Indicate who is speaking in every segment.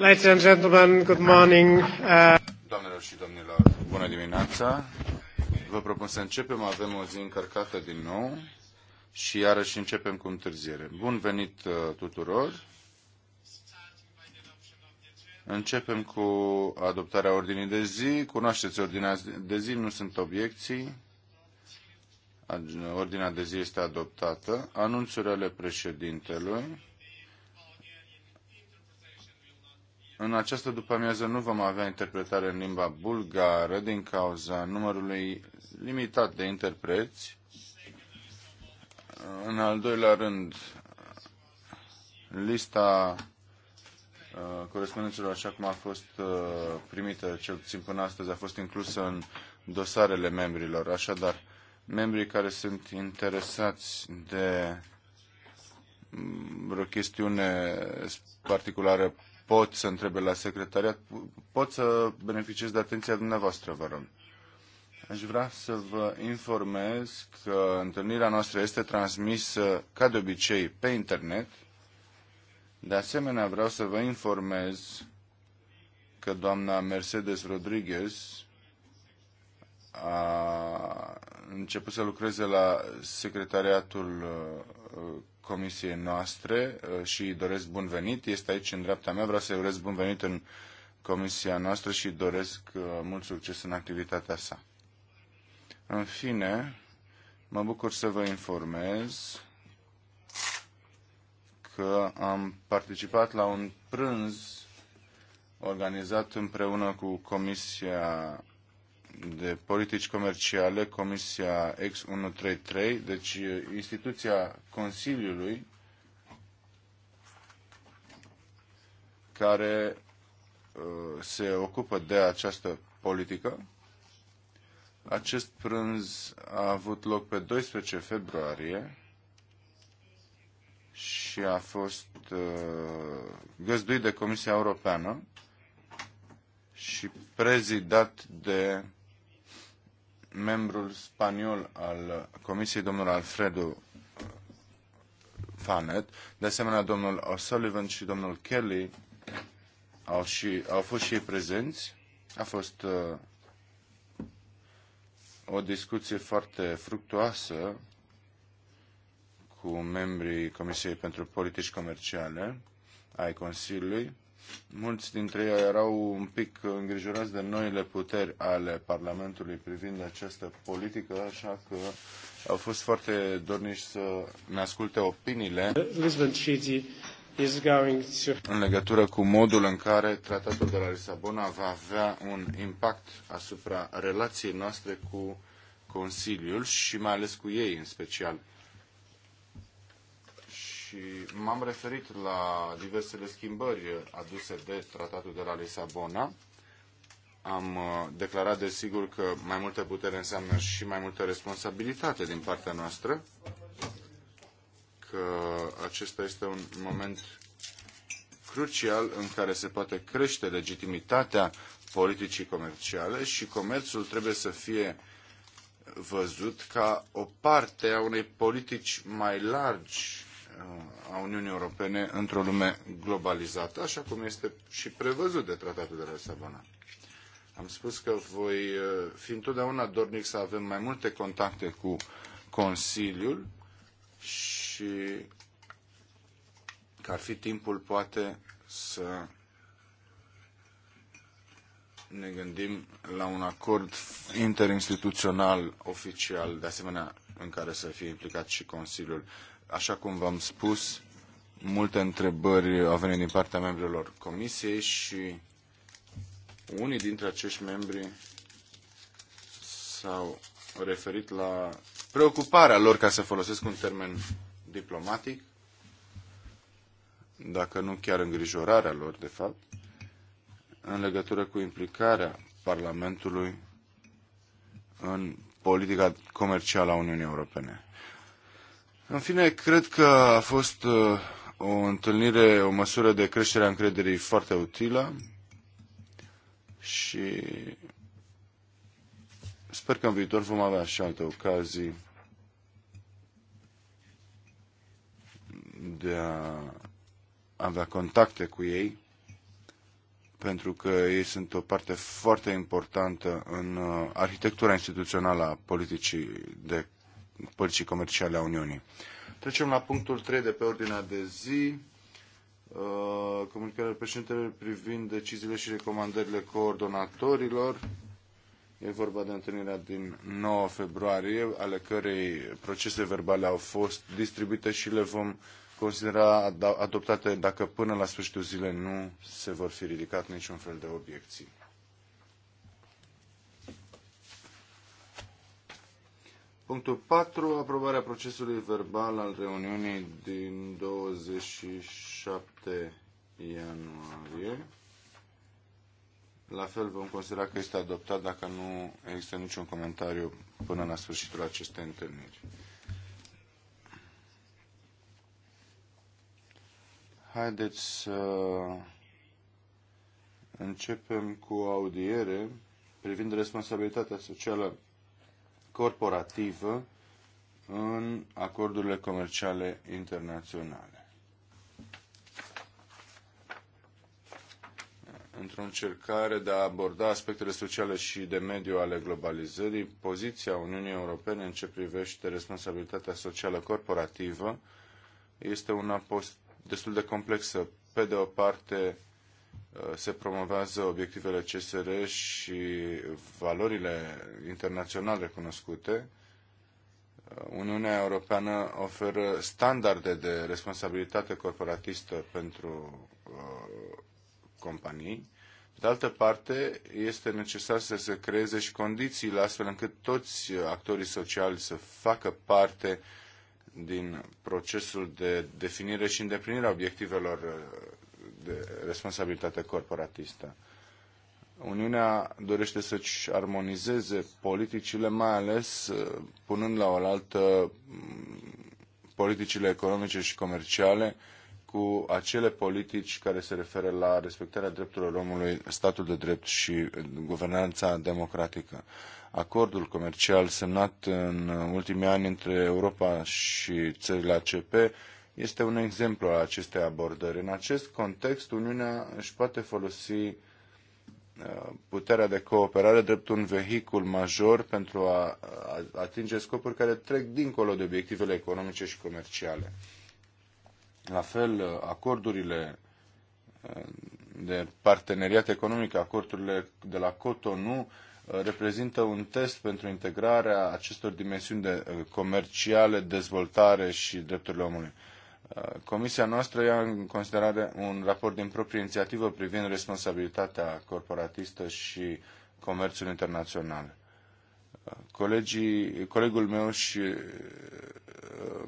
Speaker 1: Ladies and gentlemen, good morning. Doamnelor și domnilor, bună dimineața. Vă propun să începem, avem o zi încărcată din nou și iarăși începem cu întârziere. Bun venit uh, tuturor. Începem cu adoptarea ordinii de zi. Cunoașteți ordinea de zi, nu sunt obiecții. Ordinea de zi este adoptată. Anunțurile președintelui. În această după-amiază nu vom avea interpretare în limba bulgară din cauza numărului limitat de interpreți. În al doilea rând, lista uh, corespondențelor, așa cum a fost uh, primită, cel puțin până astăzi, a fost inclusă în dosarele membrilor. Așadar, membrii care sunt interesați de vreo chestiune particulară pot să întrebe la secretariat, pot să beneficiez de atenția dumneavoastră, vă rog. Aș vrea să vă informez că întâlnirea noastră este transmisă, ca de obicei, pe internet. De asemenea, vreau să vă informez că doamna Mercedes Rodriguez a început să lucreze la secretariatul uh, comisiei noastre uh, și îi doresc bun venit. Este aici în dreapta mea. Vreau să-i urez bun venit în comisia noastră și îi doresc uh, mult succes în activitatea sa. În fine, mă bucur să vă informez că am participat la un prânz organizat împreună cu Comisia de politici comerciale, Comisia X133, deci e, instituția Consiliului care e, se ocupă de această politică. Acest prânz a avut loc pe 12 februarie și a fost e, găzduit de Comisia Europeană și prezidat de membrul spaniol al Comisiei, domnul Alfredo Fanet, de asemenea domnul O'Sullivan și domnul Kelly au, și, au fost și ei prezenți. A fost uh, o discuție foarte fructuoasă cu membrii Comisiei pentru Politici Comerciale ai Consiliului Mulți dintre ei erau un pic îngrijorați de noile puteri ale Parlamentului privind această politică, așa că au fost foarte dorniși să ne asculte opiniile în legătură cu modul în care tratatul de la Lisabona va avea un impact asupra relației noastre cu Consiliul și mai ales cu ei în special și m-am referit la diversele schimbări aduse de tratatul de la Lisabona. Am uh, declarat, desigur, că mai multă putere înseamnă și mai multă responsabilitate din partea noastră, că acesta este un moment crucial în care se poate crește legitimitatea politicii comerciale și comerțul trebuie să fie văzut ca o parte a unei politici mai largi a Uniunii Europene într-o lume globalizată, așa cum este și prevăzut de Tratatul de la Lisabona. Am spus că voi uh, fi întotdeauna dornic să avem mai multe contacte cu Consiliul și că ar fi timpul poate să ne gândim la un acord interinstituțional oficial, de asemenea, în care să fie implicat și Consiliul așa cum v-am spus, multe întrebări au venit din partea membrilor comisiei și unii dintre acești membri s-au referit la preocuparea lor, ca să folosesc un termen diplomatic, dacă nu chiar îngrijorarea lor, de fapt, în legătură cu implicarea Parlamentului în politica comercială a Uniunii Europene. În fine, cred că a fost uh, o întâlnire, o măsură de creștere a încrederii foarte utilă și sper că în viitor vom avea și alte ocazii de a avea contacte cu ei, pentru că ei sunt o parte foarte importantă în uh, arhitectura instituțională a politicii de politicii comerciale a Uniunii. Trecem la punctul 3 de pe ordinea de zi. Uh, comunicarea președintelui privind deciziile și recomandările coordonatorilor. E vorba de întâlnirea din 9 februarie, ale cărei procese verbale au fost distribuite și le vom considera adoptate dacă până la sfârșitul zilei nu se vor fi ridicat niciun fel de obiecții. Punctul 4. Aprobarea procesului verbal al reuniunii din 27 ianuarie. La fel vom considera că este adoptat dacă nu există niciun comentariu până la sfârșitul acestei întâlniri. Haideți să începem cu audiere privind responsabilitatea socială corporativă în acordurile comerciale internaționale. Într-o încercare de a aborda aspectele sociale și de mediu ale globalizării, poziția Uniunii Europene în ce privește responsabilitatea socială corporativă este una destul de complexă. Pe de o parte, Eh, se promovează obiectivele CSR și valorile internațional recunoscute, eh, Uniunea Europeană oferă standarde de responsabilitate corporatistă pentru eh, companii. de altă parte, este necesar să se creeze și condițiile astfel încât toți actorii sociali să facă parte din procesul de definire și îndeplinire a obiectivelor uh, de responsabilitate corporatistă. Uniunea dorește să-și armonizeze politicile, mai ales uh, punând la oaltă mm, politicile economice și comerciale cu acele politici care se referă la respectarea drepturilor omului, statul de drept și uh, guvernanța democratică. Acordul comercial semnat în ultimii ani între Europa și țările ACP este un exemplu al acestei abordări. În acest context, Uniunea își poate folosi uh, puterea de cooperare drept un vehicul major pentru a atinge scopuri care trec dincolo de obiectivele economice și comerciale. La fel, acordurile uh, de parteneriat economic, acordurile de la Cotonou, uh, reprezintă un test pentru integrarea acestor dimensiuni de, comerciale, dezvoltare și drepturile omului. Eh, comisia noastră ia în considerare un raport din proprie inițiativă privind responsabilitatea corporatistă și comerțul internațional. Eh, colegii, colegul meu și eh,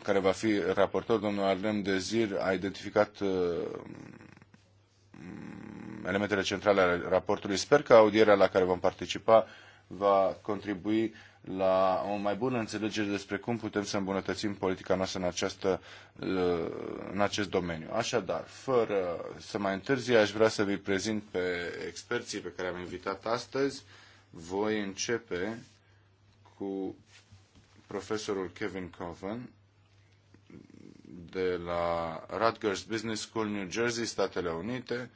Speaker 1: care va fi raportor, domnul Arlem Dezir, a identificat mm, elementele centrale ale raportului. Sper că audierea la care vom participa va contribui la o mai bună înțelegere despre cum putem să îmbunătățim politica noastră în, această, uh, în acest domeniu. Așadar, fără să mai întârzi, aș vrea să vi prezint pe experții pe care am invitat astăzi. Voi începe cu profesorul Kevin Coven de la Rutgers Business School, New Jersey, Statele Unite,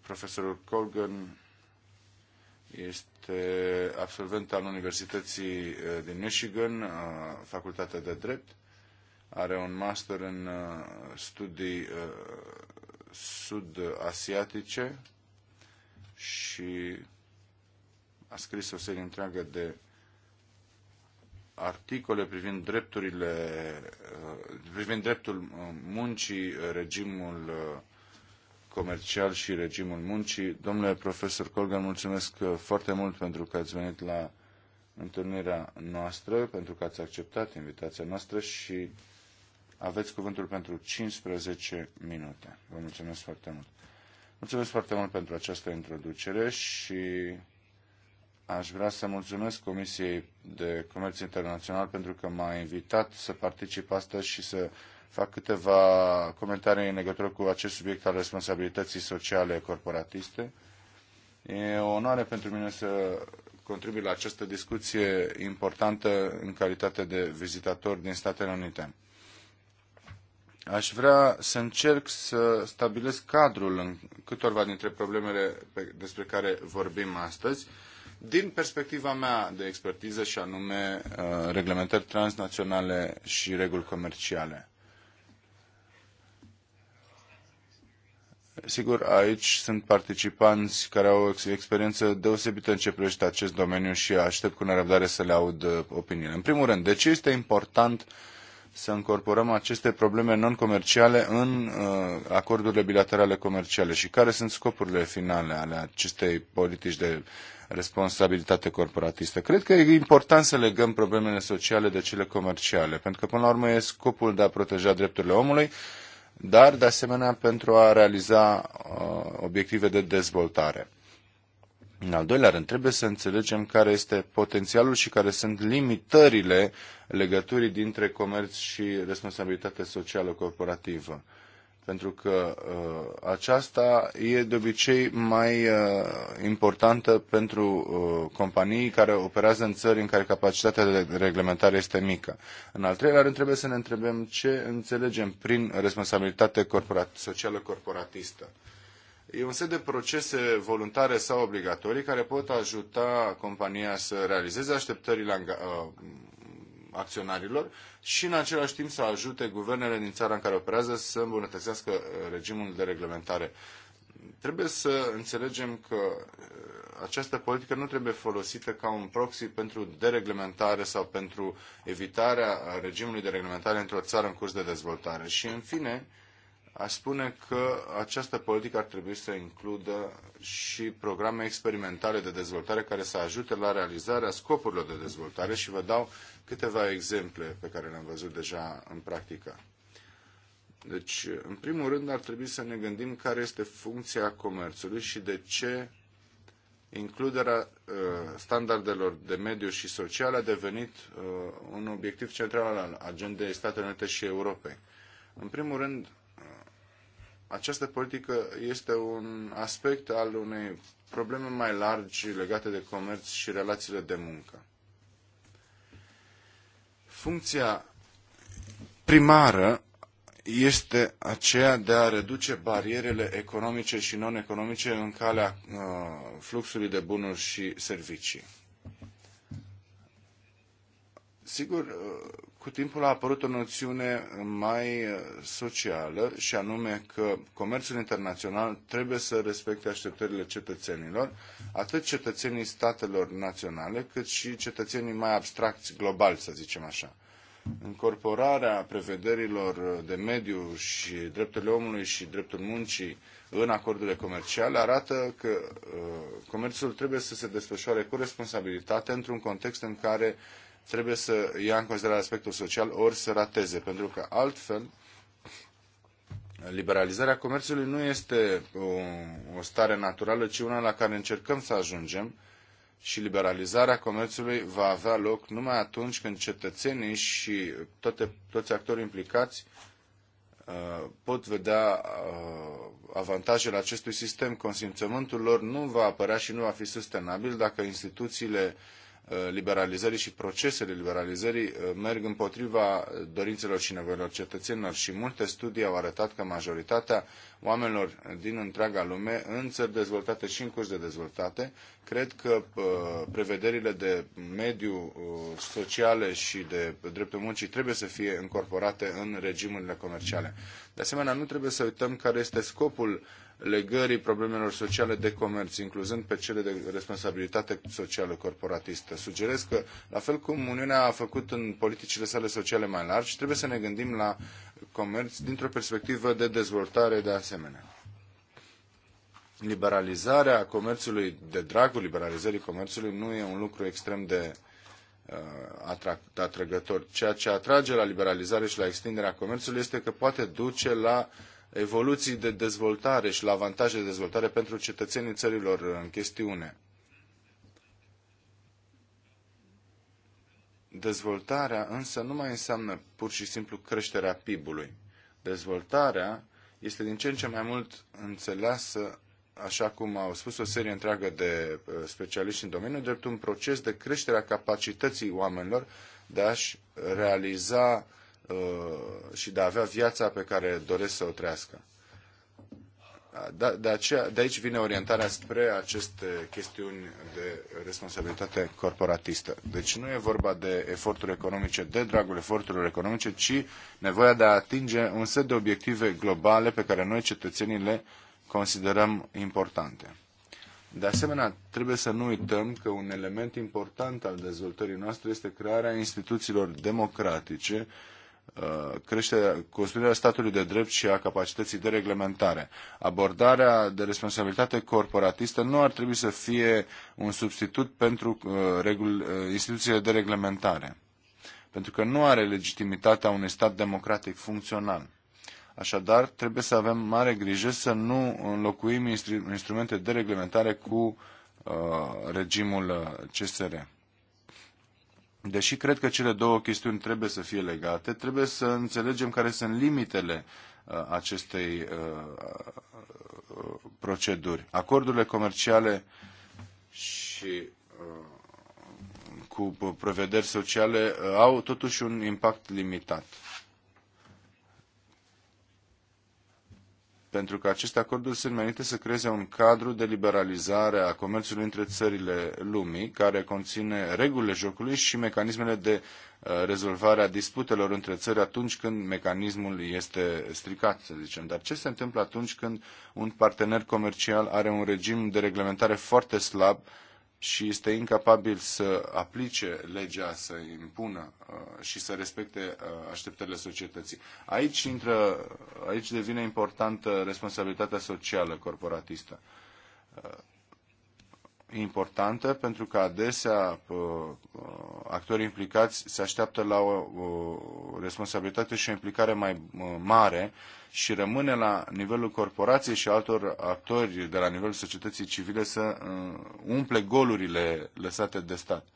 Speaker 1: profesorul Colgan Este absolvent al Universității eh, din Michigan, Facultatea de Drept. Are un master în eh, studii eh, sud-asiatice și a scris o serie întreagă de articole privind drepturile, privind dreptul muncii, regimul comercial și regimul muncii. Domnule profesor Colgan, mulțumesc foarte mult pentru că ați venit la întâlnirea noastră, pentru că ați acceptat invitația noastră și aveți cuvântul pentru 15 minute. Vă mulțumesc foarte mult. Mulțumesc foarte mult pentru această introducere și aș vrea să mulțumesc Comisiei de Comerț Internațional pentru că m-a invitat să particip astăzi și să fac câteva comentarii în legătură cu acest subiect al responsabilității sociale corporatiste. E o onoare pentru mine să contribui la această discuție importantă în calitate de vizitator din Statele Unite. Aș vrea să încerc să stabilesc cadrul în câtorva dintre problemele despre care vorbim astăzi, din perspectiva mea de expertiză și anume uh, reglementări transnaționale și reguli comerciale. Sigur, aici sunt participanți care au o experiență deosebită în ce privește acest domeniu și aștept cu nerăbdare să le aud uh, opiniile. În primul rând, de ce este important să încorporăm aceste probleme non-comerciale în uh, acordurile bilaterale comerciale și care sunt scopurile finale ale acestei politici de responsabilitate corporatistă. Cred că e important să legăm problemele sociale de cele comerciale, pentru că până la urmă e scopul de a proteja drepturile omului dar de asemenea pentru a realiza uh, obiective de dezvoltare. În al doilea rând, trebuie să înțelegem care este potențialul și care sunt limitările legăturii dintre comerț și responsabilitate socială corporativă pentru că uh, aceasta e de obicei mai uh, importantă pentru uh, companii care operează în țări în care capacitatea de reglementare este mică. În al treilea rând, trebuie să ne întrebăm ce înțelegem prin responsabilitate corporat- socială corporatistă. E un set de procese voluntare sau obligatorii care pot ajuta compania să realizeze așteptările uh, acționarilor și în același timp să ajute guvernele din țara în care operează să îmbunătățească regimul de reglementare. Trebuie să înțelegem că uh, această politică nu trebuie folosită ca un proxy pentru dereglementare sau pentru evitarea regimului de reglementare într-o țară în curs de dezvoltare. Și, în fine, aș spune că această politică ar trebui să includă și programe experimentale de dezvoltare care să ajute la realizarea scopurilor de dezvoltare și vă dau câteva exemple pe care le-am văzut deja în practică. Deci, în primul rând, ar trebui să ne gândim care este funcția comerțului și de ce includerea uh, standardelor de mediu și social a devenit uh, un obiectiv central al agendei Statelor Unite și Europei. În primul rând, uh, această politică este un aspect al unei probleme mai largi legate de comerț și relațiile de muncă funcția primară este aceea de a reduce barierele economice și non-economice în calea uh, fluxului de bunuri și servicii. Sigur, uh, Cu timpul a apărut o noțiune mai uh, socială și anume că comerțul internațional trebuie să respecte așteptările cetățenilor, atât cetățenii statelor naționale, cât și cetățenii mai abstracți, globali, să zicem așa. Încorporarea prevederilor de mediu și drepturile omului și dreptul muncii în acordurile comerciale arată că uh, comerțul trebuie să se desfășoare cu responsabilitate într-un context în care trebuie să ia în considerare aspectul social ori să rateze, pentru că altfel liberalizarea comerțului nu este o, o stare naturală, ci una la care încercăm să ajungem și liberalizarea comerțului va avea loc numai atunci când cetățenii și toate, toți actorii implicați uh, pot vedea uh, avantajele acestui sistem. Consimțământul lor nu va apărea și nu va fi sustenabil dacă instituțiile uh, Uh, liberalizării și procesele liberalizării uh, merg împotriva dorințelor și nevoilor cetățenilor și multe studii au arătat că majoritatea oamenilor din întreaga lume, în țări dezvoltate și în curs de dezvoltate, cred că uh, prevederile de mediu sociale și de dreptul muncii trebuie să fie încorporate în regimurile comerciale. De asemenea, nu trebuie să uităm care este scopul legării problemelor sociale de comerț, incluzând pe cele de responsabilitate socială corporatistă. Sugerez că, la fel cum Uniunea a făcut în politicile sale sociale mai largi, trebuie să ne gândim la comerț dintr-o perspectivă de dezvoltare de asemenea. Liberalizarea comerțului, de dragul liberalizării comerțului, nu e un lucru extrem de uh, atrăgător. Ceea ce atrage la liberalizare și la extinderea comerțului este că poate duce la evoluții de dezvoltare și la avantaje de dezvoltare pentru cetățenii țărilor în chestiune. Dezvoltarea însă nu mai înseamnă pur și simplu creșterea PIB-ului. Dezvoltarea este din ce în ce mai mult înțeleasă, așa cum au spus o serie întreagă de uh, specialiști în domeniu, drept un proces de creștere a capacității oamenilor de a-și realiza Uh, și de a avea viața pe care doresc să o trăiască. De, aceea, de aici vine orientarea spre aceste chestiuni de responsabilitate corporatistă. Deci nu e vorba de eforturi economice, de dragul eforturilor economice, ci nevoia de a atinge un set de obiective globale pe care noi cetățenii le considerăm importante. De asemenea, trebuie să nu uităm că un element important al dezvoltării noastre este crearea instituțiilor democratice creșterea, construirea statului de drept și a capacității de reglementare. Abordarea de responsabilitate corporatistă nu ar trebui să fie un substitut pentru uh, uh, instituțiile de reglementare, pentru că nu are legitimitatea unui stat democratic funcțional. Așadar, trebuie să avem mare grijă să nu înlocuim instrumente de reglementare cu uh, regimul uh, CSR deși cred că cele două chestiuni trebuie să fie legate, trebuie să înțelegem care sunt limitele uh, acestei uh, uh, proceduri. Acordurile comerciale și cu prevederi sociale au totuși un impact limitat. pentru că aceste acorduri sunt menite să creeze un cadru de liberalizare a comerțului între țările lumii, care conține regulile jocului și mecanismele de uh, rezolvare a disputelor între țări atunci când mecanismul este stricat, să zicem. Dar ce se întâmplă atunci când un partener comercial are un regim de reglementare foarte slab și este incapabil să aplice legea, să impună uh, și să respecte uh, așteptările societății. Aici, intră, aici devine importantă responsabilitatea socială corporatistă. Uh, importantă pentru că adesea actorii implicați se așteaptă la o, o responsabilitate și o implicare mai mare și rămâne la nivelul corporației și altor actori de la nivelul societății civile să uh, umple golurile lăsate de stat.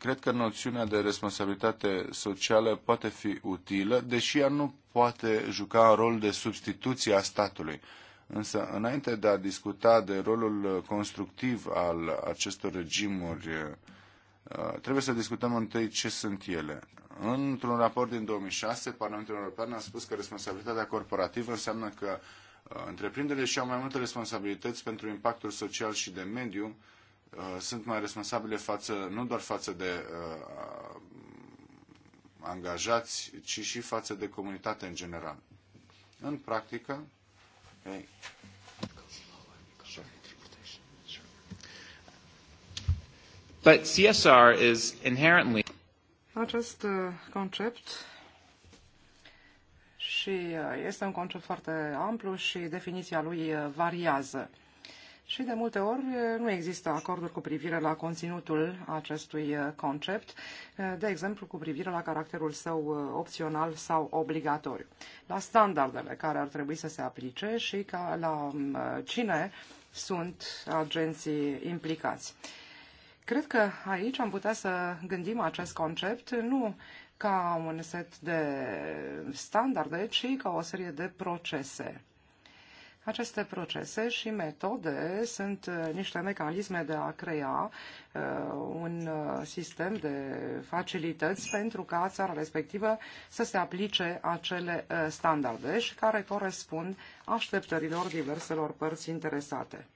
Speaker 1: cred că noțiunea de responsabilitate socială poate fi utilă, deși ea nu poate juca un rol de substituție a statului. Însă, înainte de a discuta de rolul constructiv al acestor regimuri, eh, trebuie să discutăm întâi ce sunt ele. Într-un raport din 2006, Parlamentul European a spus că responsabilitatea corporativă înseamnă că eh, întreprinderile și-au mai multe responsabilități pentru impactul social și de mediu, Uh, sunt mai responsabile față, nu doar față de uh, angajați, ci și față de comunitate în general. În practică, hey.
Speaker 2: But
Speaker 3: CSR is inherently acest uh, concept și uh, este un concept foarte amplu și definiția lui variază și de multe ori e, nu există acorduri cu privire la conținutul acestui e, concept, e, de exemplu cu privire la caracterul său opțional sau obligatoriu, la standardele care ar trebui să se aplice și ca la cine sunt agenții implicați. Cred că aici am putea să gândim acest concept nu ca un set de standarde, ci ca o serie de procese Aceste procese și metode sunt uh, niște mecanisme de a crea uh, un uh, sistem de facilități pentru ca țara respectivă să se aplice acele standarde și care corespund așteptărilor diverselor părți interesate.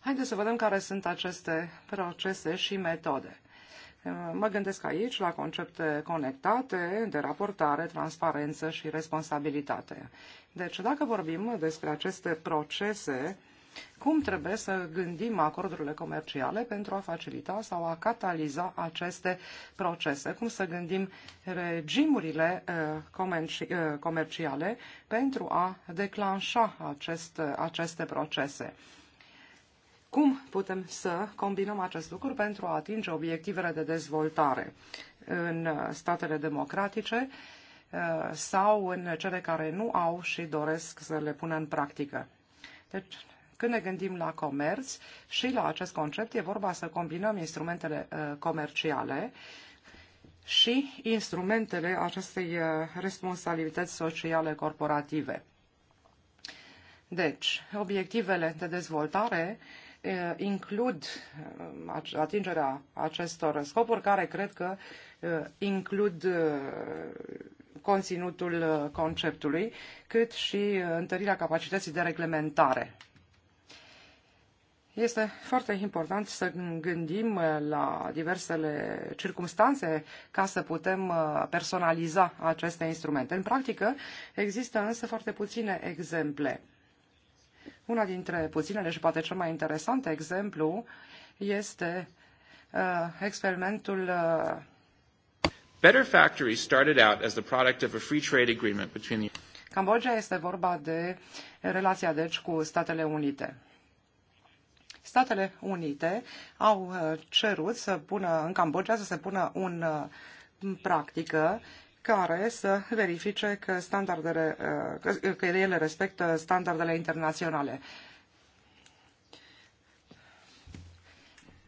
Speaker 3: Haideți să vedem care sunt aceste procese și metode. Mă gândesc aici la concepte conectate de raportare, transparență și responsabilitate. Deci, dacă vorbim despre aceste procese, cum trebuie să gândim acordurile comerciale pentru a facilita sau a cataliza aceste procese? Cum să gândim regimurile uh, uh, comerciale pentru a declanșa acest, uh, aceste procese? Cum putem să combinăm acest lucru pentru a atinge obiectivele de dezvoltare în statele democratice Uh, sau în cele care nu au și doresc să le pună în practică. Deci, când ne gândim la comerț și la acest concept, e vorba să combinăm instrumentele uh, comerciale și instrumentele acestei uh, responsabilități sociale corporative. Deci, obiectivele de dezvoltare includ atingerea acestor scopuri care cred că includ conținutul uh, conceptului, cât și uh, întărirea capacității de reglementare. Este foarte important să gândim uh, la diversele circunstanțe ca să putem personaliza aceste instrumente. În practică există însă foarte puține exemple. Una dintre puținele și poate cel mai interesant exemplu este experimentul
Speaker 1: Better Factory started out as the product of a free trade agreement between the
Speaker 3: Cambodgia este vorba de relația deci cu Statele Unite. Statele Unite au uh, cerut să pună în Cambodgia să se pună un uh, în practică care să verifice că standardele uh, că ele respectă standardele internaționale.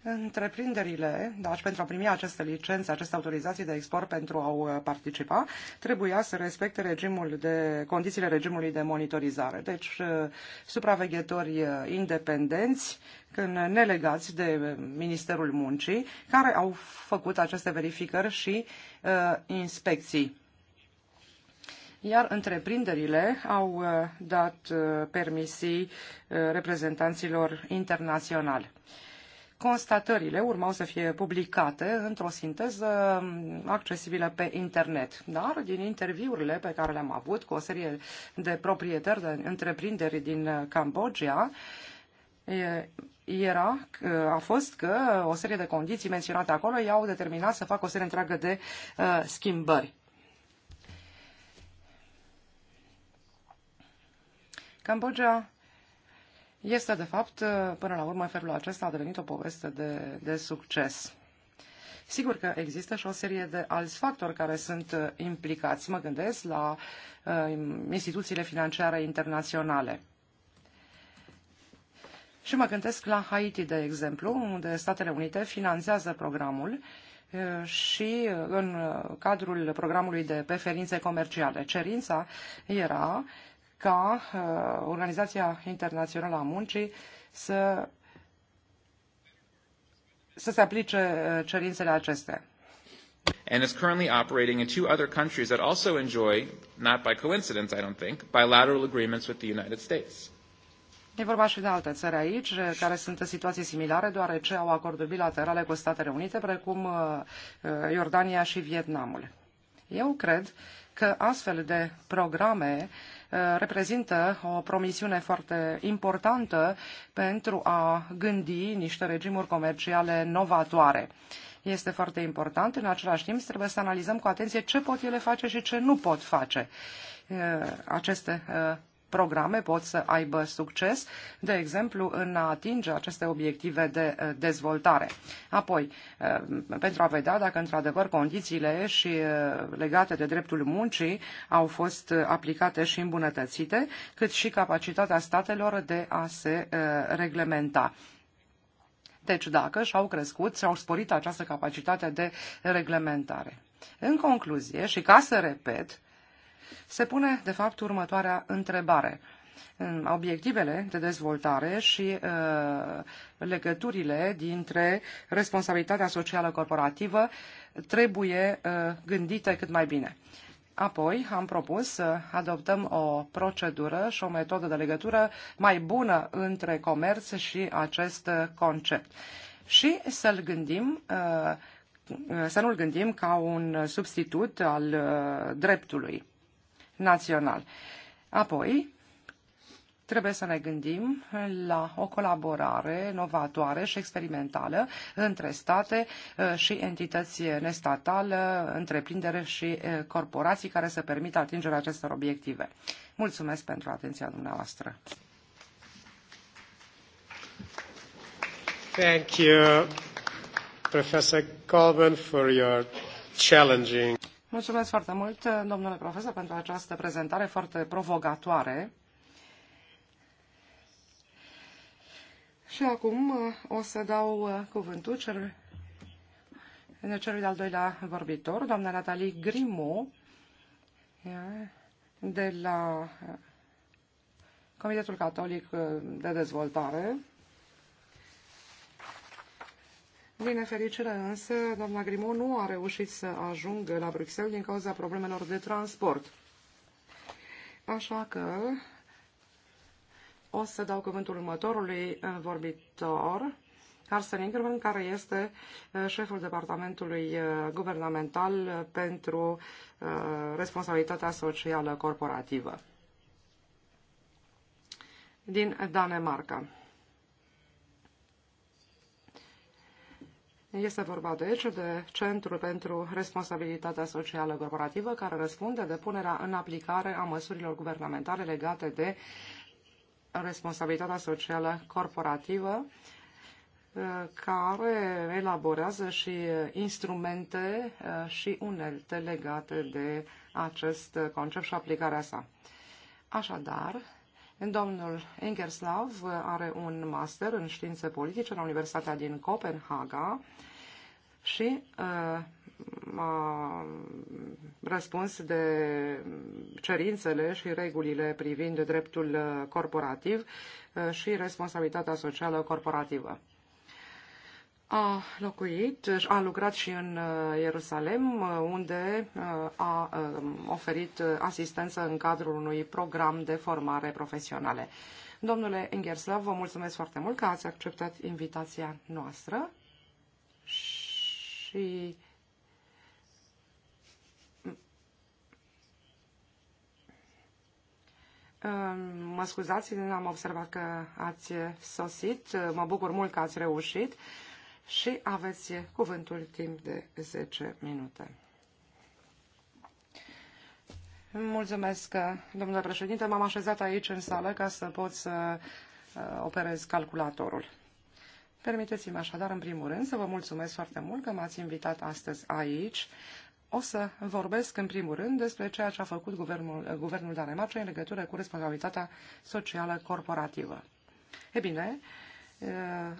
Speaker 3: Întreprinderile, deci pentru a primi aceste licențe, aceste autorizații de export pentru a uh, participa, trebuia să respecte regimul de, condițiile regimului de monitorizare. Deci, uh, supraveghetori uh, independenți, nelegați de Ministerul Muncii, care au făcut aceste verificări și uh, inspecții iar întreprinderile au dat permisii reprezentanților internaționali. Constatările urmau să fie publicate într-o sinteză mm, accesibilă pe internet. Dar din interviurile pe care le-am avut cu o serie de proprietari de întreprinderi din uh, Cambodgia, e, era, a fost că o serie de condiții menționate acolo i-au determinat să facă o serie întreagă de uh, schimbări. Cambodgia este, de fapt, până la urmă, felul acesta a devenit o poveste de, de succes. Sigur că există și o serie de alți factori care sunt uh, implicați. Mă gândesc la uh, instituțiile financiare internaționale. Și mă gândesc la Haiti, de exemplu, unde Statele Unite finanțează programul uh, și uh, în cadrul programului de preferințe comerciale. Cerința era ca uh, Organizația Internațională a Muncii să, să se aplice uh, cerințele acestea. And is currently operating in two other countries that also enjoy, not by coincidence, I don't think, bilateral agreements with the United States. E vorba și de alte țări aici uh, care sunt în situații similare, deoarece au acorduri bilaterale cu Statele Unite, precum Iordania și Vietnamul. Eu cred că astfel de programe uh, reprezintă o promisiune foarte importantă pentru a gândi niște regimuri comerciale novatoare. Este foarte important, în același timp trebuie să analizăm cu atenție ce pot ele face și ce nu pot face e, aceste e, programe pot să aibă succes, de exemplu, în a atinge aceste obiective de eh, dezvoltare. Apoi, eh, pentru a vedea dacă într-adevăr condițiile și eh, legate de dreptul muncii au fost aplicate și îmbunătățite, cât și capacitatea statelor de a se reglementa. Deci dacă și-au crescut, și-au sporit această capacitate de reglementare. În concluzie, și ca să repet, se pune, de fapt, următoarea întrebare. Obiectivele de dezvoltare și uh, legăturile dintre responsabilitatea socială corporativă trebuie uh, gândite cât mai bine. Apoi am propus să adoptăm o procedură și o metodă de legătură mai bună între comerț și acest uh, concept și să-l gândim uh, să nu-l gândim ca un substitut al uh, dreptului național. Apoi, trebuie să ne gândim la o colaborare novatoare și experimentală între state uh, și entități nestatale, întreprindere și uh, corporații care să permită atingerea acestor obiective. Mulțumesc pentru atenția dumneavoastră. Thank you, Professor Colvin, for your challenging Mulțumesc foarte mult, domnule profesor, pentru această prezentare foarte provocatoare. Și acum uh, o să dau uh, cuvântul cel, celui de-al doilea vorbitor, doamna Natalie Grimo, de la uh, Comitetul Catolic de Dezvoltare. Din nefericire însă, doamna Grimo nu a reușit să ajungă la Bruxelles din cauza problemelor de transport. Așa că o să dau cuvântul următorului uh, vorbitor, Arsen Ingerman, care este uh, șeful departamentului uh, guvernamental pentru responsabilitatea socială corporativă din Danemarca. Este vorba, deci, de Centrul pentru Responsabilitatea Socială Corporativă, care răspunde de punerea în aplicare a măsurilor guvernamentale legate de responsabilitatea socială corporativă, care elaborează și instrumente și unelte legate de acest concept și aplicarea sa. Așadar, Domnul Engerslav are un master în științe politice la Universitatea din Copenhaga și uh, a răspuns de cerințele și regulile privind dreptul uh, corporativ uh, și responsabilitatea socială corporativă a locuit, și a lucrat și în uh, Ierusalem, uh, unde uh, a um, oferit asistență în cadrul unui program de formare profesionale. Domnule Ingerslav, vă mulțumesc foarte mult că ați acceptat invitația noastră și um, Mă scuzați, am observat că ați sosit. Mă bucur mult că ați reușit și aveți cuvântul timp de 10 minute. Mulțumesc, domnule președinte. M-am așezat aici în sală ca să pot să uh, operez calculatorul. Permiteți-mi așadar, în primul rând, să vă mulțumesc foarte mult că m-ați invitat astăzi aici. O să vorbesc, în primul rând, despre ceea ce a făcut guvernul, uh, guvernul Danemarcei în legătură cu responsabilitatea socială corporativă. E bine, Eh,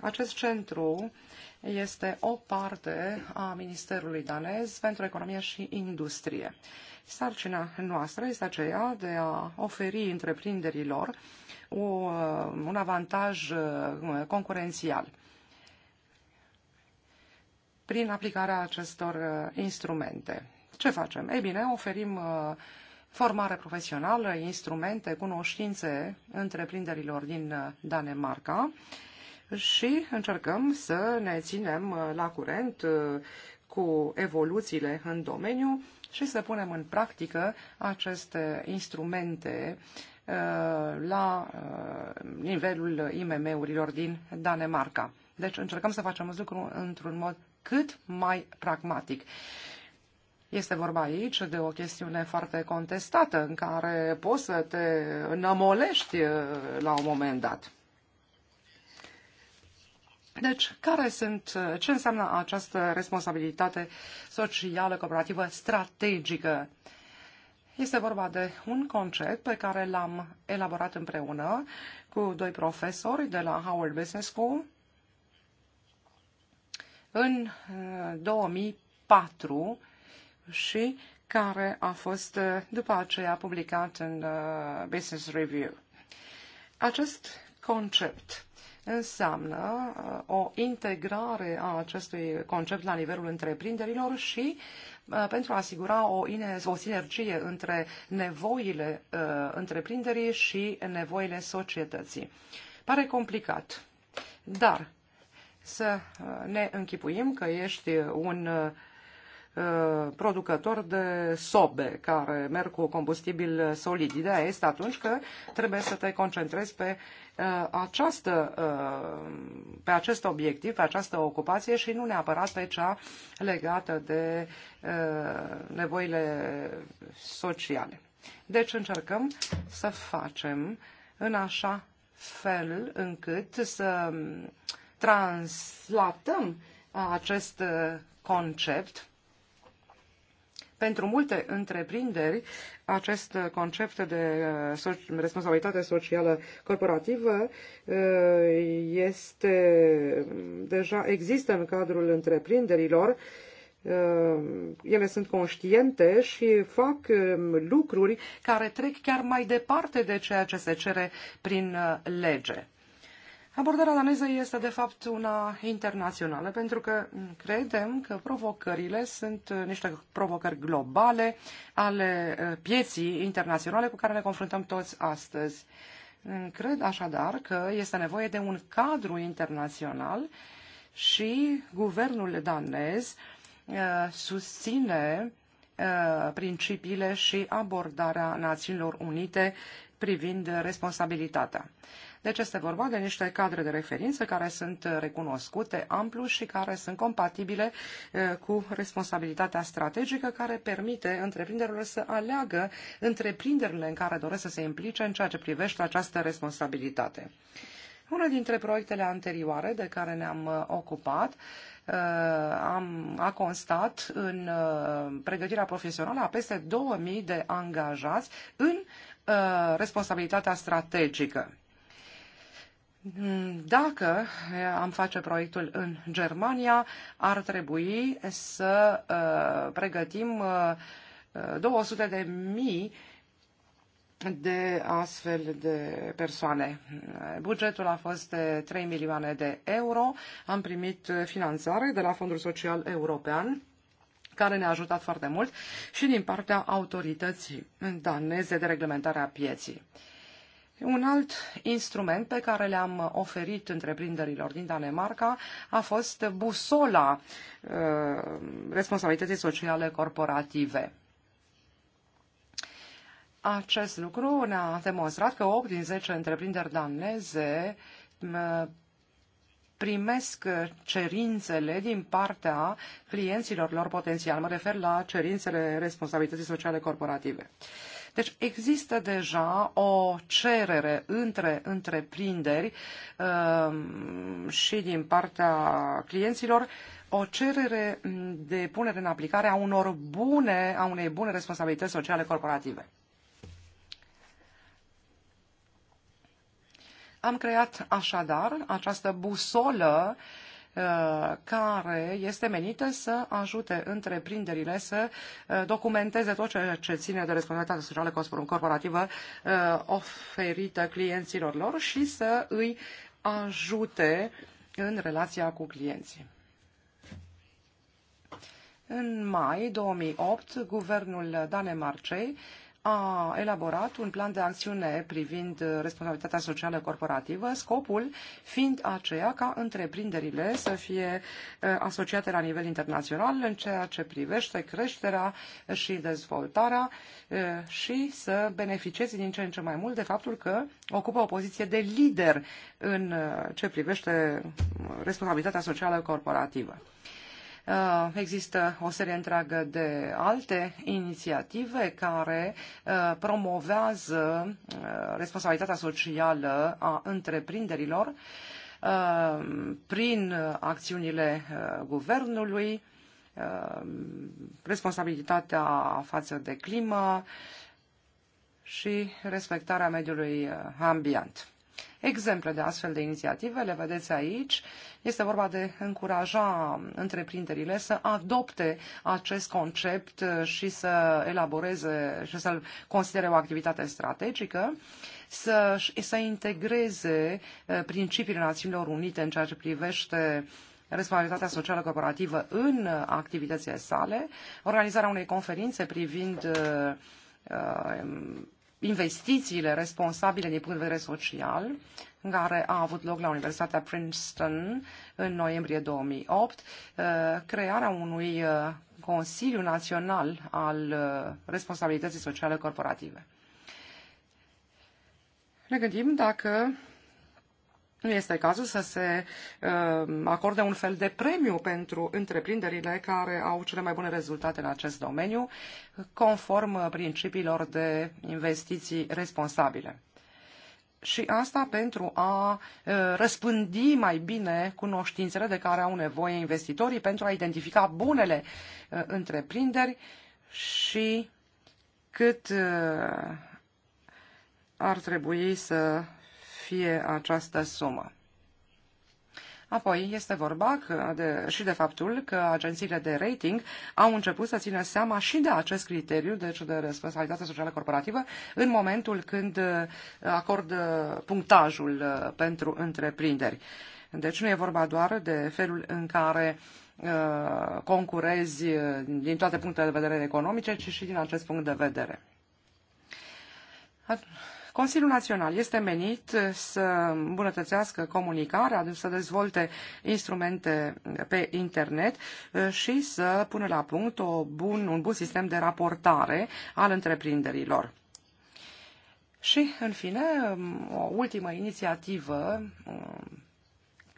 Speaker 3: acest centru este o parte a Ministerului danez pentru economia și industrie. Sarcina noastră este aceea de a oferi întreprinderilor eh, un avantaj eh, concurențial prin aplicarea acestor instrumente. Ce facem? Ei bine, oferim formare profesională, instrumente, cunoștințe întreprinderilor din Danemarca, și încercăm să ne ținem uh, la curent uh, cu evoluțiile în domeniu și să punem în practică aceste instrumente uh, la nivelul IMM-urilor din Danemarca. Deci încercăm să facem acest lucru într-un mod cât mai pragmatic. Este vorba aici de o chestiune foarte contestată în care poți să te înnămolești la un moment dat. Deci, care sunt, ce înseamnă această responsabilitate socială, cooperativă, strategică? Este vorba de un concept pe care l-am elaborat împreună cu doi profesori de la Howard Business School în 2004 uh, și care a fost uh, după aceea publicat în uh, Business Review. Acest concept înseamnă uh, o integrare a acestui concept la nivelul întreprinderilor și uh, pentru a asigura o, o sinergie între nevoile uh, întreprinderii și nevoile societății. Pare complicat, dar să ne închipuim că ești un producător de sobe care merg cu combustibil solid. Ideea este atunci că trebuie să te concentrezi pe uh, Uh, această, uh, pe acest obiectiv, pe această ocupație și nu neapărat pe cea legată de uh, nevoile sociale. Deci încercăm să facem în așa fel încât să translatăm acest concept Pentru multe întreprinderi, acest concept de uh, responsabilitate socială corporativă uh, este mm, deja există în cadrul întreprinderilor uh, ele sunt conștiente și fac um, lucruri care trec chiar mai departe de ceea ce se cere prin lege. Abordarea daneză este, de fapt, una internațională, pentru că mm, credem că provocările sunt uh, niște provocări globale ale uh, pieții internaționale cu care ne confruntăm toți astăzi. Mm, cred așadar că este nevoie de un cadru internațional și guvernul danez uh, susține principiile și abordarea Națiunilor Unite privind responsabilitatea. Deci este vorba de niște cadre de referință care sunt uh, recunoscute amplu și care sunt compatibile uh, cu responsabilitatea strategică care permite întreprinderilor să aleagă întreprinderile în care doresc să se implice în ceea ce privește această responsabilitate. Una dintre proiectele anterioare de care ne-am uh, ocupat am, a constat în pregătirea profesională a peste 2000 de angajați în responsabilitatea strategică. Hmm, dacă eh, am face proiectul în Germania, ar trebui să eh, pregătim 200 eh, de mii de astfel de persoane. Bugetul a fost de 3 milioane de euro. Am primit finanțare de la Fondul Social European care ne-a ajutat foarte mult și din partea autorității daneze de reglementare a pieții. Un alt instrument pe care le-am oferit întreprinderilor din Danemarca a fost busola uh, responsabilității sociale corporative. Acest lucru ne-a demonstrat că 8 din 10 întreprinderi daneze uh, primesc cerințele din partea clienților lor potențial. Mă refer la cerințele responsabilității sociale corporative. Uh, Deci există deja o cerere între întreprinderi um, și din partea clienților o cerere de punere în aplicare a unor bune, a unei bune responsabilități sociale corporative. Am creat așadar această busolă uh, Uh, care este menită să ajute întreprinderile să uh, documenteze tot ceea ce ține de responsabilitatea socială corporativă uh, oferită clienților lor și să îi ajute în relația cu clienții. În mai 2008, guvernul Danemarcei a elaborat un plan de acțiune privind uh, responsabilitatea socială corporativă, scopul fiind aceea ca întreprinderile să fie uh, asociate la nivel internațional în ceea ce privește creșterea și dezvoltarea uh, și să beneficieze din ce în ce mai mult de faptul că ocupă o poziție de lider în ce privește responsabilitatea socială corporativă. Eh, există o serie întreagă de alte inițiative care eh, promovează eh, responsabilitatea socială a întreprinderilor prin acțiunile guvernului, responsabilitatea față de climă și respectarea mediului ambient. Exemple de astfel de inițiative le vedeți aici. Este vorba de încuraja întreprinderile să adopte acest concept și să elaboreze și să-l considere o activitate strategică să, să integreze uh, principiile Națiunilor Unite în ceea ce privește responsabilitatea socială corporativă în activitățile sale, organizarea unei conferințe privind uh, uh investițiile responsabile din punct de vedere social, care a avut loc la Universitatea Princeton în noiembrie 2008, uh, crearea unui uh, Consiliu Național al uh, Responsabilității Sociale Corporative. Ne gândim dacă Nu este cazul să se um, acorde un fel de premiu pentru întreprinderile care au cele mai bune rezultate în acest domeniu, conform principiilor de investiții responsabile și asta pentru a uh, răspândi mai bine cunoștințele de care au nevoie investitorii pentru a identifica bunele uh, întreprinderi și cât uh, ar trebui să fie această sumă. Apoi este vorba că de, și de faptul că agențiile de rating au început să țină seama și de acest criteriu, deci de responsabilitate socială corporativă, în momentul când uh, acordă uh, punctajul uh, pentru întreprinderi. Deci nu e vorba doar de felul în care concurezi din toate punctele de vedere economice, ci și din acest punct de vedere. Consiliul Național este menit eh, să îmbunătățească comunicarea, să dezvolte instrumente pe internet eh, și să pună la punct o bun, un bun sistem de raportare al întreprinderilor. Și, în fine, o ultimă inițiativă eh,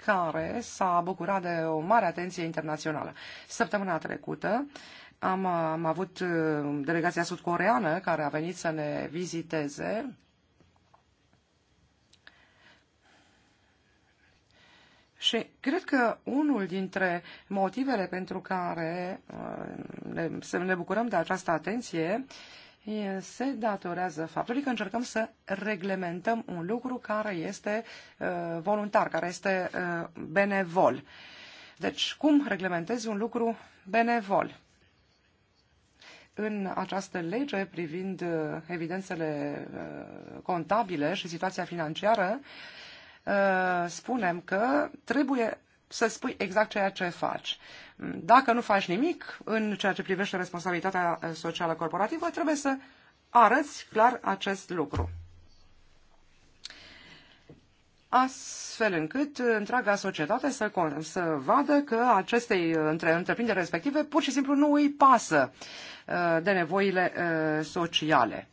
Speaker 3: care s-a bucurat de o mare atenție internațională. Săptămâna trecută am, am avut delegația sudcoreană care a venit să ne viziteze Și cred că unul dintre motivele pentru care uh, ne, să ne bucurăm de această atenție e, se datorează faptului că încercăm să reglementăm un lucru care este uh, voluntar, care este uh, benevol. Deci, cum reglementezi un lucru benevol? În această lege privind evidențele contabile și situația financiară, Eh, spunem că trebuie să spui exact ceea ce faci. Dacă nu faci nimic în ceea ce privește responsabilitatea eh, socială corporativă, trebuie să arăți clar acest lucru. Astfel încât întreaga societate să, să vadă că acestei eh, între, întreprinderi respective pur și simplu nu îi pasă de nevoile sociale.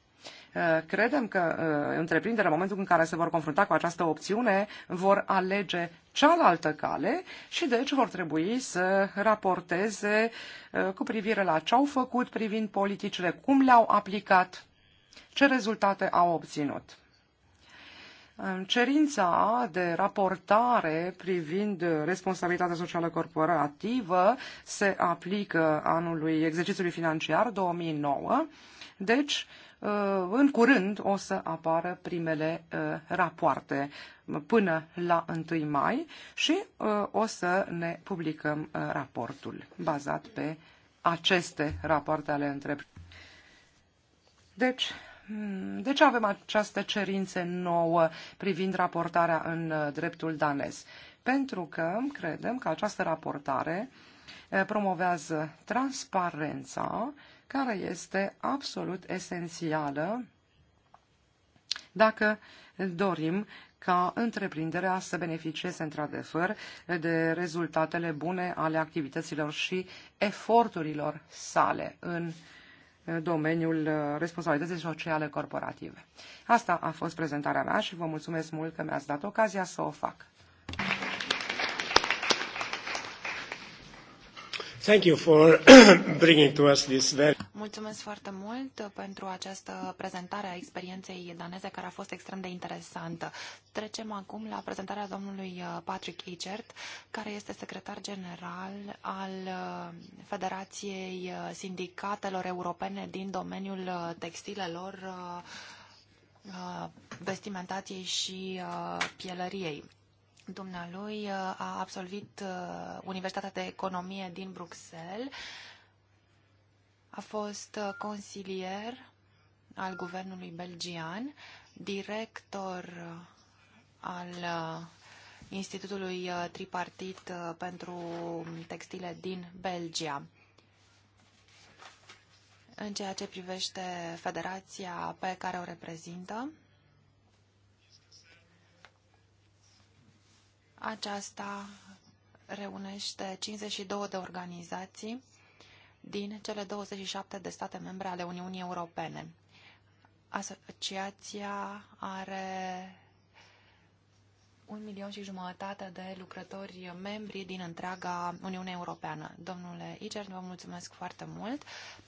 Speaker 3: Eh, credem că eh, întreprinderea, în momentul în care se vor confrunta cu această opțiune, vor alege cealaltă cale și deci vor trebui să raporteze eh, cu privire la ce au făcut privind politicile, cum le-au aplicat, ce rezultate au obținut. Cerința de raportare privind responsabilitatea socială corporativă se aplică anului exercițiului financiar 2009, deci Uh, în curând o să apară primele uh, rapoarte uh, până la 1 mai și o să ne publicăm raportul bazat pe aceste rapoarte ale întrebării. Deci, mm, de ce avem această cerință nouă privind raportarea în dreptul danez? Pentru că credem că această raportare promovează transparența care este absolut esențială dacă dorim ca întreprinderea să beneficieze într-adevăr de rezultatele bune ale activităților și eforturilor sale în domeniul responsabilității sociale corporative. Asta a fost prezentarea mea și vă mulțumesc mult că mi-ați dat ocazia să o fac. Thank you for bringing to us this very
Speaker 2: Mulțumesc foarte mult pentru această prezentare a experienței daneze, care a fost extrem de interesantă. Trecem acum la prezentarea domnului uh, Patrick Eichert, care este secretar general al uh, Federației uh, Sindicatelor Europene din domeniul textilelor, vestimentației și pielăriei. Dumnealui a absolvit Universitatea de Economie din Bruxelles a fost uh, consilier al guvernului belgian, director uh, al uh, Institutului Tripartit pentru Textile din Belgia. În ceea ce privește federația pe care o reprezintă, aceasta reunește 52 de organizații din cele 27 de state membre ale Uniunii Europene. Asociația are un milion și jumătate de lucrători membri din întreaga Uniune Europeană. Domnule Iger, vă mulțumesc foarte mult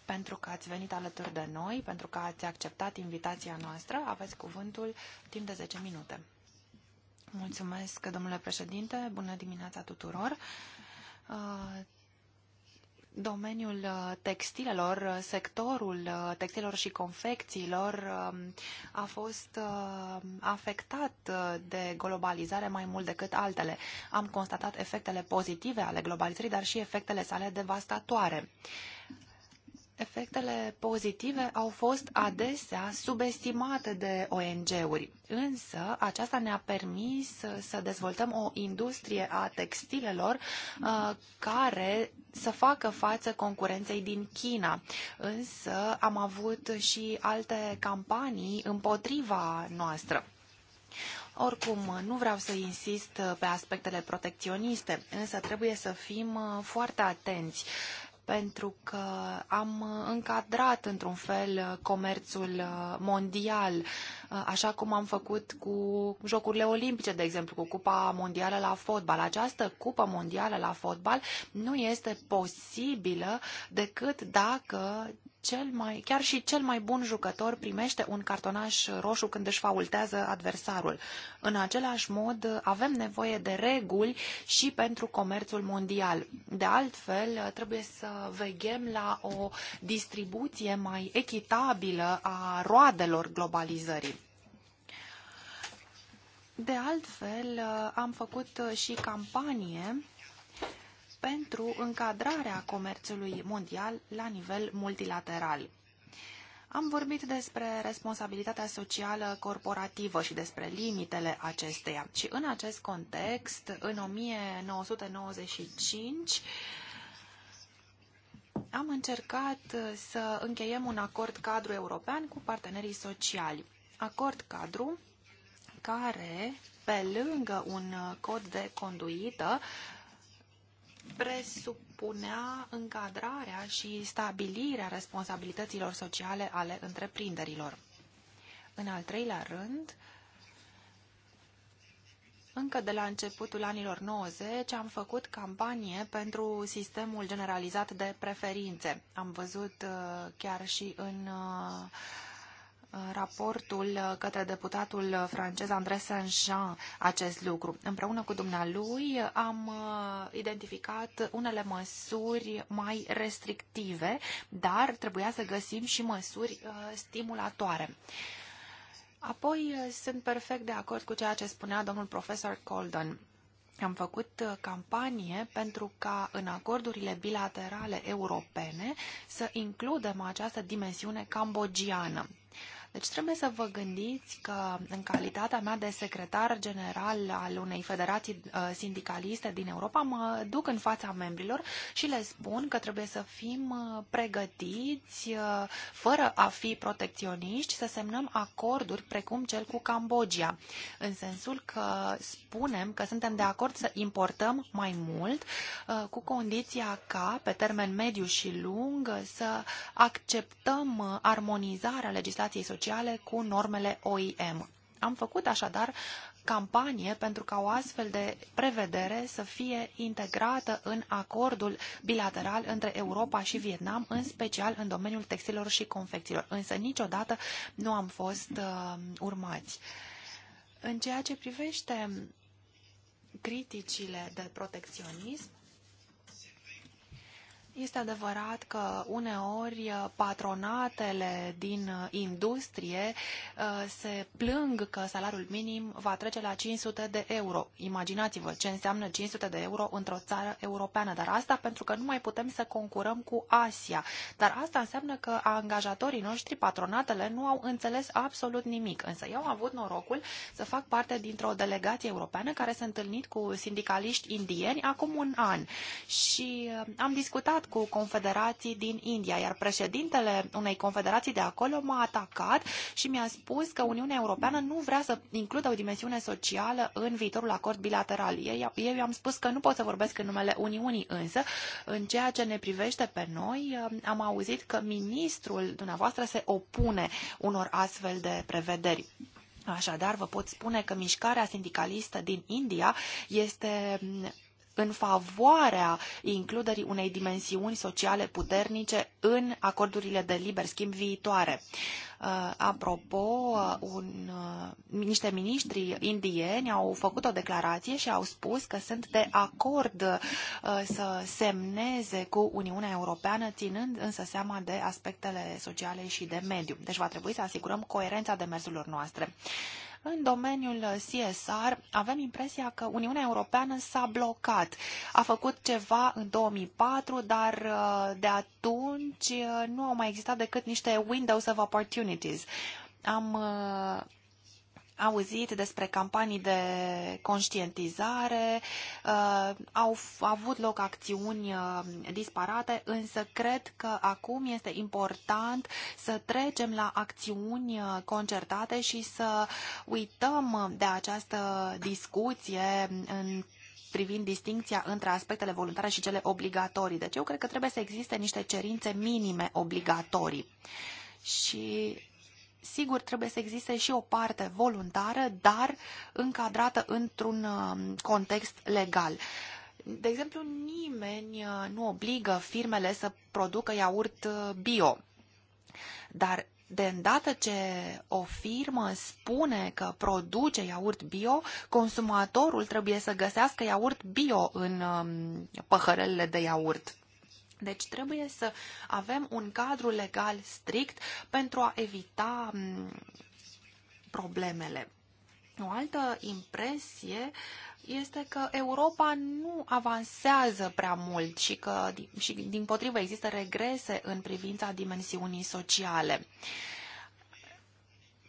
Speaker 2: pentru că ați venit alături de noi, pentru că ați acceptat invitația noastră. Aveți cuvântul timp de 10 minute. Mulțumesc, domnule președinte. Bună dimineața tuturor. Uh, domeniul uh, textilelor, uh, sectorul uh, textilelor și confecțiilor um, a fost afectat de globalizare mai mult decât altele. Am constatat efectele pozitive ale globalizării, dar și efectele sale devastatoare efectele pozitive au fost adesea subestimate de ONG-uri, însă aceasta ne-a permis să dezvoltăm o industrie a textilelor uh, care să facă față concurenței din China. Însă am avut și alte campanii împotriva noastră. Oricum, nu vreau să insist pe aspectele protecționiste, însă trebuie să fim uh, foarte atenți pentru că am încadrat într-un fel comerțul uh, mondial, uh, așa cum am făcut cu Jocurile Olimpice, de exemplu, cu Cupa Mondială la fotbal. Această Cupă Mondială la fotbal nu este posibilă decât dacă cel mai, chiar și cel mai bun jucător primește un cartonaș roșu când își faultează adversarul. În același mod, avem nevoie de reguli și pentru comerțul mondial. De altfel, trebuie să veghem la o distribuție mai echitabilă a roadelor globalizării. De altfel, am făcut și campanie pentru încadrarea comerțului mondial la nivel multilateral. Am vorbit despre responsabilitatea socială corporativă și despre limitele acesteia. Și în acest context, în 1995, am încercat să încheiem un acord cadru european cu partenerii sociali. Acord cadru care, pe lângă un cod de conduită, presupunea încadrarea și stabilirea responsabilităților sociale ale întreprinderilor. În al treilea rând, încă de la începutul anilor 90 am făcut campanie pentru sistemul generalizat de preferințe. Am văzut uh, chiar și în uh, raportul către deputatul francez André Saint-Jean acest lucru. Împreună cu dumnealui am uh, identificat unele măsuri mai restrictive, dar trebuia să găsim și măsuri uh, stimulatoare. Apoi uh, sunt perfect de acord cu ceea ce spunea domnul profesor Colden. Am făcut campanie pentru ca în acordurile bilaterale europene să includem această dimensiune cambogiană. Deci trebuie să vă gândiți că în calitatea mea de secretar general al unei federații uh, sindicaliste din Europa, mă duc în fața membrilor și le spun că trebuie să fim uh, pregătiți, uh, fără a fi protecționiști, să semnăm acorduri precum cel cu Cambodgia, în sensul că spunem că suntem de acord să importăm mai mult, cu condiția ca, pe termen mediu și lung, să acceptăm armonizarea legislației sociale sociale cu normele OIM. Am făcut așadar campanie pentru ca o astfel de prevedere să fie integrată în acordul bilateral între Europa și Vietnam, în special în domeniul textilor și confecțiilor. Însă niciodată nu am fost uh, urmați. în ceea ce privește criticile de protecționism, Este adevărat că uneori uh, patronatele din uh, industrie uh, se plâng că salariul minim va trece la 500 de euro. Imaginați-vă ce înseamnă 500 de euro într-o țară europeană, dar asta pentru că nu mai putem să concurăm cu Asia. Dar asta înseamnă că angajatorii noștri, patronatele, nu au înțeles absolut nimic. Însă eu am avut norocul să fac parte dintr-o delegație europeană care s-a întâlnit cu sindicaliști indieni acum un an și am discutat cu confederații din India, iar președintele unei confederații de acolo m-a atacat și mi-a spus că Uniunea Europeană nu vrea să includă o dimensiune socială în viitorul acord bilateral. Eu i-am spus că nu pot să vorbesc în numele Uniunii însă, în ceea ce ne privește pe noi, am auzit că ministrul dumneavoastră se opune unor astfel de prevederi. Așadar, vă pot spune că mișcarea sindicalistă din India este în favoarea includerii unei dimensiuni sociale puternice în acordurile de liber schimb viitoare. Uh, apropo, uh, un, uh, niște miniștri indieni au făcut o declarație și au spus că sunt de acord să semneze cu Uniunea Europeană, ținând însă seama de aspectele sociale și de mediu. Deci va trebui să asigurăm coerența demersurilor noastre. În domeniul CSR avem impresia că Uniunea Europeană s-a blocat. A făcut ceva în 2004, dar uh, de atunci uh, nu au mai existat decât niște windows of opportunities. Am uh, auzit despre campanii de conștientizare, uh, au avut loc acțiuni uh, disparate, însă cred că acum este important să trecem la acțiuni uh, concertate și să uităm de această discuție în privind distinția între aspectele voluntare și cele obligatorii. Deci eu cred că trebuie să existe niște cerințe minime obligatorii. Și Sigur, trebuie să existe și o parte voluntară, dar încadrată într-un um, context legal. De exemplu, nimeni uh, nu obligă firmele să producă iaurt uh, bio. Dar de îndată ce o firmă spune că produce iaurt bio, consumatorul trebuie să găsească iaurt bio în um, păhărelele de iaurt. Deci trebuie să avem un cadru legal strict pentru a evita problemele. O altă impresie este că Europa nu avansează prea mult și că, și din potrivă, există regrese în privința dimensiunii sociale.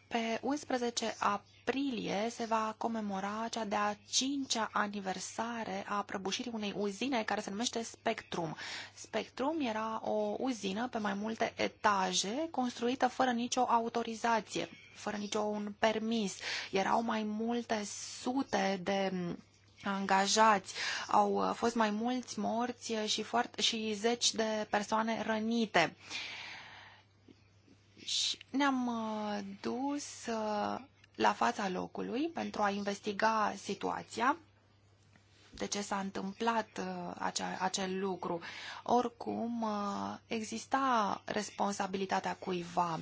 Speaker 2: Pe 11 aprilie, aprilie se va comemora cea de-a cincea aniversare a prăbușirii unei uzine care se numește Spectrum. Spectrum era o uzină pe mai multe etaje construită fără nicio autorizație, fără niciun permis. Erau mai multe sute de angajați, au fost mai mulți morți și, foarte, și zeci de persoane rănite. Și ne-am uh, dus uh, la fața locului pentru a investiga situația, de ce s-a întâmplat uh, acea, acel lucru. Oricum, uh, exista responsabilitatea cuiva. Uh,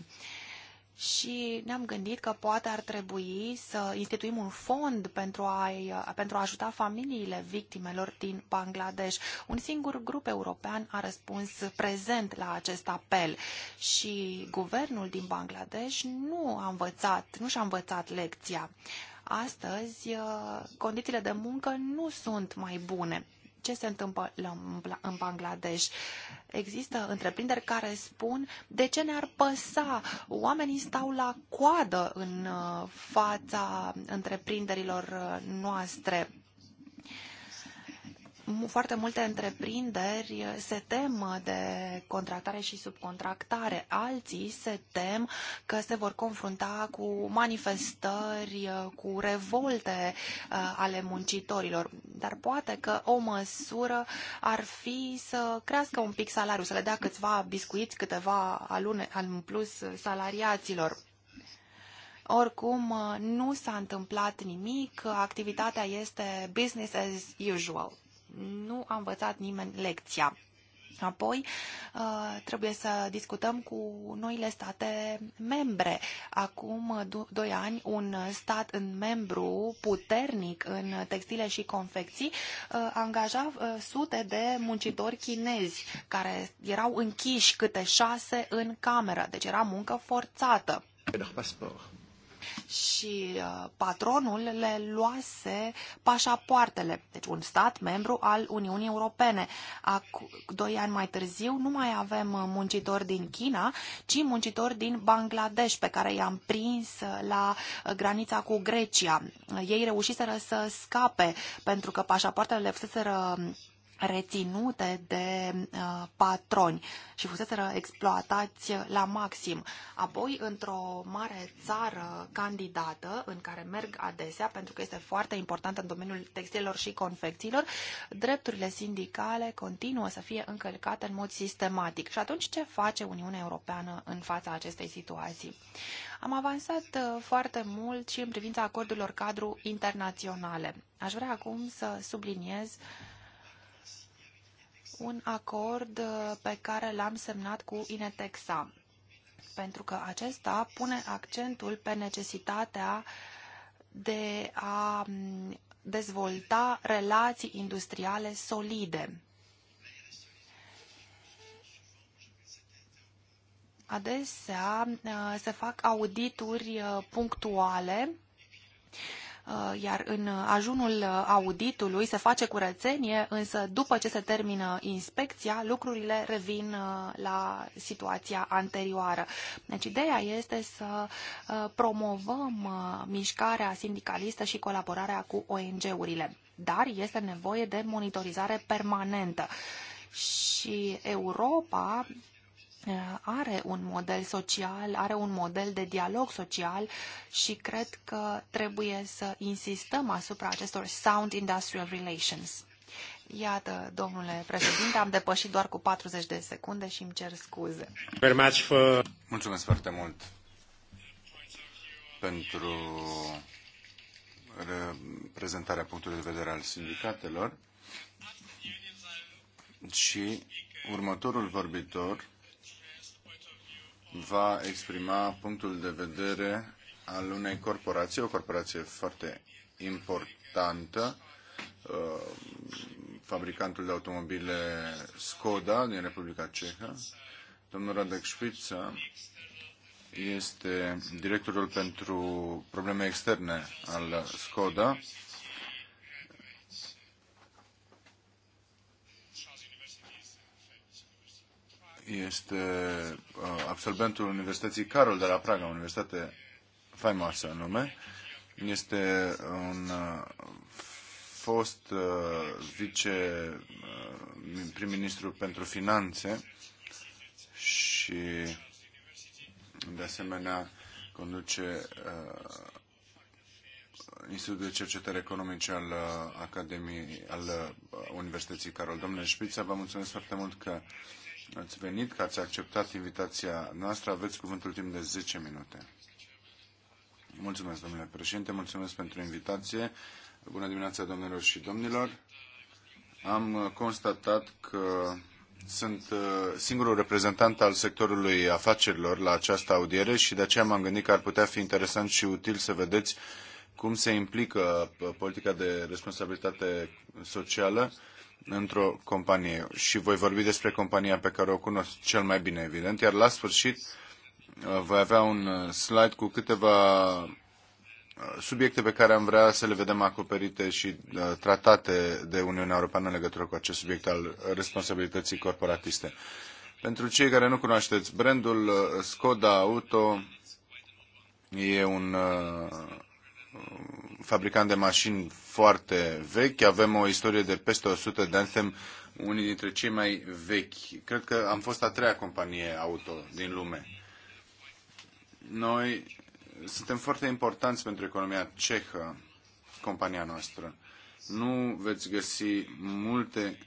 Speaker 2: și ne-am gândit că poate ar trebui să instituim un fond pentru a, pentru a ajuta familiile victimelor din Bangladesh. Un singur grup european a răspuns prezent la acest apel și guvernul din Bangladesh nu a învățat, nu și-a învățat lecția. Astăzi, uh, condițiile de muncă nu sunt mai bune ce se întâmplă în Bangladesh. Există întreprinderi care spun de ce ne-ar păsa, oamenii stau la coadă în uh, fața întreprinderilor uh, noastre foarte multe întreprinderi se tem de contractare și subcontractare. Alții se tem că se vor confrunta cu manifestări, cu revolte uh, ale muncitorilor. Dar poate că o măsură ar fi să crească un pic salariul, să le dea câțiva biscuiți, câteva alune în plus salariaților. Oricum, nu s-a întâmplat nimic, activitatea este business as usual nu a învățat nimeni lecția. Apoi uh, trebuie să discutăm cu noile state membre. Acum uh, doi ani, un stat în membru puternic în textile și confecții uh, angaja sute de muncitori chinezi care erau închiși câte șase în cameră, deci era muncă forțată. Leur passeport și uh, patronul le luase pașapoartele, deci un stat membru al Uniunii Europene. Acu doi ani mai târziu nu mai avem uh, muncitori din China, ci muncitori din Bangladesh, pe care i-am prins uh, la granița cu Grecia. Ei reușiseră să scape, pentru că pașapoartele le fuseseră reținute de uh, patroni și fuseseră exploatați la maxim. Apoi, într-o mare țară candidată, în care merg adesea, pentru că este foarte importantă în domeniul textilor și confecțiilor, drepturile sindicale continuă să fie încălcate în mod sistematic. Și atunci, ce face Uniunea Europeană în fața acestei situații? Am avansat uh, foarte mult și în privința acordurilor cadru internaționale. Aș vrea acum să subliniez un acord uh, pe care l-am semnat cu Inetexa, pentru că acesta pune accentul pe necesitatea de a mm, dezvolta relații industriale solide. Adesea uh, se fac audituri uh, punctuale Uh, iar în ajunul auditului se face curățenie, însă după ce se termină inspecția, lucrurile revin uh, la situația anterioară. Deci ideea este să uh, promovăm mișcarea sindicalistă și colaborarea cu ONG-urile, dar este nevoie de monitorizare permanentă și Europa Eh, are un model social, are un model de dialog social și cred că trebuie să insistăm asupra acestor sound industrial relations. Iată, domnule președinte, am depășit doar cu 40 de secunde și îmi cer scuze.
Speaker 1: Mulțumesc foarte mult pentru prezentarea punctului de vedere al sindicatelor și următorul vorbitor va exprima punctul de vedere al unei corporații, o corporație foarte importantă, uh, fabricantul de automobile Skoda din Republica Cehă. Domnul Radek Șpița este directorul pentru probleme externe al Skoda este uh, absolventul Universității Carol de la Praga, Universitate faimoasă în lume. Este un uh, fost uh, vice prim-ministru pentru finanțe și de asemenea conduce Institutul de Cercetare Economice al Academiei, al Universității Carol. Domnule Șpița, vă mulțumesc foarte mult că ați venit, că ați acceptat invitația noastră. Aveți cuvântul timp de 10 minute. Mulțumesc, domnule președinte, mulțumesc pentru invitație. Bună dimineața, domnilor și domnilor. Am constatat că sunt uh, singurul reprezentant al sectorului afacerilor la această audiere și de aceea m-am gândit că ar putea fi interesant și util să vedeți cum se implică politica de responsabilitate socială într-o companie și voi vorbi despre compania pe care o cunosc cel mai bine, evident, iar la sfârșit uh, voi avea un uh, slide cu câteva uh, subiecte pe care am vrea să le vedem acoperite și tratate de Uniunea Europeană în legătură cu acest subiect al responsabilității corporatiste. Pentru cei care nu cunoașteți brandul Skoda Auto, e un fabricant de mașini foarte vechi, avem o istorie de peste 100 de ani, suntem unii dintre cei mai vechi. Cred că am fost a treia companie auto din lume. Noi suntem foarte importanți pentru economia cehă, compania noastră. Nu veți găsi multe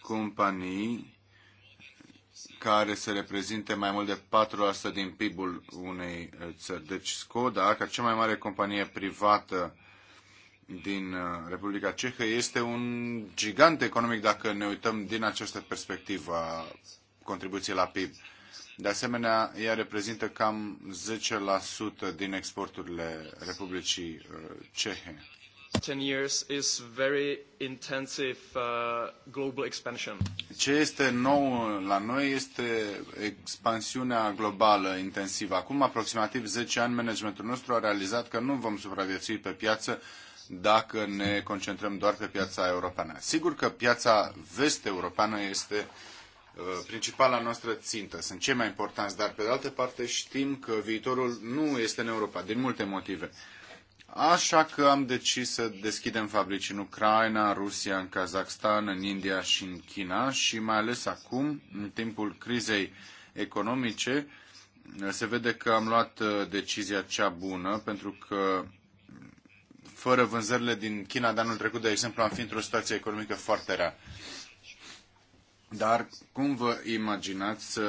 Speaker 1: companii care să reprezinte mai mult de 4% din PIB-ul unei uh, țări. Deci Skoda, ca cea mai mare companie privată din uh, Republica Cehă, este un gigant economic dacă ne uităm din această perspectivă a contribuției la PIB. De asemenea, ea reprezintă cam 10% din exporturile Republicii uh, Cehe.
Speaker 2: 10 years is very intensive uh, global expansion.
Speaker 1: Ce este nou la noi este expansiunea globală intensivă. Acum aproximativ 10 ani managementul nostru a realizat că nu vom supraviețui pe piață dacă ne concentrăm doar pe piața europeană. Sigur că piața vest-europeană este uh, principala noastră țintă, sunt cei mai importanți, dar pe de altă parte știm că viitorul nu este în Europa, din multe motive. Așa că am decis să deschidem fabrici în Ucraina, Rusia, în Kazakhstan, în India și în China și mai ales acum, în timpul crizei economice, se vede că am luat uh, decizia cea bună pentru că fără vânzările din China de anul trecut, de exemplu, am fi într-o situație economică foarte rea. Dar cum vă imaginați să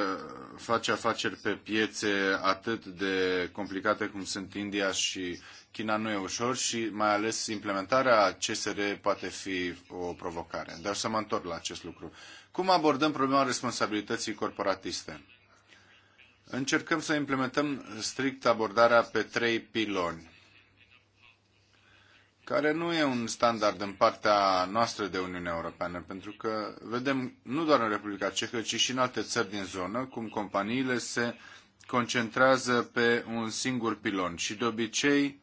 Speaker 1: faci afaceri pe piețe atât de complicate cum sunt India și China nu e ușor și mai ales implementarea CSR poate fi o provocare. Dar să mă întorc la acest lucru. Cum abordăm problema responsabilității corporatiste? Încercăm să implementăm strict abordarea pe trei piloni care nu e un standard în partea noastră de Uniune Europeană, pentru că vedem nu doar în Republica Cehă, ci și în alte țări din zonă, cum companiile se concentrează pe un singur pilon și de obicei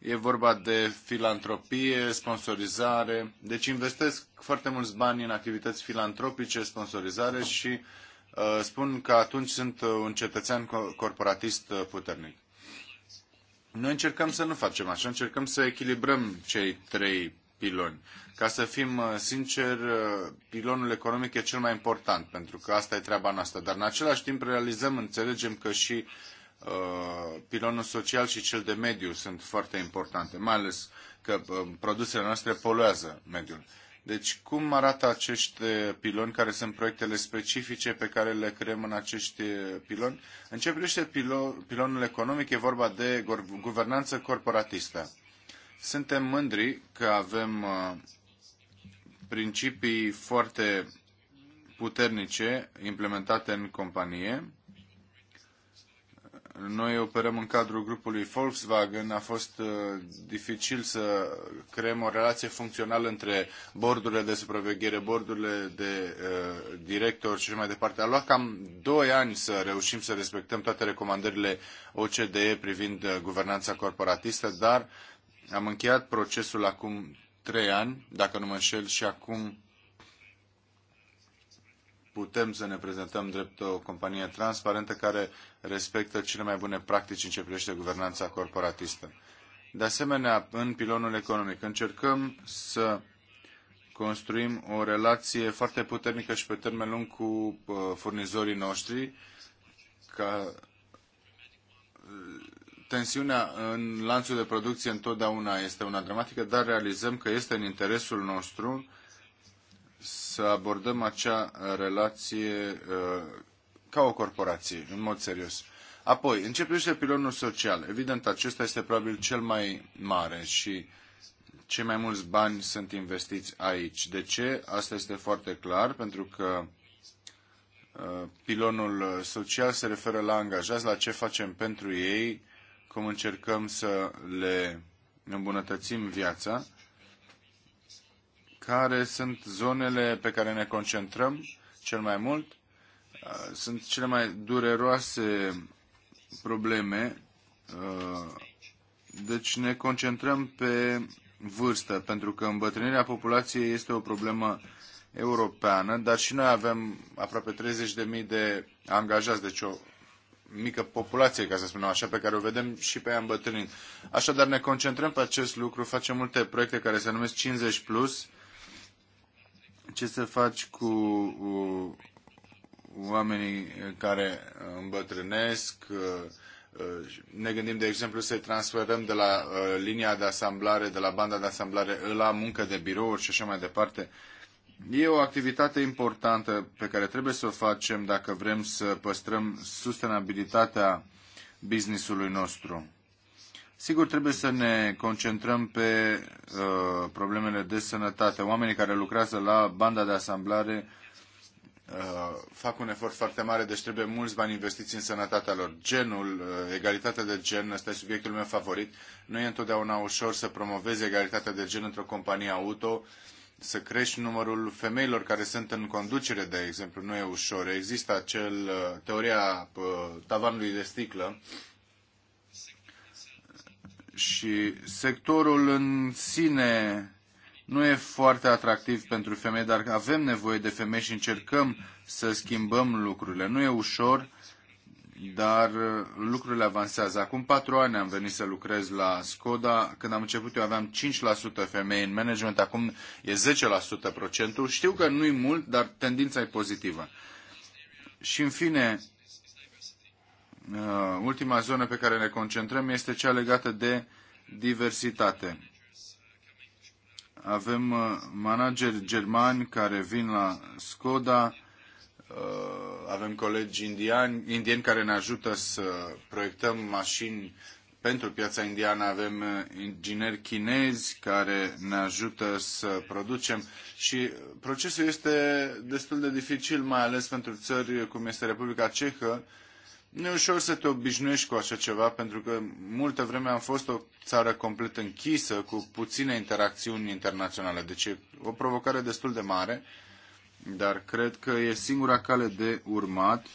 Speaker 1: E vorba de filantropie, sponsorizare. Deci investesc foarte mulți bani în activități filantropice, sponsorizare și uh, spun că atunci sunt uh, un cetățean corporatist uh, puternic. Noi încercăm să nu facem așa, încercăm să echilibrăm cei trei piloni. Ca să fim uh, sinceri, pilonul economic e cel mai important, pentru că asta e treaba noastră. Dar în același timp realizăm, înțelegem că și uh, Uh, pilonul social și cel de mediu sunt foarte importante, mai ales că uh, produsele noastre poluează mediul. Deci cum arată acești piloni, care sunt proiectele specifice pe care le creăm în acești piloni? În ce privește pilonul economic, e vorba de guvernanță corporatistă. Suntem mândri că avem uh, principii foarte puternice implementate în companie, Noi operăm în cadrul grupului Volkswagen. A fost uh, dificil să creăm o relație funcțională între bordurile de supraveghere, bordurile de uh, director și mai departe. A luat cam 2 ani să reușim să respectăm toate recomandările OCDE privind uh, guvernanța corporatistă, dar am încheiat procesul acum 3 ani, dacă nu mă înșel, și acum putem să ne prezentăm drept o companie transparentă care respectă cele mai bune practici în ce privește guvernanța corporatistă. De asemenea, în pilonul economic, încercăm să construim o relație foarte puternică și pe termen lung cu uh, furnizorii noștri, ca uh, tensiunea în lanțul de producție întotdeauna este una dramatică, dar realizăm că este în interesul nostru uh, să abordăm acea relație uh, ca o corporație, în mod serios. Apoi, începește pilonul social. Evident, acesta este probabil cel mai mare și cei mai mulți bani sunt investiți aici. De ce? Asta este foarte clar, pentru că uh, pilonul social se referă la angajați, la ce facem pentru ei, cum încercăm să le îmbunătățim viața care sunt zonele pe care ne concentrăm cel mai mult. Uh, sunt cele mai dureroase probleme. Uh, deci ne concentrăm pe vârstă, pentru că îmbătrânirea populației este o problemă europeană, dar și noi avem aproape 30.000 de angajați, deci o mică populație, ca să spunem așa, pe care o vedem și pe ea îmbătrânind. Așadar, ne concentrăm pe acest lucru, facem multe proiecte care se numesc 50+, plus, ce să faci cu oamenii care îmbătrânesc. Ne gândim, de exemplu, să i transferăm de la uh, linia de asamblare, de la banda de asamblare la muncă de birouri și așa mai departe. E o activitate importantă pe care trebuie să o facem dacă vrem să păstrăm sustenabilitatea businessului nostru. Sigur, trebuie să ne concentrăm pe uh, problemele de sănătate. Oamenii care lucrează la banda de asamblare uh, fac un efort foarte mare, deci trebuie mulți bani investiți în sănătatea lor. Genul, uh, egalitatea de gen, ăsta e subiectul meu favorit. Nu e întotdeauna ușor să promovezi egalitatea de gen într-o companie auto, să crești numărul femeilor care sunt în conducere, de exemplu, nu e ușor. Există acel, uh, teoria uh, tavanului de sticlă, uh, și sectorul în sine nu e foarte atractiv pentru femei, dar avem nevoie de femei și încercăm să schimbăm lucrurile. Nu e ușor, dar uh, lucrurile avansează. Acum patru ani am venit să lucrez la Skoda. Când am început eu aveam 5% femei în management, acum e 10% procentul. Știu că nu e mult, dar tendința e pozitivă. Și în fine, Uh, ultima zonă pe care ne concentrăm este cea legată de diversitate. Avem uh, manageri germani care vin la Skoda, uh, avem colegi indiani, indieni care ne ajută să proiectăm mașini pentru piața indiană, avem ingineri chinezi care ne ajută să producem și procesul este destul de dificil, mai ales pentru țări cum este Republica Cehă, Nu e ușor să te obișnuiești cu așa ceva, pentru că multă vreme am fost o țară complet închisă, cu puține interacțiuni internaționale. Deci e o provocare destul de mare, dar cred că e singura cale de urmat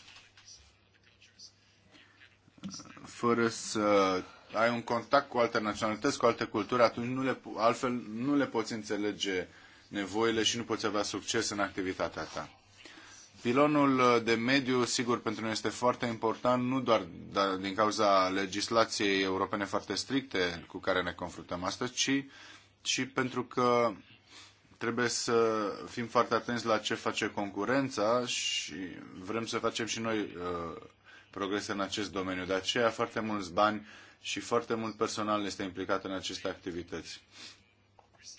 Speaker 1: fără să ai un contact cu alte naționalități, cu alte culturi, atunci nu le, altfel nu le poți înțelege nevoile și nu poți avea succes în activitatea ta. Pilonul de mediu, sigur, pentru noi este foarte important, nu doar din cauza legislației europene foarte stricte cu care ne confruntăm astăzi, ci și pentru că trebuie să fim foarte atenți la ce face concurența și vrem să facem și noi uh, progrese în acest domeniu. De aceea foarte mulți bani și foarte mult personal este implicat în aceste activități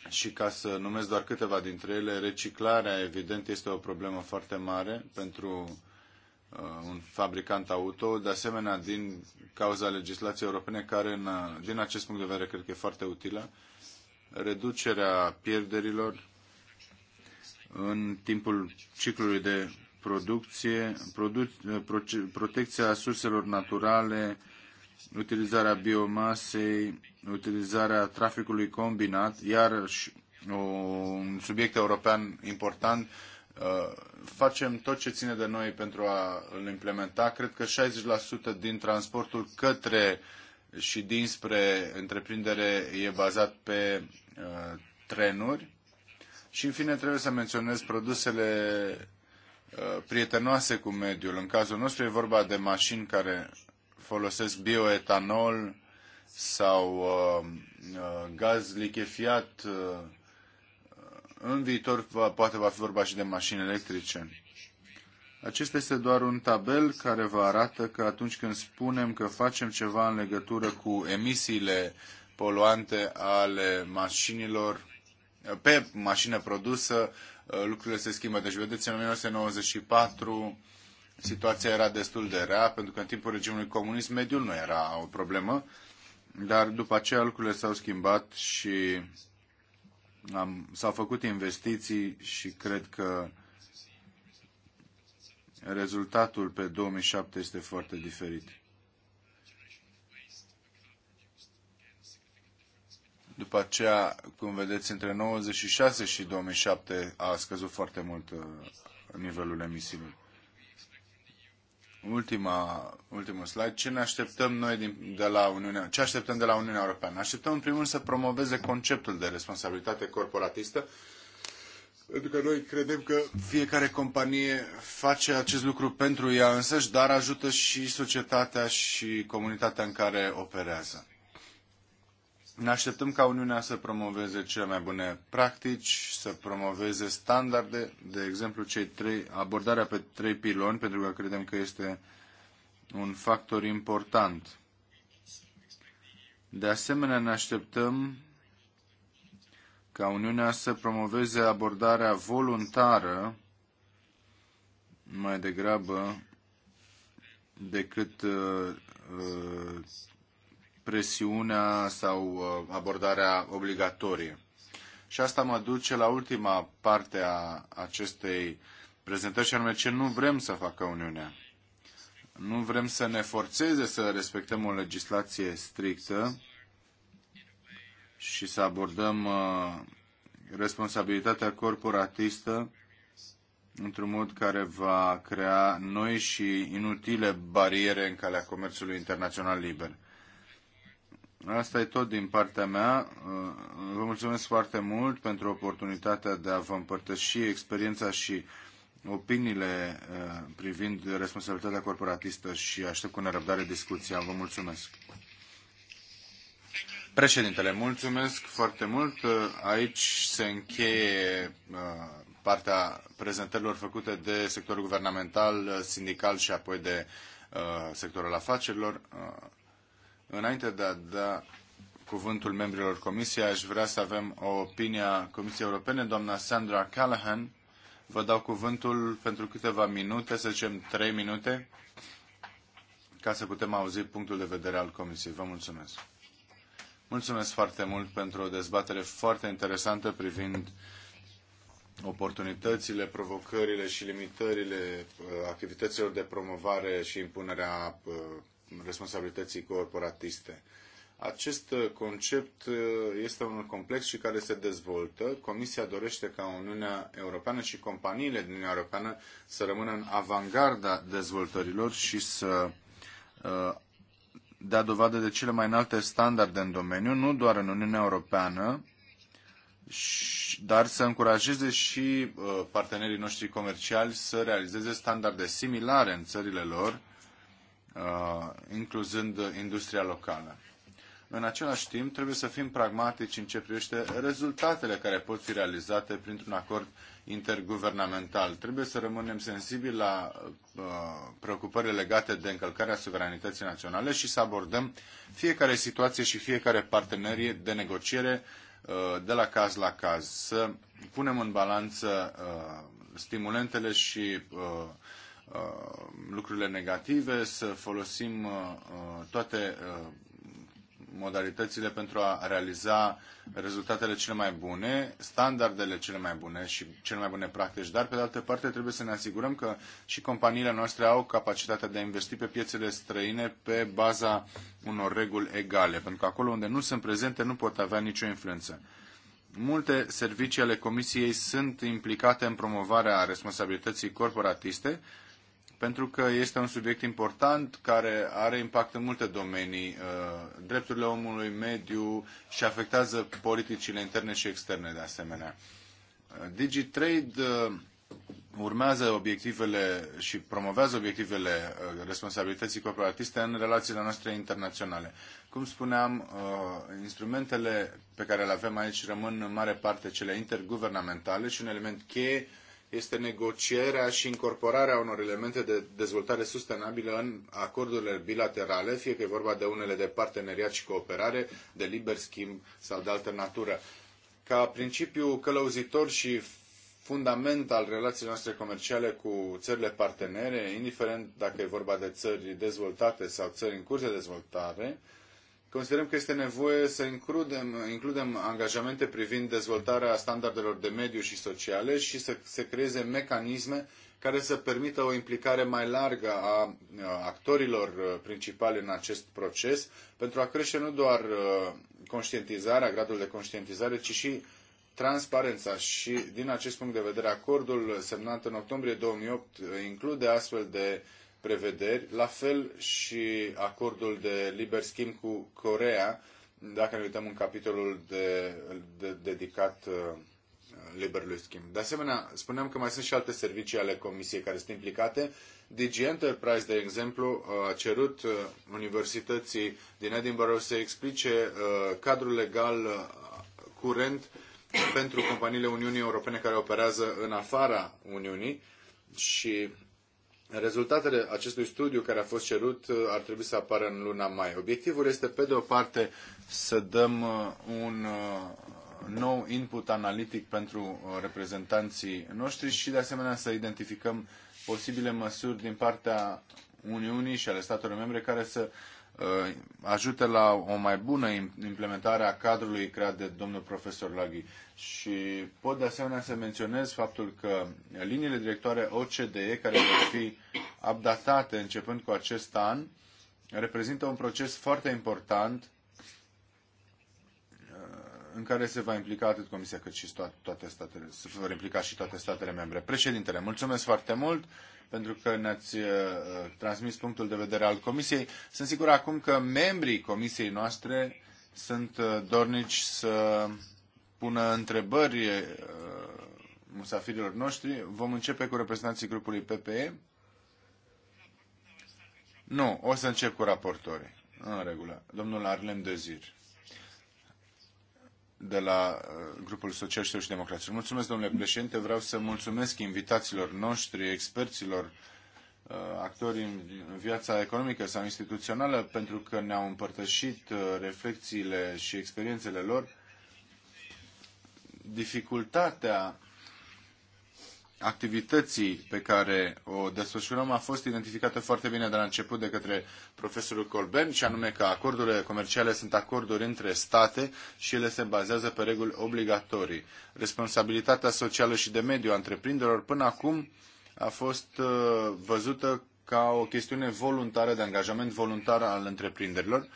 Speaker 1: și ca să numesc doar câteva dintre ele, reciclarea evident este o problemă foarte mare pentru uh, un fabricant auto, de asemenea din cauza legislației europene care în, din acest punct de vedere cred că e foarte utilă, reducerea pierderilor în timpul ciclului de producție, produ, protecția surselor naturale, utilizarea biomasei, utilizarea traficului combinat, iarăși un subiect european important. Uh, facem tot ce ține de noi pentru a îl implementa. Cred că 60% din transportul către și dinspre întreprindere e bazat pe uh, trenuri. Și în fine trebuie să menționez produsele uh, prietenoase cu mediul. În cazul nostru e vorba de mașini care folosesc bioetanol sau um, uh, gaz lichefiat. Uh, în viitor va, poate va fi vorba și de mașini electrice. Acesta este doar un tabel care vă arată că atunci când spunem că facem ceva în legătură cu emisiile poluante ale mașinilor, pe mașină produsă, uh, lucrurile se schimbă. Deci, vedeți, în 1994 situația era destul de rea, pentru că în timpul regimului comunist mediul nu era o problemă, dar după aceea lucrurile s-au schimbat și am, s-au făcut investiții și cred că rezultatul pe 2007 este foarte diferit. După aceea, cum vedeți, între 96 și 2007 a scăzut foarte mult uh, nivelul emisiilor ultima, ultimul slide, ce ne așteptăm noi din, de la Uniunea, ce așteptăm de la Uniunea Europeană? Așteptăm în primul rând să promoveze conceptul de responsabilitate corporatistă, pentru că noi credem că fiecare companie face acest lucru pentru ea însăși, dar ajută și societatea și comunitatea în care operează. Ne așteptăm ca Uniunea să promoveze cele mai bune practici, să promoveze standarde, de exemplu cei trei, abordarea pe trei piloni, pentru că credem că este un factor important. De asemenea, ne așteptăm ca Uniunea să promoveze abordarea voluntară mai degrabă decât uh, uh, presiunea sau uh, abordarea obligatorie. Și asta mă duce la ultima parte a acestei prezentări și anume ce nu vrem să facă Uniunea. Nu vrem să ne forțeze să respectăm o legislație strictă și să abordăm uh, responsabilitatea corporatistă într-un mod care va crea noi și inutile bariere în calea comerțului internațional liber. Asta e tot din partea mea. Vă mulțumesc foarte mult pentru oportunitatea de a vă împărtăși experiența și opiniile eh, privind responsabilitatea corporatistă și aștept cu nerăbdare discuția. Vă mulțumesc. Președintele, mulțumesc foarte mult. Aici se încheie eh, partea prezentărilor făcute de sectorul guvernamental, sindical și apoi de eh, sectorul afacerilor. Înainte de a da cuvântul membrilor comisiei, aș vrea să avem o opinie a Comisiei Europene. Doamna Sandra Callahan, vă dau cuvântul pentru câteva minute, să zicem trei minute, ca să putem auzi punctul de vedere al Comisiei. Vă mulțumesc. Mulțumesc foarte mult pentru o dezbatere foarte interesantă privind oportunitățile, provocările și limitările uh, activităților de promovare și impunerea uh, responsabilității corporatiste. Acest concept e, este unul complex și care se dezvoltă. Comisia dorește ca Uniunea Europeană și companiile din Uniunea Europeană să rămână în avangarda dezvoltărilor și să e, dea dovadă de cele mai înalte standarde în domeniu, nu doar în Uniunea Europeană, dar să încurajeze și e, partenerii noștri comerciali să realizeze standarde similare în țările lor Uh, incluzând industria locală. În același timp, trebuie să fim pragmatici în ce privește rezultatele care pot fi realizate printr-un acord interguvernamental. Trebuie să rămânem sensibili la uh, preocupările legate de încălcarea suveranității naționale și să abordăm fiecare situație și fiecare partenerie de negociere uh, de la caz la caz. Să punem în balanță uh, stimulentele și uh, Uh, lucrurile negative, să folosim uh, uh, toate modalitățile pentru a realiza rezultatele cele mai bune, standardele cele mai bune și cele mai bune practici, dar pe de altă parte trebuie să ne asigurăm că și companiile noastre au capacitatea de a investi pe piețele străine pe baza unor reguli egale, pentru că acolo unde nu sunt prezente nu pot avea nicio influență. Multe servicii ale Comisiei sunt implicate în promovarea responsabilității corporatiste, pentru că este un subiect important care are impact în multe domenii, uh, drepturile omului, mediu și afectează politicile interne și externe de asemenea. Uh, DigiTrade uh, urmează obiectivele și promovează obiectivele responsabilității corporatiste în relațiile noastre internaționale. Cum spuneam, instrumentele pe care le avem aici rămân în mare parte cele interguvernamentale și un element cheie este negocierea și incorporarea unor elemente de dezvoltare sustenabilă în acordurile bilaterale, fie că e vorba de unele de parteneriat și cooperare, de liber schimb sau de altă natură. Ca principiu călăuzitor și fundament al relațiilor noastre comerciale cu țările partenere, indiferent dacă e vorba de țări dezvoltate sau țări în curs de dezvoltare, uh, Considerăm că este nevoie să includem, includem angajamente privind dezvoltarea standardelor de mediu și sociale și să se creeze mecanisme care să permită o implicare mai largă a actorilor uh, principali în acest proces pentru a crește nu doar uh, conștientizarea, gradul de conștientizare, ci și transparența și din acest punct de vedere acordul semnat în octombrie 2008 uh, include astfel de uh, prevederi, la fel și acordul de liber schimb cu Corea, dacă ne uităm în capitolul de, de, dedicat uh, liberului schimb. De asemenea, spuneam că mai sunt și alte servicii ale Comisiei care sunt implicate. DG Enterprise, de exemplu, uh, a cerut uh, Universității din Edinburgh să explice cadrul legal curent pentru companiile Uniunii Europene care operează în afara Uniunii și Rezultatele acestui studiu care a fost cerut uh, ar trebui să apară în luna mai. Obiectivul este, pe de o parte, să dăm uh, un uh, nou input analitic pentru reprezentanții noștri și, de asemenea, să identificăm posibile măsuri din partea Uniunii și ale statelor membre care să Eh, ajute la o mai bună implementare a cadrului creat de domnul profesor Laghi. Și pot de asemenea să menționez faptul că liniile directoare OCDE, care vor fi updatate începând cu acest an, reprezintă un proces foarte important eh, în care se va implica atât Comisia cât și toate statele, se vor implica și toate statele membre. Președintele, mulțumesc foarte mult! pentru că ne-ați eh, eh, transmis punctul de vedere al Comisiei. Sunt sigur acum că membrii Comisiei noastre sunt eh, dornici să pună întrebări musafirilor noștri. Vom începe cu reprezentanții grupului PPE. Nu, o să încep cu raportorii. În regulă. Domnul Arlem Dezir de la eh, grupul Socialiștilor și Democraților. Mulțumesc, domnule președinte. Vreau să mulțumesc invitațiilor noștri, experților, eh, actorii în viața economică sau instituțională, pentru că ne-au împărtășit eh, reflexiile și experiențele lor. Dificultatea activității pe care o desfășurăm a fost identificată foarte bine de la început de către profesorul Colben și anume că acordurile comerciale sunt acorduri între state și ele se bazează pe reguli obligatorii. Responsabilitatea socială și de mediu a întreprinderilor până acum a fost uh, văzută ca o chestiune voluntară de angajament voluntar al întreprinderilor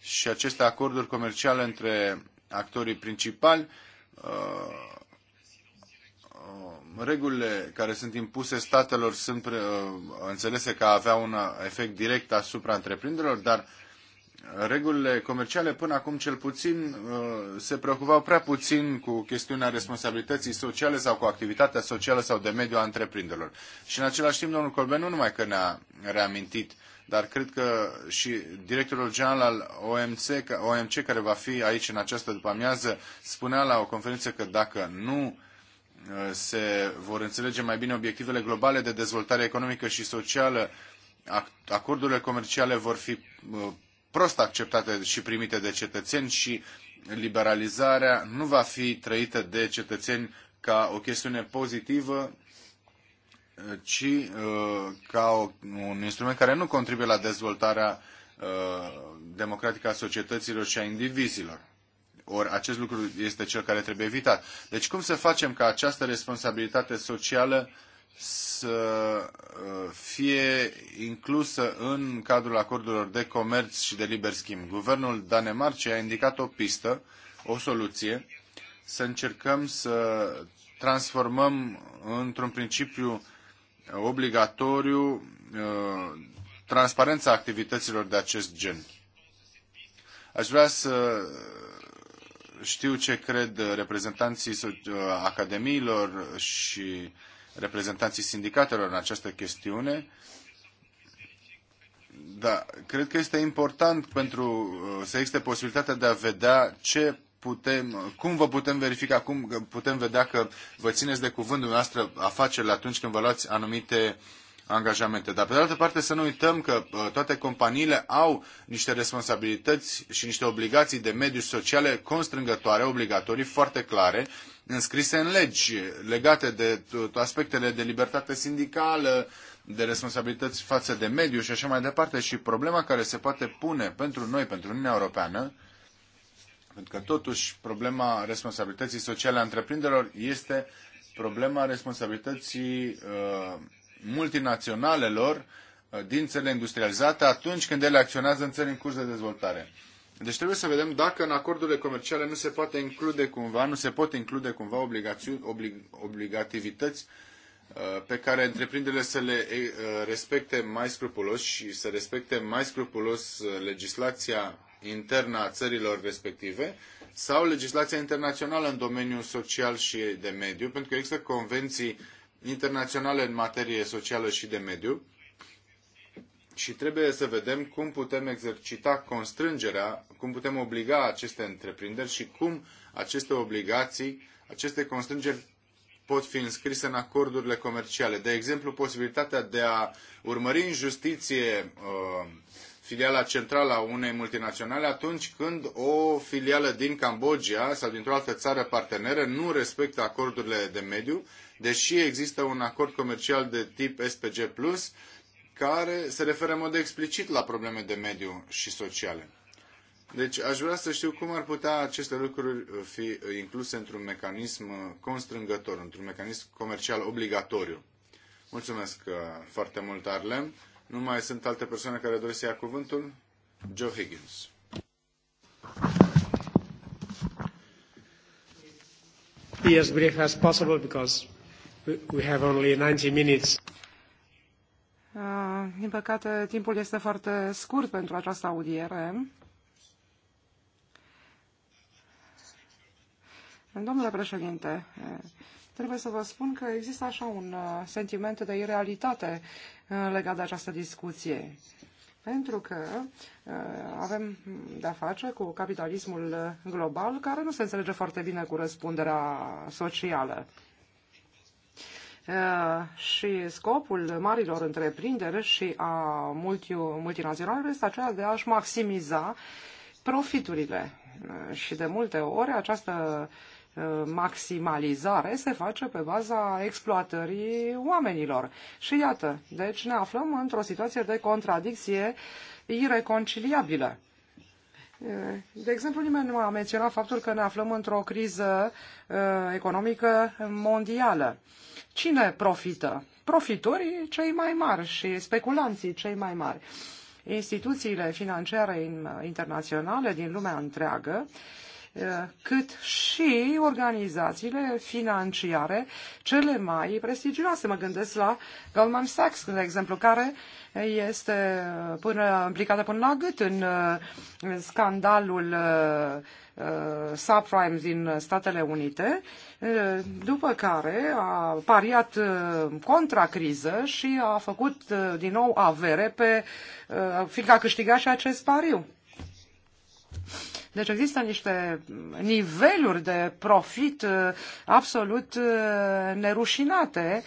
Speaker 1: și aceste acorduri comerciale între actorii principali uh, regulile care sunt impuse statelor sunt uh, înțelese că avea un uh, efect direct asupra întreprinderilor, dar regulile comerciale până acum cel puțin uh, se preocupau prea puțin cu chestiunea responsabilității sociale sau cu activitatea socială sau de mediu a întreprinderilor. Și în același timp, domnul Colben nu numai că ne-a reamintit, dar cred că și directorul general al OMC, OMC care va fi aici în această după amiază, spunea la o conferință că dacă nu se vor înțelege mai bine obiectivele globale de dezvoltare economică și socială, acordurile comerciale vor fi uh, prost acceptate și primite de cetățeni și liberalizarea nu va fi trăită de cetățeni ca o chestiune pozitivă, ci uh, ca un instrument care nu contribuie la dezvoltarea uh, democratică a societăților și a indivizilor. Ori acest lucru este cel care trebuie evitat. Deci cum să facem ca această responsabilitate socială să uh, fie inclusă în cadrul acordurilor de comerț și de liber schimb? Guvernul Danemarcei a indicat o pistă, o soluție, să încercăm să transformăm într-un principiu obligatoriu uh, transparența activităților de acest gen. Aș vrea să știu ce cred reprezentanții academiilor și reprezentanții sindicatelor în această chestiune. Da, cred că este important pentru uh, să existe posibilitatea de a vedea ce putem, cum vă putem verifica, cum putem vedea că vă țineți de cuvântul noastră afacerile atunci când vă luați anumite uh, angajamente. Dar, pe de altă parte, să nu uităm că toate companiile au niște responsabilități și niște obligații de mediu sociale constrângătoare, obligatorii, foarte clare, înscrise în legi, legate de aspectele de libertate sindicală, de responsabilități față de mediu și așa mai departe. Și problema care se poate pune pentru noi, pentru Uniunea Europeană, pentru că totuși problema responsabilității sociale a întreprinderilor este problema responsabilității uh, multinaționalelor uh, din țările industrializate atunci când ele acționează în țări în curs de dezvoltare. Deci trebuie să vedem dacă în acordurile comerciale nu se poate include cumva, nu se pot include cumva obligațiuni, oblig, obligativități uh, pe care întreprinderile să le uh, respecte mai scrupulos și să respecte mai scrupulos legislația internă a țărilor respective sau legislația internațională în domeniul social și de mediu, pentru că există convenții internaționale în materie socială și de mediu și trebuie să vedem cum putem exercita constrângerea, cum putem obliga aceste întreprinderi și cum aceste obligații, aceste constrângeri pot fi înscrise în acordurile comerciale. De exemplu, posibilitatea de a urmări în justiție uh, filiala centrală a unei multinaționale atunci când o filială din Cambodgia sau dintr-o altă țară parteneră nu respectă acordurile de mediu deși există un acord comercial de tip SPG+, care se referă în mod explicit la probleme de mediu și sociale. Deci aș vrea să știu cum ar putea aceste lucruri fi incluse într-un mecanism constrângător, într-un mecanism comercial obligatoriu. Mulțumesc uh, foarte mult, Arlem. Nu mai sunt alte persoane care doresc să ia cuvântul? Joe Higgins.
Speaker 3: Be as brief as possible because We have only 90 minutes. Uh, Din păcate, timpul este foarte scurt pentru această audiere. Domnule președinte, trebuie să vă spun că există așa un uh, sentiment de irealitate uh, legat de această discuție. Pentru că uh, avem de-a face cu capitalismul global care nu se înțelege foarte bine cu răspunderea socială. Eh, și scopul marilor întreprinderi și a multinaționalilor este acela de a-și maximiza profiturile. Eh, și de multe ori această eh, maximalizare se face pe baza exploatării oamenilor. Și iată, deci ne aflăm într-o situație de contradicție ireconciliabilă. De exemplu, nimeni nu a menționat faptul că ne aflăm într-o criză economică mondială. Cine profită? Profitorii cei mai mari și speculanții cei mai mari. Instituțiile financiare internaționale din lumea întreagă eh, cât și organizațiile financiare cele mai prestigioase. Mă gândesc la Goldman Sachs, de exemplu, care este până, implicată până la gât în eh, scandalul eh, Uh, subprime din Statele Unite, uh, după care a pariat uh, contra criză și a făcut din nou avere pe, fiindcă a câștigat și acest pariu. Deci există niște niveluri de profit absolut nerușinate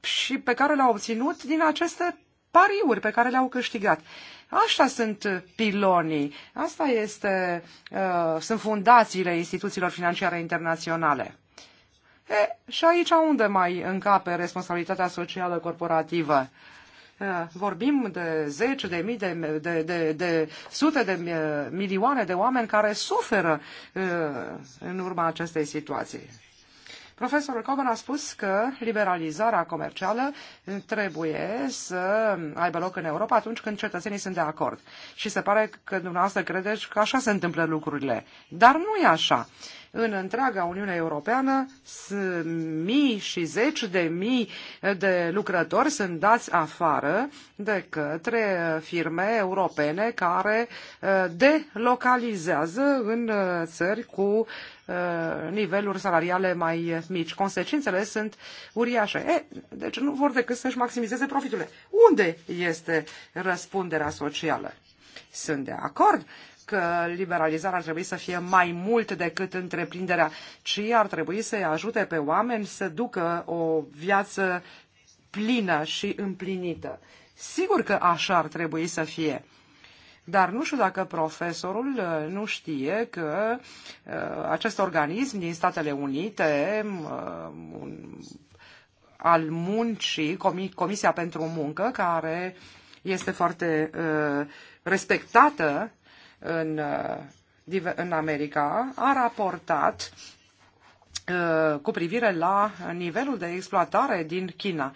Speaker 3: și pe care le-au obținut din aceste pariuri pe care le-au câștigat. Așa sunt uh, pilonii, asta este, uh, sunt fundațiile instituțiilor financiare internaționale. E, și aici unde mai încape responsabilitatea socială corporativă? E, vorbim de zeci de mii, de, de, de, de sute de uh, milioane de oameni care suferă uh, în urma acestei situații. Profesorul Coman a spus că liberalizarea comercială eh, trebuie să aibă loc în Europa atunci când cetățenii sunt de acord. Și se pare că dumneavoastră credeți că așa se întâmplă lucrurile. Dar nu e așa în întreaga Uniune Europeană mii și zeci de mii de lucrători sunt dați afară de către firme europene care uh, delocalizează în uh, țări cu uh, niveluri salariale mai mici. Consecințele sunt uriașe. E, deci nu vor decât să-și maximizeze profiturile. Unde este răspunderea socială? Sunt de acord că liberalizarea ar trebui să fie mai mult decât întreprinderea, ci ar trebui să-i ajute pe oameni să ducă o viață plină și împlinită. Sigur că așa ar trebui să fie. Dar nu știu dacă profesorul uh, nu știe că uh, acest organism din Statele Unite, uh, al muncii, Comisia pentru Muncă, care este foarte respectată în, în America a raportat e, cu privire la nivelul de exploatare din China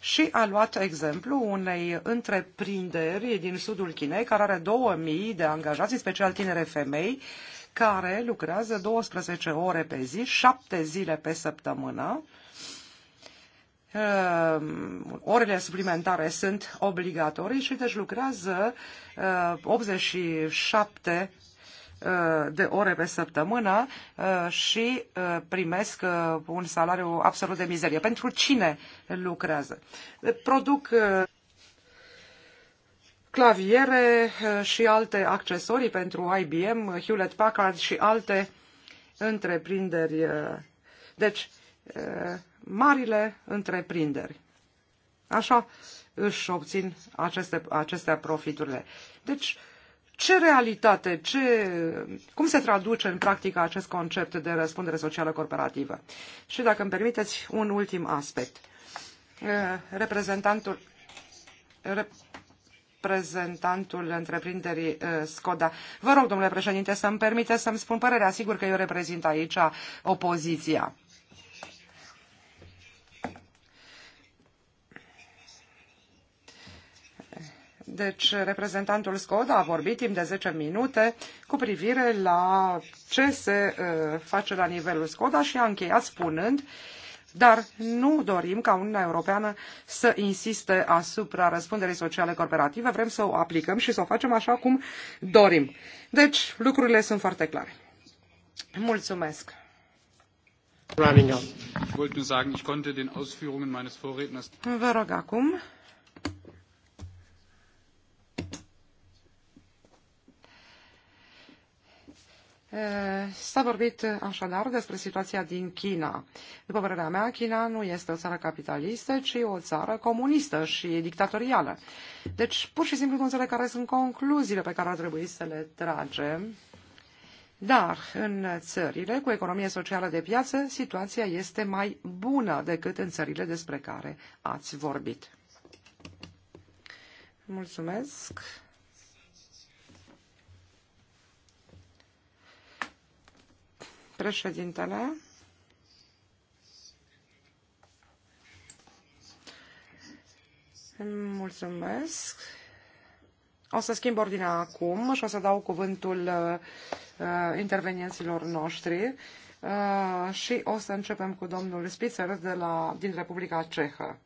Speaker 3: și a luat exemplu unei întreprinderi din sudul Chinei care are 2000 de angajați, special tinere femei, care lucrează 12 ore pe zi, 7 zile pe săptămână Ehm, orele suplimentare sunt obligatorii și deci lucrează 87 ehm, ehm, de ore pe săptămână și primesc un salariu absolut de mizerie. Pentru cine lucrează? Produc claviere și alte accesorii pentru IBM, Hewlett Packard și alte întreprinderi. Deci, marile întreprinderi. Așa își obțin aceste, acestea profiturile. Deci, ce realitate, ce, cum se traduce în practică acest concept de răspundere socială corporativă? Și dacă îmi permiteți, un ultim aspect. E, reprezentantul, reprezentantul întreprinderii e, Skoda. Vă rog, domnule președinte, să-mi permite să-mi spun părerea. Sigur că eu reprezint aici opoziția. Deci, reprezentantul Skoda a vorbit timp de 10 minute cu privire la ce se uh, face la nivelul Skoda și a încheiat spunând dar nu dorim ca Uniunea Europeană să insiste asupra răspunderii sociale corporative, vrem să o aplicăm și să o facem așa cum dorim. Deci, lucrurile sunt foarte clare. Mulțumesc! Vă rog acum Eh, S-a vorbit așadar despre situația din China. După părerea mea, China nu este o țară capitalistă, ci o țară comunistă și dictatorială. Deci, pur și simplu nu înțeleg care sunt concluziile pe care ar trebui să le tragem. Dar în țările cu economie socială de piață, situația este mai bună decât în țările despre care ați vorbit. Mulțumesc. Președintele, mulțumesc. O să schimb ordinea acum și o să dau cuvântul uh, uh, intervenienților noștri uh, și o să începem cu domnul Spitzer de la, din Republica Cehă.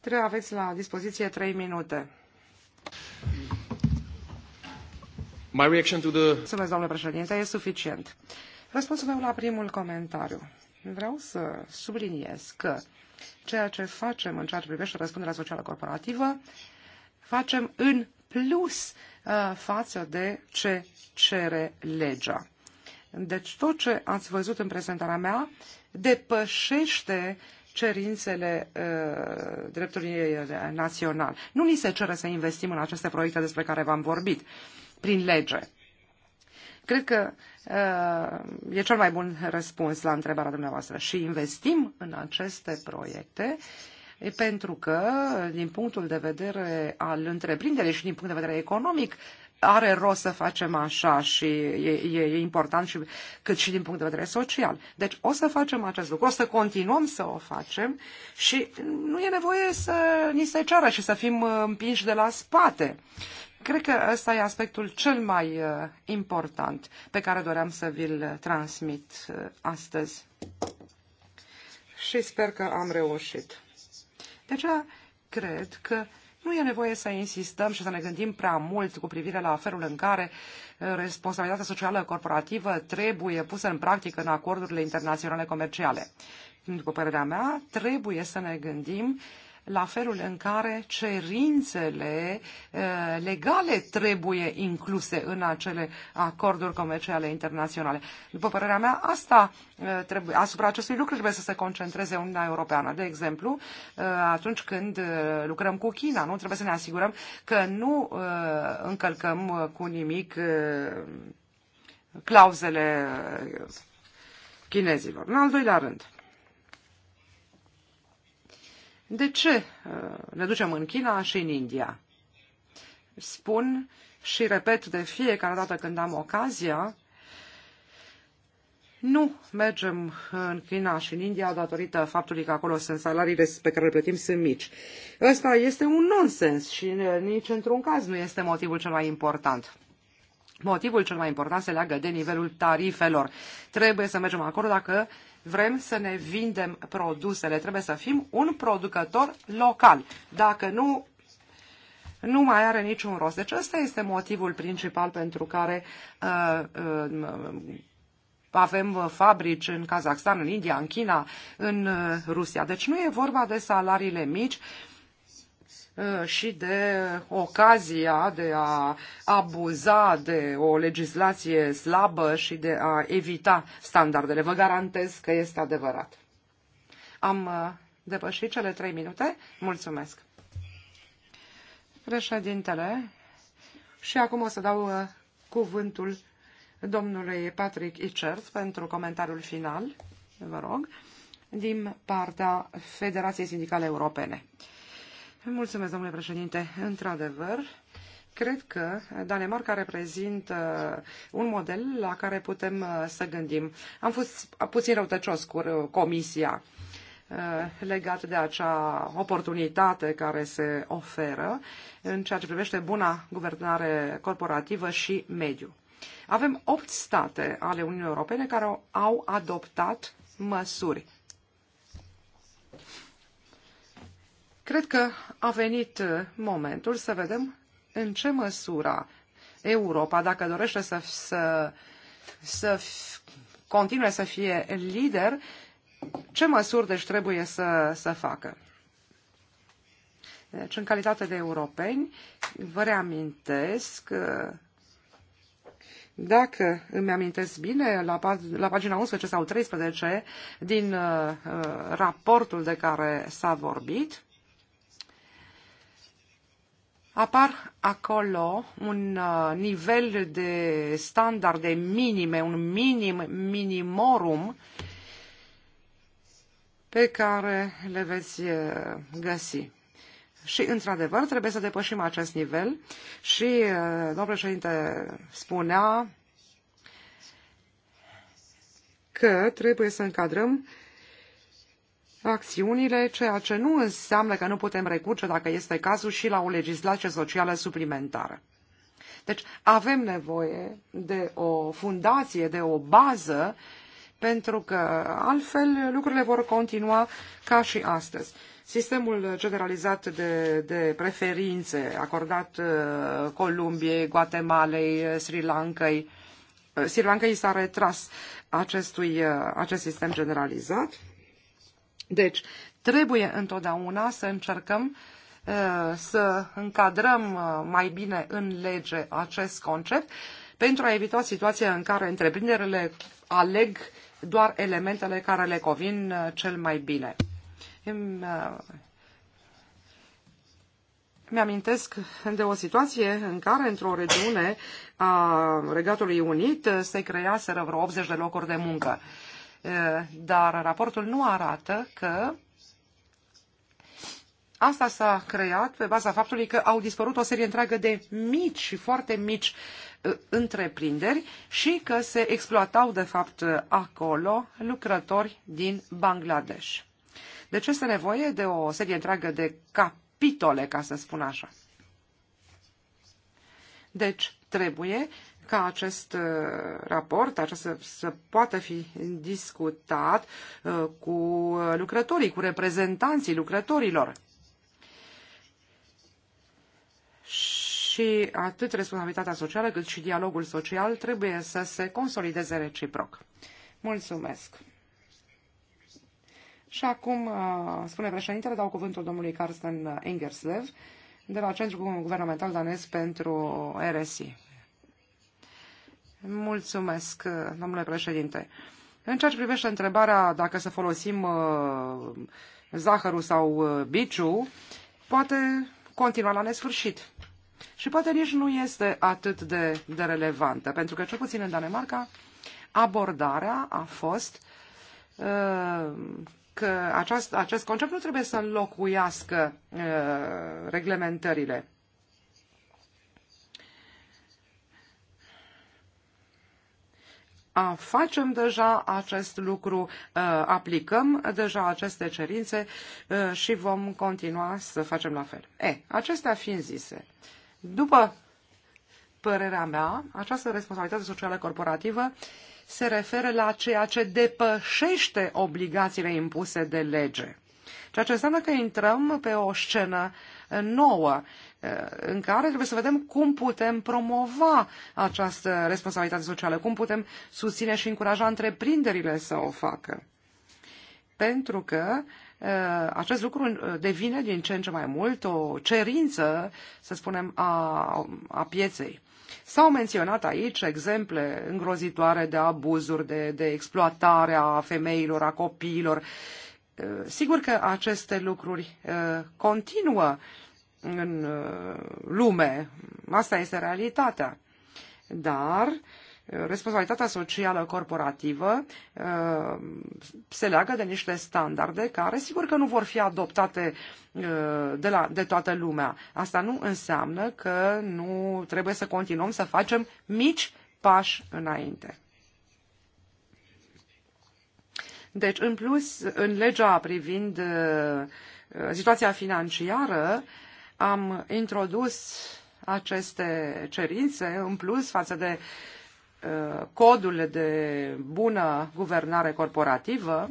Speaker 3: Trebuie aveți la dispoziție 3 minute. My reaction to the... Mulțumesc, domnule președinte, e suficient. Răspunsul meu la primul comentariu. Vreau să subliniez că ceea ce facem în ceea ce privește răspunderea socială corporativă, facem în plus uh, față de ce cere legea. Deci tot ce ați văzut în prezentarea mea depășește cerințele uh, dreptului național. Nu ni se cere să investim în aceste proiecte despre care v-am vorbit. Uh, prin lege. Cred că uh, e cel mai bun răspuns la întrebarea dumneavoastră și investim în aceste proiecte e pentru că, din punctul de vedere al întreprinderii și din punct de vedere economic, are rost să facem așa și e, e, e, important și, cât și din punct de vedere social. Deci o să facem acest lucru, o să continuăm să o facem și nu e nevoie să ni se ceară și să fim uh, împinși de la spate. Cred că ăsta e aspectul cel mai uh, important pe care doream să vi-l uh, transmit uh, astăzi. Și sper că am reușit. De aceea, cred că nu e nevoie să insistăm și să ne gândim prea mult cu privire la felul în care responsabilitatea socială corporativă trebuie pusă în practică în acordurile internaționale comerciale. După părerea mea, trebuie să ne gândim uh, la felul în care cerințele eh, legale trebuie incluse în acele acorduri comerciale internaționale. După părerea mea, asta eh, trebuie, asupra acestui lucru trebuie să se concentreze Uniunea Europeană. De exemplu, eh, atunci când lucrăm cu China, nu trebuie să ne asigurăm că nu încălcăm cu nimic clauzele chinezilor. În al doilea rând, De ce uh, ne ducem în China și în India? Spun și repet de fiecare dată când am ocazia, nu mergem în China și în India datorită faptului că acolo sunt salariile pe care le plătim sunt mici. Ăsta este un nonsens și nici într-un caz nu este motivul cel mai important. Motivul cel mai important se leagă de nivelul tarifelor. Trebuie să mergem acolo dacă vrem să ne vindem produsele. Trebuie să fim un producător local. Dacă nu, nu mai are niciun rost. Deci ăsta este motivul principal pentru care uh, uh, avem fabrici în Kazakhstan, în India, în China, în uh, Rusia. Deci nu e vorba de salariile mici, uh, Eh, și de ocazia de a abuza de o legislație slabă și de a evita standardele. Vă garantez că este adevărat. Am eh, depășit cele trei minute? Mulțumesc. Președintele, și acum o să dau eh, cuvântul domnului Patrick Ichers pentru comentariul final, vă rog, din partea Federației Sindicale Europene. Mulțumesc, domnule președinte. Într-adevăr, cred că Danemarca reprezintă un model la care putem uh, să gândim. Am fost puțin răutăcios cu uh, comisia uh, legat de acea oportunitate care se oferă în ceea ce privește buna guvernare corporativă și mediu. Avem opt state ale Uniunii Europene care au adoptat măsuri Cred că a venit momentul să vedem în ce măsura Europa, dacă dorește să, să, să continue să fie lider, ce măsuri deci trebuie să, să facă. Deci, în calitate de europeni, vă reamintesc, dacă îmi amintesc bine, la, la pagina 11 sau 13 din uh, raportul de care s-a vorbit, apar acolo un uh, nivel de standarde minime, un minim minimorum pe care le veți uh, găsi. Și, într-adevăr, trebuie să depășim acest nivel și, uh, domnul președinte spunea că trebuie să încadrăm uh, acțiunile, ceea ce nu înseamnă că nu putem recurge, dacă este cazul, și la o legislație socială suplimentară. Deci avem nevoie de o fundație, de o bază, pentru că altfel lucrurile vor continua ca și astăzi. Sistemul generalizat de, de preferințe acordat uh, Columbiei, Guatemalei, uh, Sri Lankai, uh, Sri Lankai s-a retras acestui, acest sistem generalizat Deci, trebuie întotdeauna să încercăm e, să încadrăm e, mai bine în lege acest concept pentru a evita situația în care întreprinderile aleg doar elementele care le covin e, cel mai bine. Mi-amintesc de o situație în care într-o regiune a Regatului Unit se creaseră vreo 80 de locuri de muncă. E, dar raportul nu arată că Asta s-a creat pe baza faptului că au dispărut o serie întreagă de mici și foarte mici e, întreprinderi și că se exploatau de fapt acolo lucrători din Bangladesh. Deci este nevoie de o serie întreagă de capitole, ca să spun așa. Deci trebuie ca acest uh, raport acest, să poată fi discutat uh, cu lucrătorii, cu reprezentanții lucrătorilor. Și atât responsabilitatea socială cât și dialogul social trebuie să se consolideze reciproc. Mulțumesc! Și acum, uh, spune președintele, dau cuvântul domnului Carsten Engerslev de la Centrul Guvernamental Danes pentru RSI. Mulțumesc, domnule președinte. În ceea ce privește întrebarea dacă să folosim uh, zahărul sau uh, biciu, poate continua la nesfârșit. Și poate nici nu este atât de, de relevantă, pentru că, cel puțin în Danemarca, abordarea a fost uh, că acest, acest concept nu trebuie să înlocuiască uh, reglementările facem deja acest lucru, uh, aplicăm deja aceste cerințe uh, și vom continua să facem la fel. E, acestea fiind zise, după părerea mea, această responsabilitate socială corporativă se referă la ceea ce depășește obligațiile impuse de lege. Ceea ce înseamnă că intrăm pe o scenă eh, nouă eh, în care trebuie să vedem cum putem promova această responsabilitate socială, cum putem susține și încuraja întreprinderile să o facă. Pentru că eh, acest lucru devine din ce în ce mai mult o cerință, să spunem, a, a pieței. S-au menționat aici exemple îngrozitoare de abuzuri, de, de exploatare a femeilor, a copiilor, uh, Eh, sigur că aceste lucruri eh, continuă în eh, lume, asta este realitatea, dar responsabilitatea socială corporativă se leagă de niște standarde care sigur că nu vor fi adoptate de, la, de toată lumea. Asta nu înseamnă că nu trebuie să continuăm să facem mici pași înainte. Deci, în plus, în legea privind uh, situația financiară, am introdus aceste cerințe în plus față de uh, codul de bună guvernare corporativă,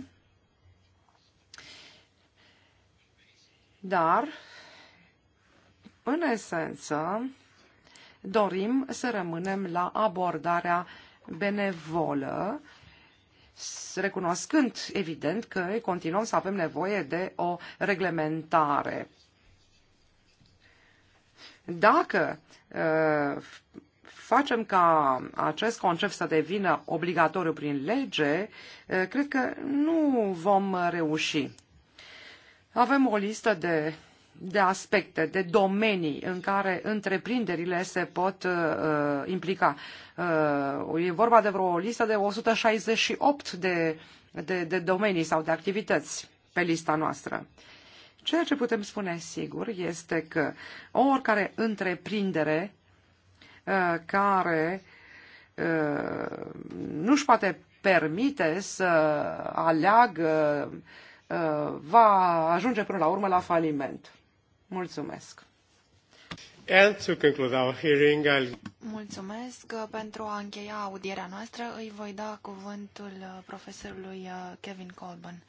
Speaker 3: dar, în esență, dorim să rămânem la abordarea benevolă recunoscând evident că continuăm să avem nevoie de o reglementare. Dacă uh, facem ca acest concept să devină obligatoriu prin lege, uh, cred că nu vom reuși. Avem o listă de de aspecte, de domenii în care întreprinderile se pot uh, uh implica. Uh, e vorba de vreo listă de 168 de, de, de domenii sau de activități pe lista noastră. Ceea ce putem spune sigur este că oricare întreprindere uh, care uh, nu își poate permite să aleagă uh, va ajunge până la urmă la faliment. Mulțumesc! And to conclude our hearing, I'll...
Speaker 2: Mulțumesc. Pentru a încheia audierea noastră, îi voi da cuvântul profesorului Kevin Colburn.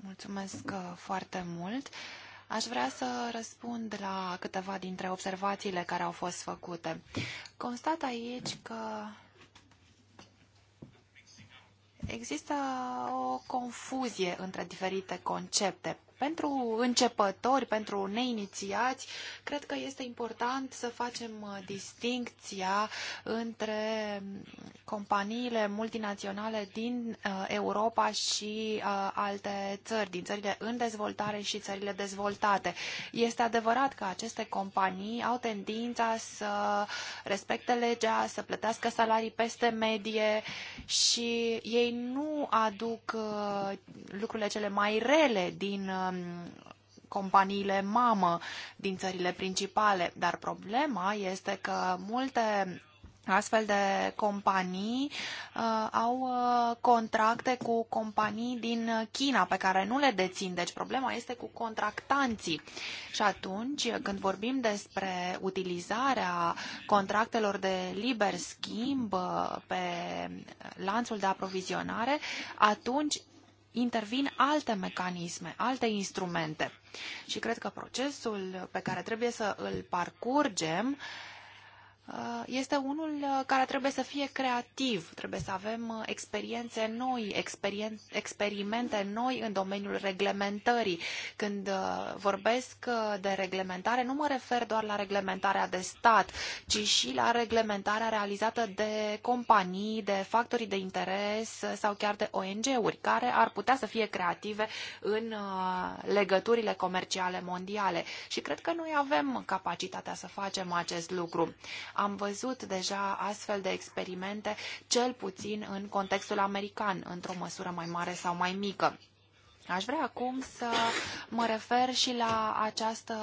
Speaker 2: Mulțumesc foarte mult. Aș vrea să răspund la câteva dintre observațiile care au fost făcute. Constat aici că există o confuzie între diferite concepte Pentru începători, pentru neinițiați, cred că este important să facem uh, distincția între mm, companiile multinaționale din uh, Europa și uh, alte țări, din țările în dezvoltare și țările dezvoltate. Este adevărat că aceste companii au tendința să respecte legea, să plătească salarii peste medie și ei nu aduc lucrurile cele mai rele din Um, companiile mamă din țările principale, dar problema este că multe Astfel de companii uh, au uh, contracte cu companii din China pe care nu le dețin. Deci problema este cu contractanții. Și atunci, când vorbim despre utilizarea contractelor de liber schimb uh, pe lanțul de aprovizionare, atunci intervin alte mecanisme, alte instrumente. Și cred că procesul pe care trebuie să îl parcurgem uh, Uh, este unul uh, care trebuie să fie creativ, trebuie să avem uh, experiențe noi, experien experimente noi în domeniul reglementării. Când vorbesc de reglementare, nu mă refer doar la reglementarea de stat, ci și la reglementarea realizată de companii, de factorii de interes sau chiar de ONG-uri, care ar putea să fie creative în legăturile comerciale mondiale. Și cred că noi avem capacitatea să facem acest lucru Am văzut deja astfel de experimente, cel puțin în contextul american, într-o măsură mai mare sau mai mică. Aș vrea acum să mă refer și la această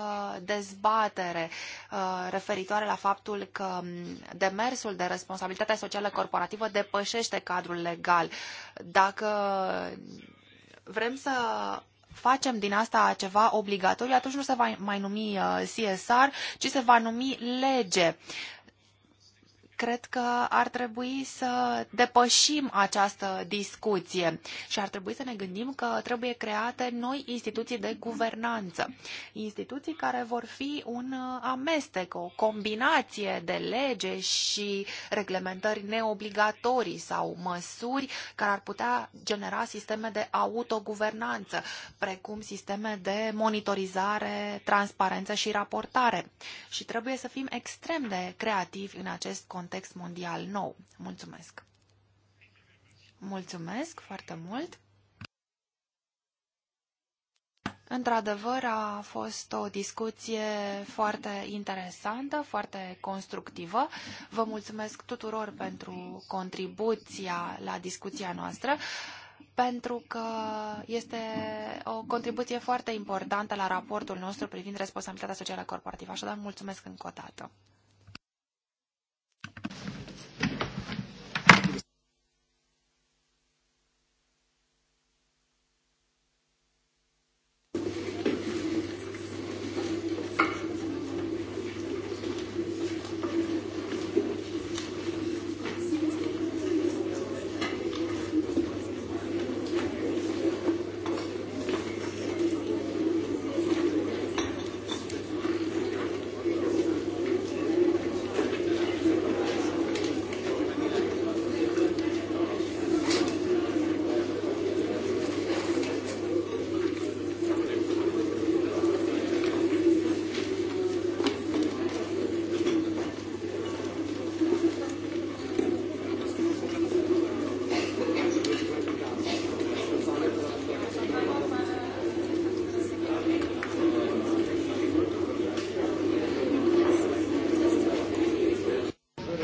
Speaker 2: dezbatere uh, referitoare la faptul că um, demersul de responsabilitate socială corporativă depășește cadrul legal. Dacă vrem să facem din asta ceva obligatoriu, atunci nu se va mai numi uh, CSR, ci se va numi lege cred că ar trebui să depășim această discuție și ar trebui să ne gândim că trebuie create noi instituții de guvernanță. Instituții care vor fi un amestec, o combinație de lege și reglementări neobligatorii sau măsuri care ar putea genera sisteme de autoguvernanță, precum sisteme de monitorizare, transparență și raportare. Și trebuie să fim extrem de creativi în acest context context mondial nou. Mulțumesc! Mulțumesc foarte mult! Într-adevăr, a fost o discuție foarte interesantă, foarte constructivă. Vă mulțumesc tuturor pentru contribuția la discuția noastră pentru că este o contribuție foarte importantă la raportul nostru privind responsabilitatea socială corporativă. Așadar, mulțumesc încă o dată.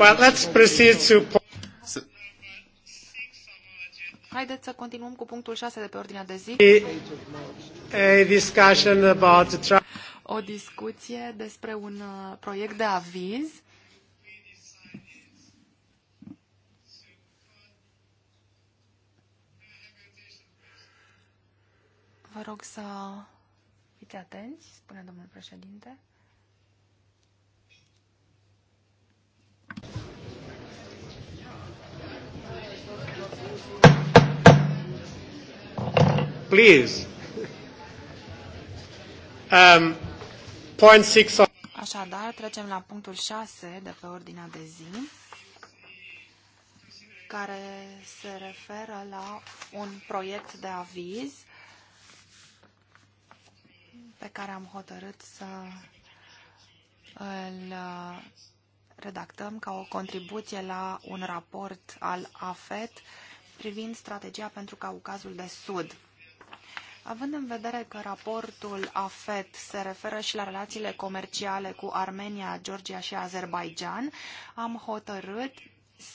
Speaker 1: But let's proceed to...
Speaker 2: Haideți să continuăm cu punctul 6 de pe ordinea de zi.
Speaker 3: A discussion about...
Speaker 2: O discuție despre un uh, proiect de aviz Vă rog să fiți atenți, spune domnul președinte.
Speaker 1: Please.
Speaker 3: Um, point six of...
Speaker 2: Așadar, trecem la punctul 6 de pe ordinea de zi, care se referă la un proiect de aviz pe care am hotărât să îl uh, redactăm ca o contribuție la un raport al AFET privind strategia pentru Caucazul de Sud. Având în vedere că raportul AFET se referă și la relațiile comerciale cu Armenia, Georgia și Azerbaijan, am hotărât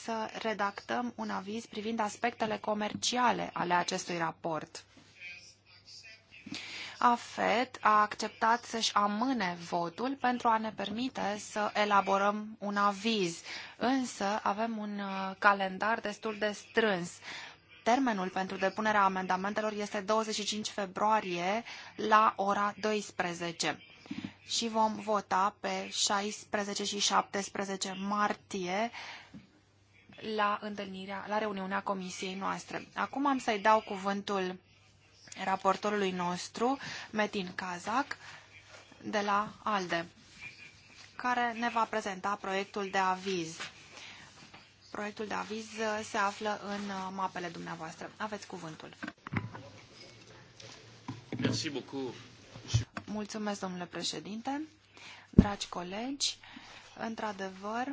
Speaker 2: să redactăm un aviz privind aspectele comerciale ale acestui raport. AFET a acceptat să-și amâne votul pentru a ne permite să elaborăm un aviz, însă avem un uh, calendar destul de strâns. Termenul pentru depunerea amendamentelor este 25 februarie la ora 12 și vom vota pe 16 și 17 martie la întâlnirea, la reuniunea comisiei noastre. Acum am să-i dau cuvântul raportorului nostru, Metin Kazak, de la ALDE, care ne va prezenta proiectul de aviz. Proiectul de aviz uh, se află în uh, mapele dumneavoastră. Aveți cuvântul.
Speaker 1: Merci beaucoup.
Speaker 2: Mulțumesc, domnule președinte. Dragi colegi, într-adevăr,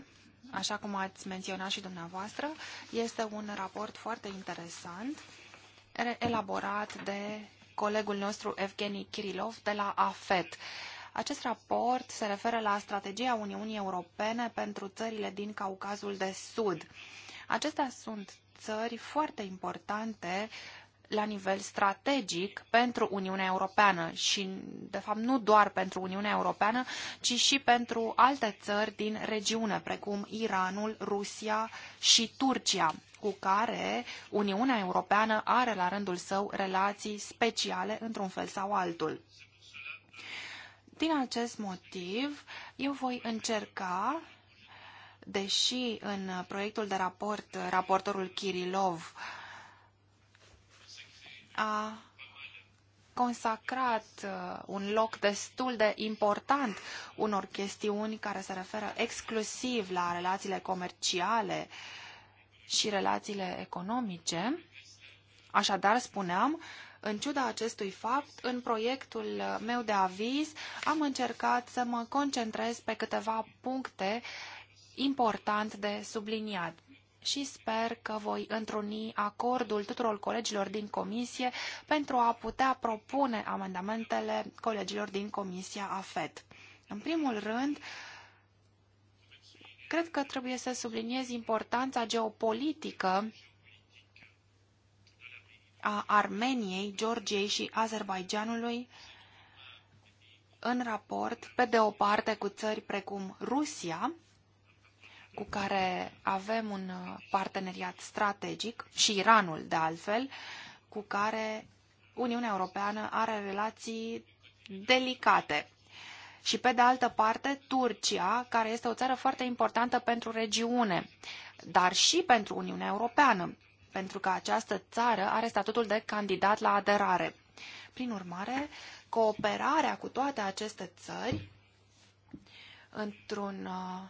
Speaker 2: așa cum ați menționat și dumneavoastră, este un raport foarte interesant elaborat de colegul nostru Evgeni Kirilov de la AFET. Acest raport se referă la strategia Uniunii Europene pentru țările din Caucazul de Sud. Acestea sunt țări foarte importante la nivel strategic pentru Uniunea Europeană și, de fapt, nu doar pentru Uniunea Europeană, ci și pentru alte țări din regiune, precum Iranul, Rusia și Turcia cu care Uniunea Europeană are la rândul său relații speciale într-un fel sau altul. Din acest motiv, eu voi încerca, deși în proiectul de raport raportorul Kirilov a consacrat uh, un loc destul de important unor chestiuni care se referă exclusiv la relațiile comerciale uh, și relațiile economice. Așadar, spuneam, în ciuda acestui fapt, în proiectul meu de aviz am încercat să mă concentrez pe câteva puncte important de subliniat și sper că voi întruni acordul tuturor colegilor din comisie pentru a putea propune amendamentele colegilor din comisia AFET. În primul rând, cred că trebuie să subliniez importanța geopolitică a Armeniei, Georgiei și Azerbaidjanului în raport, pe de o parte, cu țări precum Rusia, cu care avem un uh, parteneriat strategic, și Iranul, de altfel, cu care Uniunea Europeană are relații delicate și pe de altă parte Turcia, care este o țară foarte importantă pentru regiune, dar și pentru Uniunea Europeană, pentru că această țară are statutul de candidat la aderare. Prin urmare, cooperarea cu toate aceste țări într-un uh,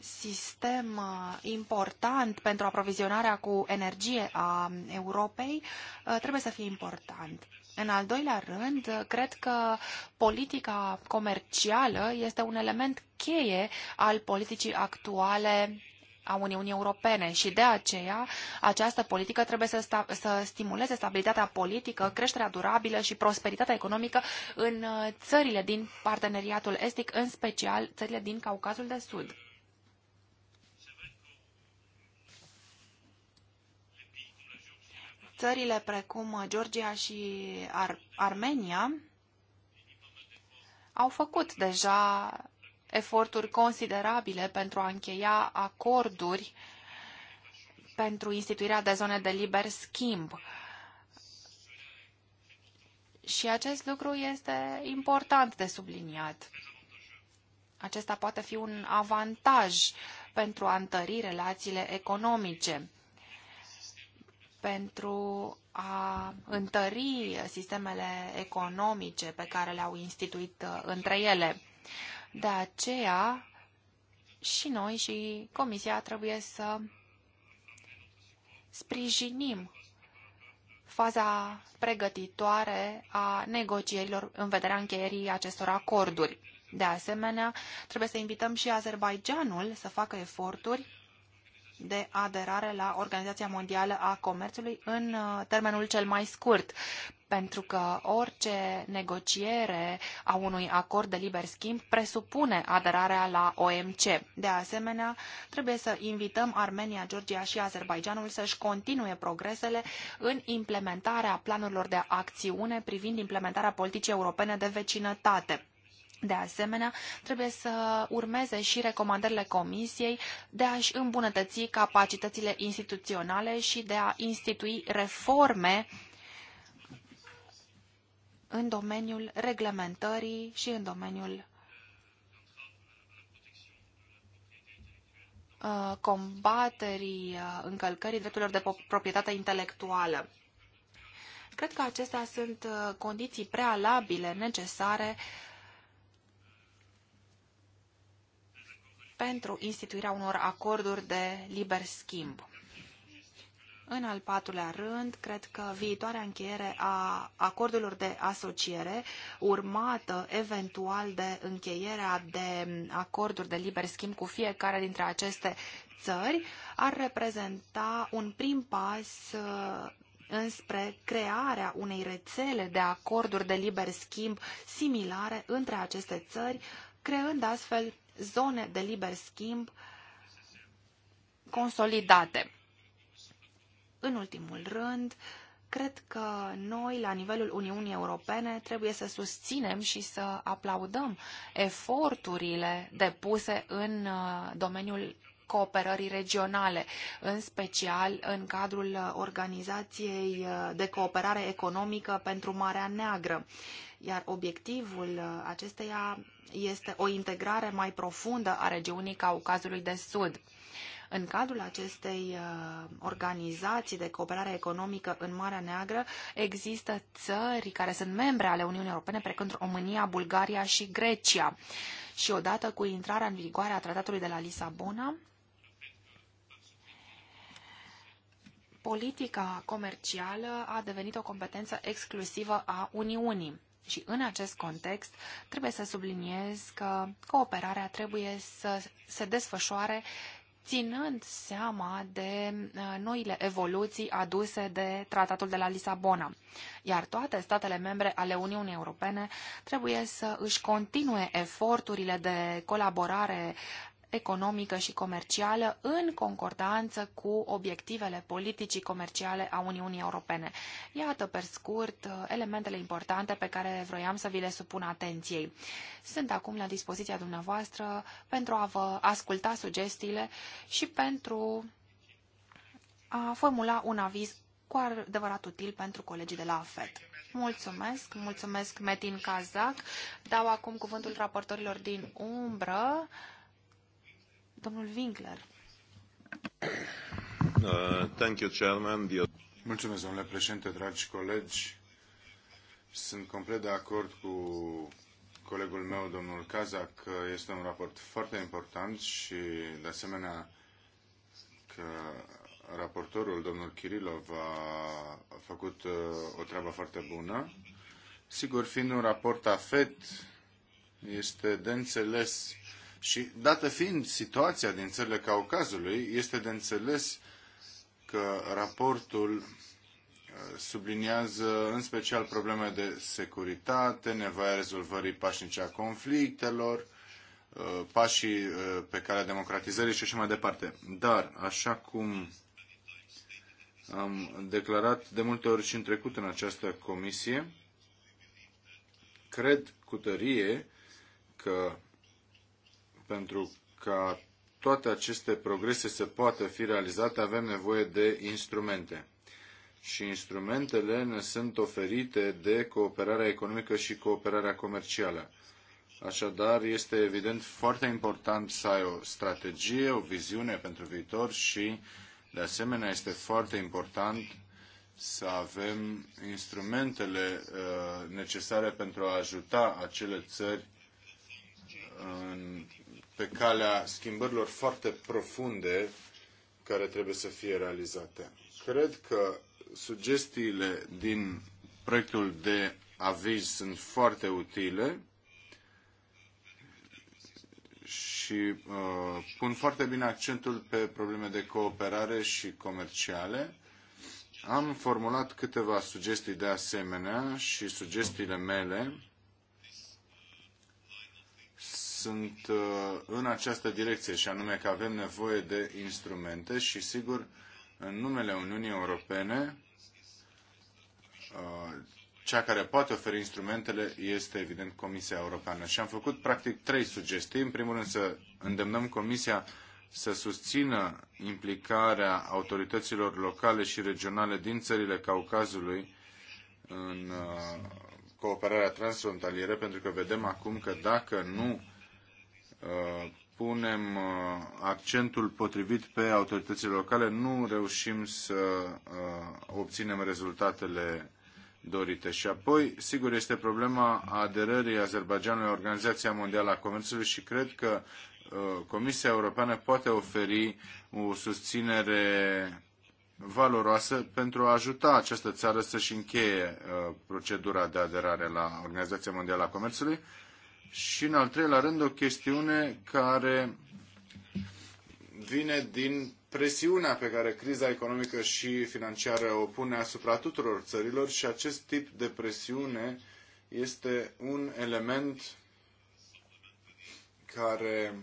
Speaker 2: sistem uh, important pentru aprovizionarea cu energie a Europei uh, trebuie să fie important. În al doilea rând, cred că politica comercială este un element cheie al politicii actuale a Uniunii Europene și de aceea această politică trebuie să, sta să stimuleze stabilitatea politică, creșterea durabilă și prosperitatea economică în uh, țările din parteneriatul estic, în special țările din Caucazul de Sud. țările precum Georgia și Ar- Armenia au făcut deja eforturi considerabile pentru a încheia acorduri pentru instituirea de zone de liber schimb. Și acest lucru este important de subliniat. Acesta poate fi un avantaj pentru a întări relațiile economice pentru a întări sistemele economice pe care le-au instituit uh, între ele. De aceea, și noi și Comisia trebuie să sprijinim faza pregătitoare a negocierilor în vederea încheierii acestor acorduri. De asemenea, trebuie să invităm și Azerbaijanul să facă eforturi de aderare la Organizația Mondială a Comerțului în uh, termenul cel mai scurt, pentru că orice negociere a unui acord de liber schimb presupune aderarea la OMC. De asemenea, trebuie să invităm Armenia, Georgia și Azerbaijanul să-și continue progresele în implementarea planurilor de acțiune privind implementarea politicii europene de vecinătate De asemenea, trebuie să urmeze și recomandările Comisiei de a-și îmbunătăți capacitățile instituționale și de a institui reforme în domeniul reglementării și în domeniul uh, combaterii uh, încălcării drepturilor de proprietate intelectuală. Cred că acestea sunt uh, condiții prealabile necesare uh, pentru instituirea unor acorduri de liber schimb. În al patrulea rând, cred că viitoarea încheiere a acordurilor de asociere, urmată eventual de încheierea de acorduri de liber schimb cu fiecare dintre aceste țări, ar reprezenta un prim pas uh, înspre crearea unei rețele de acorduri de liber schimb similare între aceste țări, creând astfel zone de liber schimb consolidate. În ultimul rând, cred că noi, la nivelul Uniunii Europene, trebuie să susținem și să aplaudăm eforturile depuse în uh, domeniul cooperării regionale, în special în cadrul uh, Organizației uh, de Cooperare Economică pentru Marea Neagră iar obiectivul uh, acesteia este o integrare mai profundă a regiunii Caucazului de Sud. În cadrul acestei uh, organizații de cooperare economică în Marea Neagră există țări care sunt membre ale Uniunii Europene, precum România, Bulgaria și Grecia. Și odată cu intrarea în vigoare a tratatului de la Lisabona, politica comercială a devenit o competență exclusivă a Uniunii. Și în acest context trebuie să subliniez că cooperarea trebuie să se desfășoare ținând seama de uh, noile evoluții aduse de Tratatul de la Lisabona, iar toate statele membre ale Uniunii Europene trebuie să își continue eforturile de colaborare economică și comercială în concordanță cu obiectivele politicii comerciale a Uniunii Europene. Iată, pe scurt, elementele importante pe care vroiam să vi le supun atenției. Sunt acum la dispoziția dumneavoastră pentru a vă asculta sugestiile și pentru a formula un aviz cu adevărat util pentru colegii de la AFED. Mulțumesc, mulțumesc Metin Kazak. Dau acum cuvântul raportorilor din umbră. Domnul Winkler.
Speaker 1: Uh, thank you, Chairman. Mulțumesc, domnule președinte, dragi colegi. Sunt complet de acord cu colegul meu, domnul Cazac, că este un raport foarte important și, de asemenea, că raportorul, domnul Kirilov, a făcut uh, o treabă foarte bună. Sigur, fiind un raport afet, este de înțeles uh, Și dată fiind situația din țările Caucazului, este de înțeles că raportul uh, subliniază în special probleme de securitate, nevoia rezolvării pașnice a conflictelor, uh, pașii uh, pe calea democratizării și așa mai departe. Dar, așa cum am declarat de multe ori și în trecut în această comisie, cred cu tărie că pentru ca toate aceste progrese să poată fi realizate, avem nevoie de instrumente. Și instrumentele ne sunt oferite de cooperarea economică și cooperarea comercială. Așadar, este evident foarte important să ai o strategie, o viziune pentru viitor și, de asemenea, este foarte important să avem instrumentele uh, necesare pentru a ajuta acele țări în pe calea schimbărilor foarte profunde care trebuie să fie realizate. Cred că sugestiile din proiectul de aviz sunt foarte utile și uh, pun foarte bine accentul pe probleme de cooperare și comerciale. Am formulat câteva sugestii de asemenea și sugestiile mele sunt uh, în această direcție și anume că avem nevoie de instrumente și sigur în numele Uniunii Europene uh, cea care poate oferi instrumentele este evident Comisia Europeană și am făcut practic trei sugestii. În primul rând să îndemnăm Comisia să susțină implicarea autorităților locale și regionale din țările Caucazului în uh, cooperarea transfrontalieră, pentru că vedem acum că dacă nu Uh, punem uh, accentul potrivit pe autoritățile locale, nu reușim să uh, obținem rezultatele dorite. Și apoi, sigur, este problema aderării Azerbaidjanului la Organizația Mondială a Comerțului și cred că Comisia Europeană poate oferi o susținere valoroasă pentru a ajuta această țară să-și încheie procedura de aderare la Organizația Mondială a Comerțului și, în al treilea rând, o chestiune care vine din presiunea pe care criza economică și financiară o pune asupra tuturor țărilor și acest tip de presiune este un element care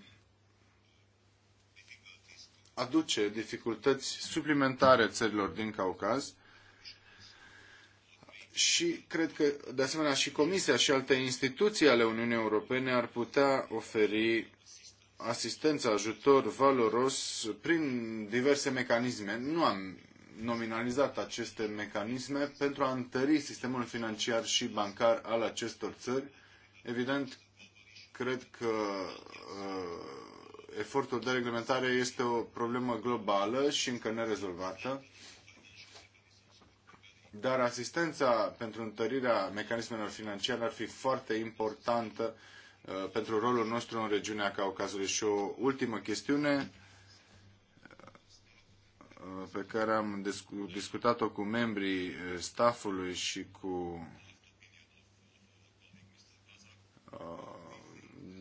Speaker 1: aduce dificultăți suplimentare țărilor din Caucaz și cred că, de asemenea, și Comisia și alte instituții ale Uniunii Europene ar putea oferi asistență, ajutor valoros prin diverse mecanisme. Nu am nominalizat aceste mecanisme pentru a întări sistemul financiar și bancar al acestor țări. Evident, cred că uh, efortul de reglementare este o problemă globală și încă nerezolvată dar asistența pentru întărirea mecanismelor financiare ar fi foarte importantă uh, pentru rolul nostru în regiunea Caucazului. Și o ultimă chestiune uh, pe care am discutat-o cu membrii uh, staffului și cu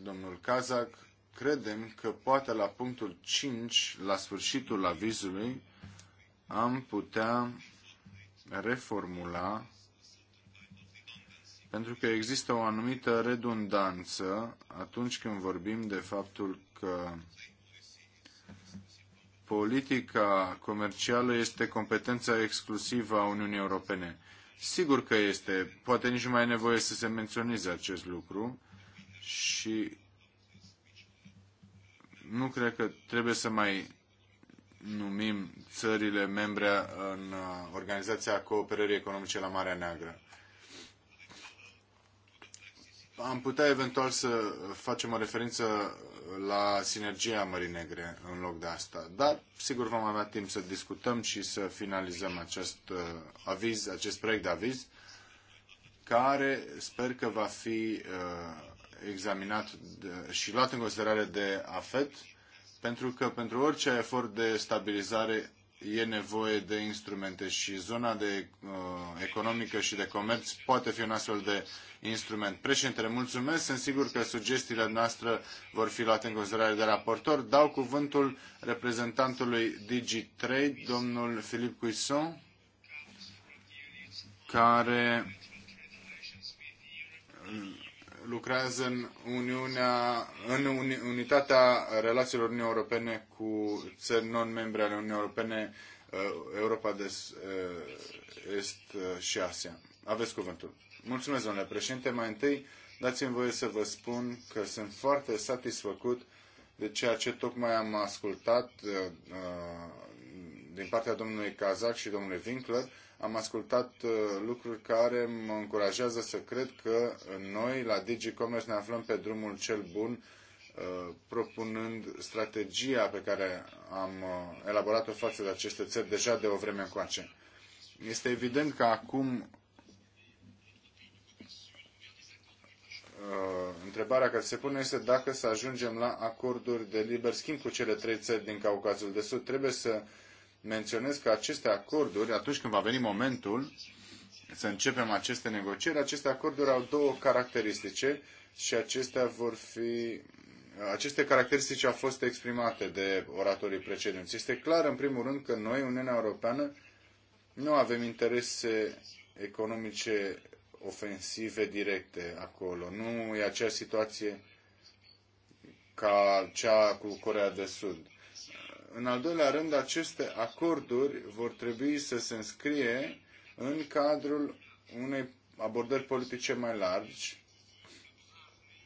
Speaker 1: domnul Kazak, credem că poate la punctul 5, la sfârșitul avizului, am putea reformula pentru că există o anumită redundanță atunci când vorbim de faptul că politica comercială este competența exclusivă a Uniunii Europene. Sigur că este, poate nici nu mai e nevoie să se menționeze acest lucru și nu cred că trebuie să mai numim țările membre în uh, Organizația Cooperării Economice la Marea Neagră. Am putea eventual să facem o referință la sinergia Mării Negre în loc de asta, dar sigur vom avea timp să discutăm și să finalizăm acest uh, aviz, acest proiect de aviz, care sper că va fi uh, examinat și luat în considerare de AFET pentru că pentru orice efort de stabilizare e nevoie de instrumente și zona de uh, economică și de comerț poate fi un astfel de instrument. Președintele, mulțumesc, sunt sigur că sugestiile noastre vor fi luate în considerare de raportor. Dau cuvântul reprezentantului DigiTrade, domnul Filip Cuisson, care lucrează în, Uniunea, în unitatea relațiilor Uniunii Europene cu țări non-membre ale Uniunii Europene, uh, Europa de uh, Est uh, și Asia. Aveți cuvântul. Mulțumesc, domnule președinte. Mai întâi, dați-mi voie să vă spun că sunt foarte satisfăcut de ceea ce tocmai am ascultat din partea domnului Cazac și domnului Winkler am ascultat uh, lucruri care mă încurajează să cred că noi la DigiCommerce ne aflăm pe drumul cel bun uh, propunând strategia pe care am uh, elaborat-o față de aceste țări deja de o vreme încoace. Este evident că acum întrebarea care se pune este dacă să ajungem la acorduri de liber schimb cu cele trei țări din Caucazul de Sud. Trebuie să menționez că aceste acorduri, atunci când va veni momentul să începem aceste negocieri, aceste acorduri au două caracteristice și acestea vor fi aceste caracteristici au fost exprimate de oratorii precedenți. Este clar, în primul rând, că noi, Uniunea Europeană, nu avem interese economice ofensive directe acolo. Nu e aceeași situație ca cea cu Corea de Sud. În al doilea rând, aceste acorduri vor trebui să se înscrie în cadrul unei abordări politice mai largi.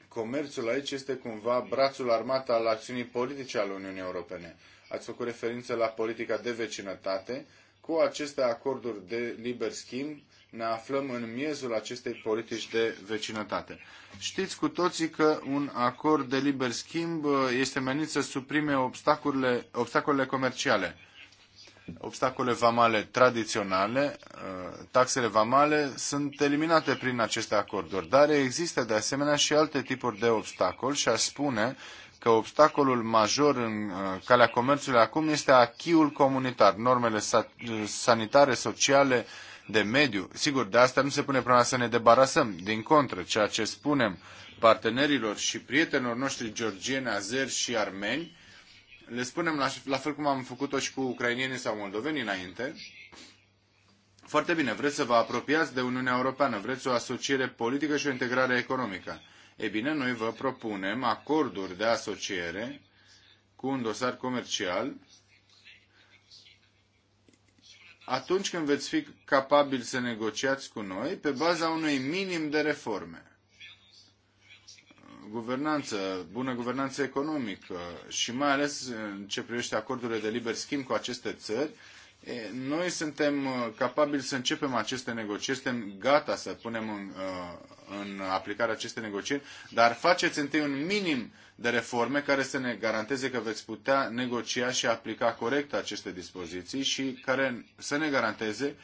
Speaker 1: Comerțul aici este cumva brațul armat al acțiunii politice al Uniunii Europene. Ați făcut referință la politica de vecinătate. Cu aceste acorduri de liber schimb ne aflăm în miezul acestei politici de vecinătate. Știți cu toții că un acord de liber schimb uh, este menit să suprime obstacolele, obstacolele comerciale, obstacole vamale tradiționale, uh, taxele vamale sunt eliminate prin aceste acorduri, dar există de asemenea și alte tipuri de obstacol și a spune că obstacolul major în uh, calea comerțului acum este achiul comunitar, normele sanitare, sociale, de mediu. Sigur, de asta nu se pune problema să ne debarasăm. Din contră, ceea ce spunem partenerilor și prietenilor noștri georgieni, azeri și armeni, le spunem la, la fel cum am făcut-o și cu ucrainienii sau moldovenii înainte, foarte bine, vreți să vă apropiați de Uniunea Europeană, vreți o asociere politică și o integrare economică. E bine, noi vă propunem acorduri de asociere cu un dosar comercial atunci când veți fi capabili să negociați cu noi pe baza unui minim de reforme. Guvernanță, bună guvernanță economică și mai ales în ce privește acordurile de liber schimb cu aceste țări, E, noi suntem uh, capabili să începem aceste negocieri, suntem gata să punem în, uh, în aplicare aceste negocieri, dar faceți întâi un minim de reforme care să ne garanteze că veți putea negocia și aplica corect aceste dispoziții și care să ne garanteze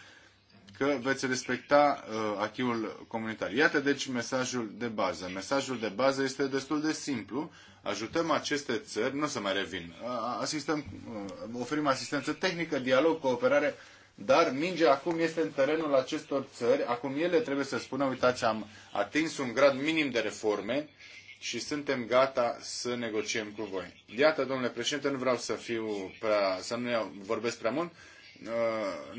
Speaker 1: că veți respecta uh, achiul comunitar. Iată deci mesajul de bază. Mesajul de bază este destul de simplu. Ajutăm aceste țări, nu o să mai revin, asistăm, uh, oferim asistență tehnică, dialog, cooperare, dar mingea acum este în terenul acestor țări. Acum ele trebuie să spună, uitați, am atins un grad minim de reforme și suntem gata să negociem cu voi. Iată, domnule președinte, nu vreau să fiu prea, să nu vorbesc prea mult, Uh,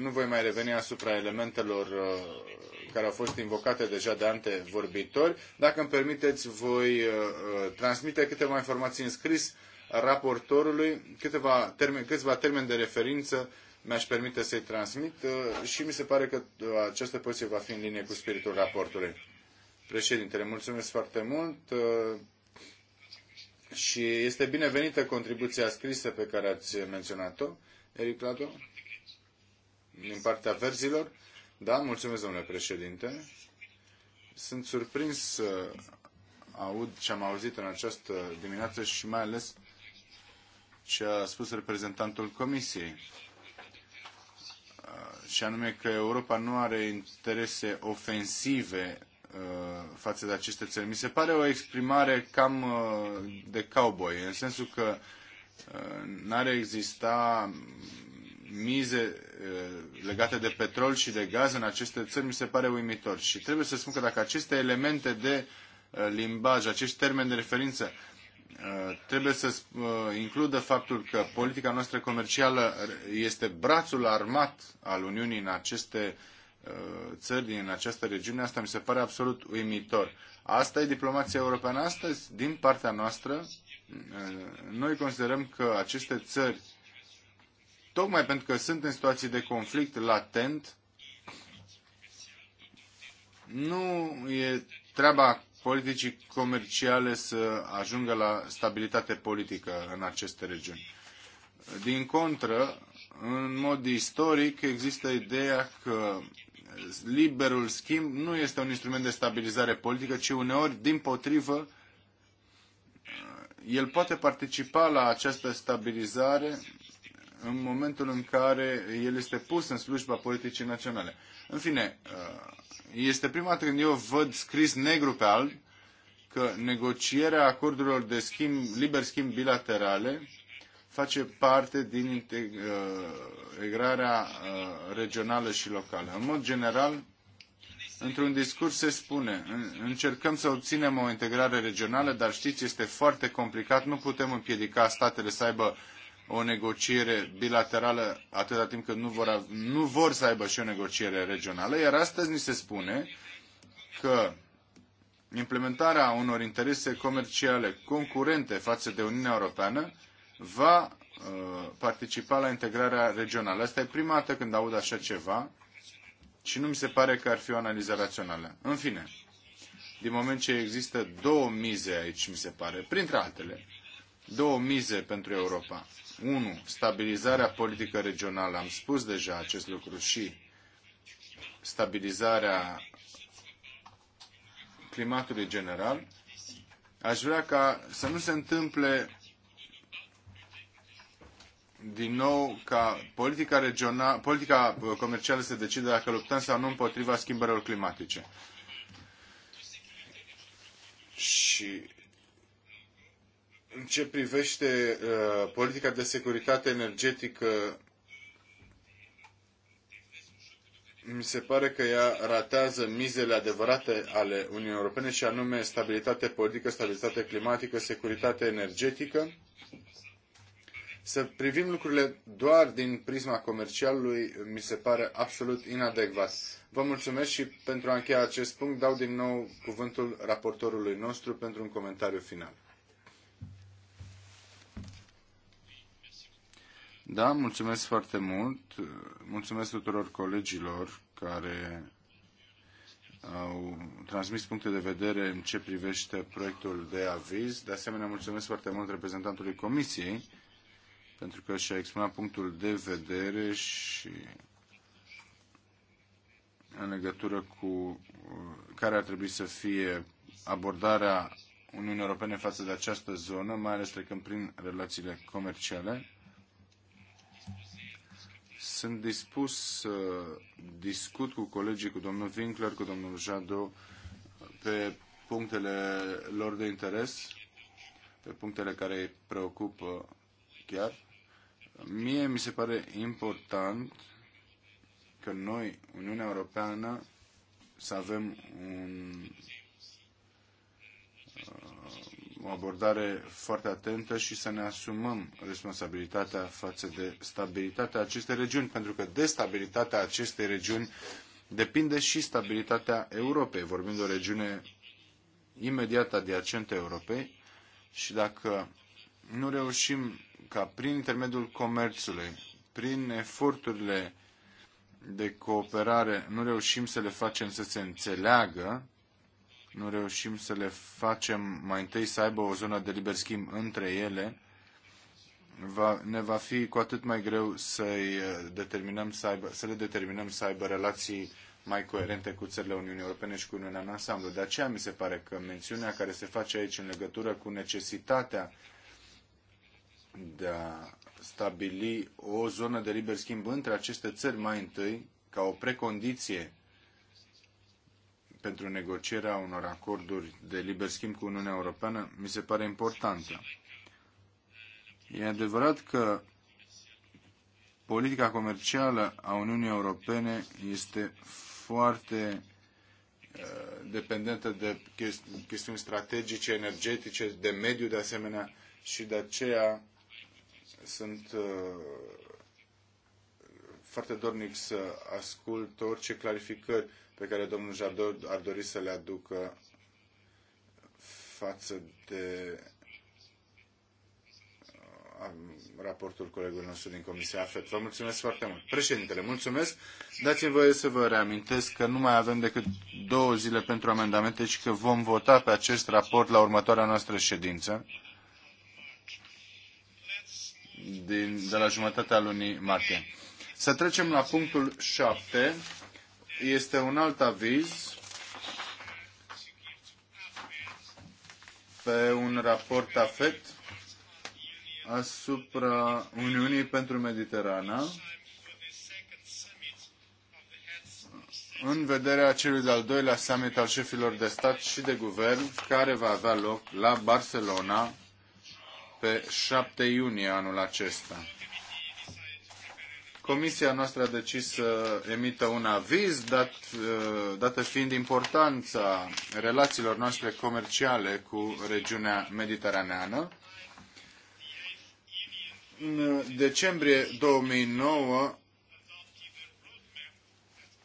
Speaker 1: nu voi mai reveni asupra elementelor uh, care au fost invocate deja de antevorbitori. Dacă îmi permiteți, voi uh, transmite câteva informații în scris raportorului, câteva termen, câțiva termeni de referință mi-aș permite să-i transmit și mi se pare că această poziție va fi în linie cu spiritul raportului. Președintele, mulțumesc foarte mult și este binevenită contribuția scrisă pe care ați menționat-o, Eric Lato din partea verzilor. Da, mulțumesc, domnule președinte. Sunt surprins să aud ce am auzit în această dimineață și mai ales ce a spus reprezentantul Comisiei uh, și anume că Europa nu are interese ofensive uh, față de aceste țări. Mi se pare o exprimare cam uh, de cowboy, în sensul că n-ar exista mize e, legate de petrol și de gaz în aceste țări mi se pare uimitor. Și trebuie să spun că dacă aceste elemente de e, limbaj, acești termeni de referință e, trebuie să includă faptul că politica noastră comercială este brațul armat al Uniunii în aceste țări din această regiune, asta mi se pare absolut uimitor. Asta e diplomația europeană astăzi, din partea noastră. Noi considerăm că aceste țări tocmai pentru că sunt în situații de conflict latent, nu e treaba politicii comerciale să ajungă la stabilitate politică în aceste regiuni. Din contră, în mod istoric, există ideea că liberul schimb nu este un instrument de stabilizare politică, ci uneori, din potrivă, el poate participa la această stabilizare în momentul în care el este pus în slujba politicii naționale. În fine, uh, este prima dată când eu văd scris negru pe alb că negocierea acordurilor de schimb, liber schimb bilaterale face parte din uh, integrarea uh, regională și locală. În mod general, într-un discurs se spune, încercăm să obținem o integrare regională, dar știți, este foarte complicat, nu putem împiedica statele să aibă o negociere bilaterală atâta timp cât nu vor, nu vor să aibă și o negociere regională, iar astăzi ni se spune că implementarea unor interese comerciale concurente față de Uniunea Europeană va uh, participa la integrarea regională. Asta e prima dată când aud așa ceva și nu mi se pare că ar fi o analiză rațională. În fine, din moment ce există două mize aici, mi se pare, printre altele, două mize pentru Europa. 1. Stabilizarea politică regională. Am spus deja acest lucru și stabilizarea climatului general. Aș vrea ca să nu se întâmple din nou ca politica, regional, politica comercială să decide dacă luptăm sau nu împotriva schimbărilor climatice. Și În ce privește uh, politica de securitate energetică, mi se pare că ea ratează mizele adevărate ale Uniunii Europene și anume stabilitate politică, stabilitate climatică, securitate energetică. Să privim lucrurile doar din prisma comercialului mi se pare absolut inadecvat. Vă mulțumesc și pentru a încheia acest punct dau din nou cuvântul raportorului nostru pentru un comentariu final. Da, mulțumesc foarte mult. Mulțumesc tuturor colegilor care au transmis puncte de vedere în ce privește proiectul de aviz. De asemenea, mulțumesc foarte mult reprezentantului Comisiei pentru că și-a exprimat punctul de vedere și în legătură cu care ar trebui să fie abordarea Uniunii Europene față de această zonă, mai ales trecând prin relațiile comerciale. Sunt dispus să discut cu colegii, cu domnul Winkler, cu domnul Jadot, pe punctele lor de interes, pe punctele care îi preocupă chiar. Mie mi se pare important că noi, Uniunea Europeană, să avem un o abordare foarte atentă și să ne asumăm responsabilitatea față de stabilitatea acestei regiuni, pentru că de stabilitatea acestei regiuni depinde și stabilitatea Europei, vorbind de o regiune imediat adiacentă Europei și dacă nu reușim ca prin intermediul comerțului, prin eforturile de cooperare, nu reușim să le facem să se înțeleagă, nu reușim să le facem mai întâi să aibă o zonă de liber schimb între ele, va, ne va fi cu atât mai greu să, uh, determinăm să, aibă, să le determinăm să aibă relații mai coerente cu țările Uniunii Europene și cu Uniunea în ansamblu. De aceea mi se pare că mențiunea care se face aici în legătură cu necesitatea de a stabili o zonă de liber schimb între aceste țări mai întâi, ca o precondiție pentru negocierea unor acorduri de liber schimb cu Uniunea Europeană mi se pare importantă. E adevărat că politica comercială a Uniunii Europene este foarte uh, dependentă de chestiuni strategice, energetice, de mediu de asemenea și de aceea sunt uh, foarte dornic să ascult orice clarificări pe care domnul Jadot ar dori să le aducă față de uh, raportul colegului nostru din Comisia AFET. Vă mulțumesc foarte mult. Președintele, mulțumesc. Dați-mi voie să vă reamintesc că nu mai avem decât două zile pentru amendamente și că vom vota pe acest raport la următoarea noastră ședință din, de la jumătatea lunii martie. Să trecem la punctul 7 este un alt aviz pe un raport afet asupra Uniunii pentru Mediterana în vederea celui de-al doilea summit al șefilor de stat și de guvern care va avea loc la Barcelona pe 7 iunie anul acesta. Comisia noastră a decis să emită un aviz, dat, eh, dată fiind importanța relațiilor noastre comerciale cu regiunea mediteraneană. În decembrie 2009,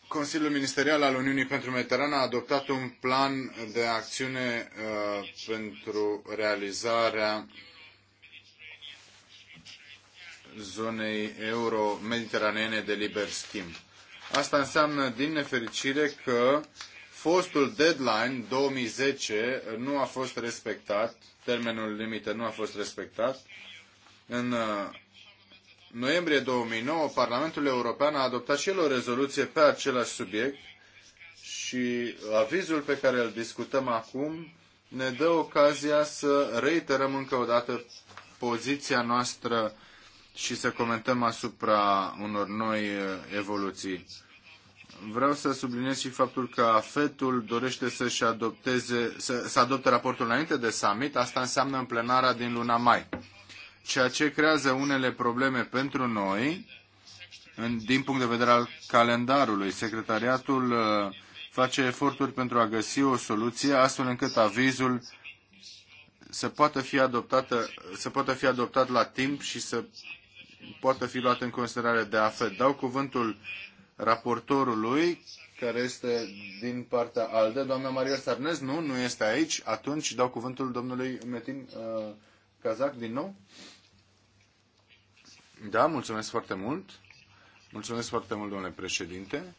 Speaker 1: Consiliul Ministerial al Uniunii pentru Mediterana a adoptat un plan de acțiune uh, pentru realizarea uh, zonei euro-mediteraneene de liber schimb. Asta înseamnă, din nefericire, că fostul deadline 2010 nu a fost respectat, termenul limită nu a fost respectat. În uh, noiembrie 2009, Parlamentul European a adoptat și el o rezoluție pe același subiect și avizul pe care îl discutăm acum ne dă ocazia să reiterăm încă o dată poziția noastră și să comentăm asupra unor noi uh, evoluții. Vreau să subliniez și faptul că FETul dorește să-și adopteze, să, să adopte raportul înainte de summit, asta înseamnă în plenara din luna mai, ceea ce creează unele probleme pentru noi în, din punct de vedere al calendarului. Secretariatul uh, face eforturi pentru a găsi o soluție astfel încât avizul să poată fi, adoptată, să poată fi adoptat la timp și să poate fi luat în considerare de AFET. Dau cuvântul raportorului, care este din partea ALDE, doamna Maria Sarnez, nu, nu este aici, atunci dau cuvântul domnului Metin uh, Cazac din nou. Da, mulțumesc foarte mult. Mulțumesc foarte mult, domnule președinte.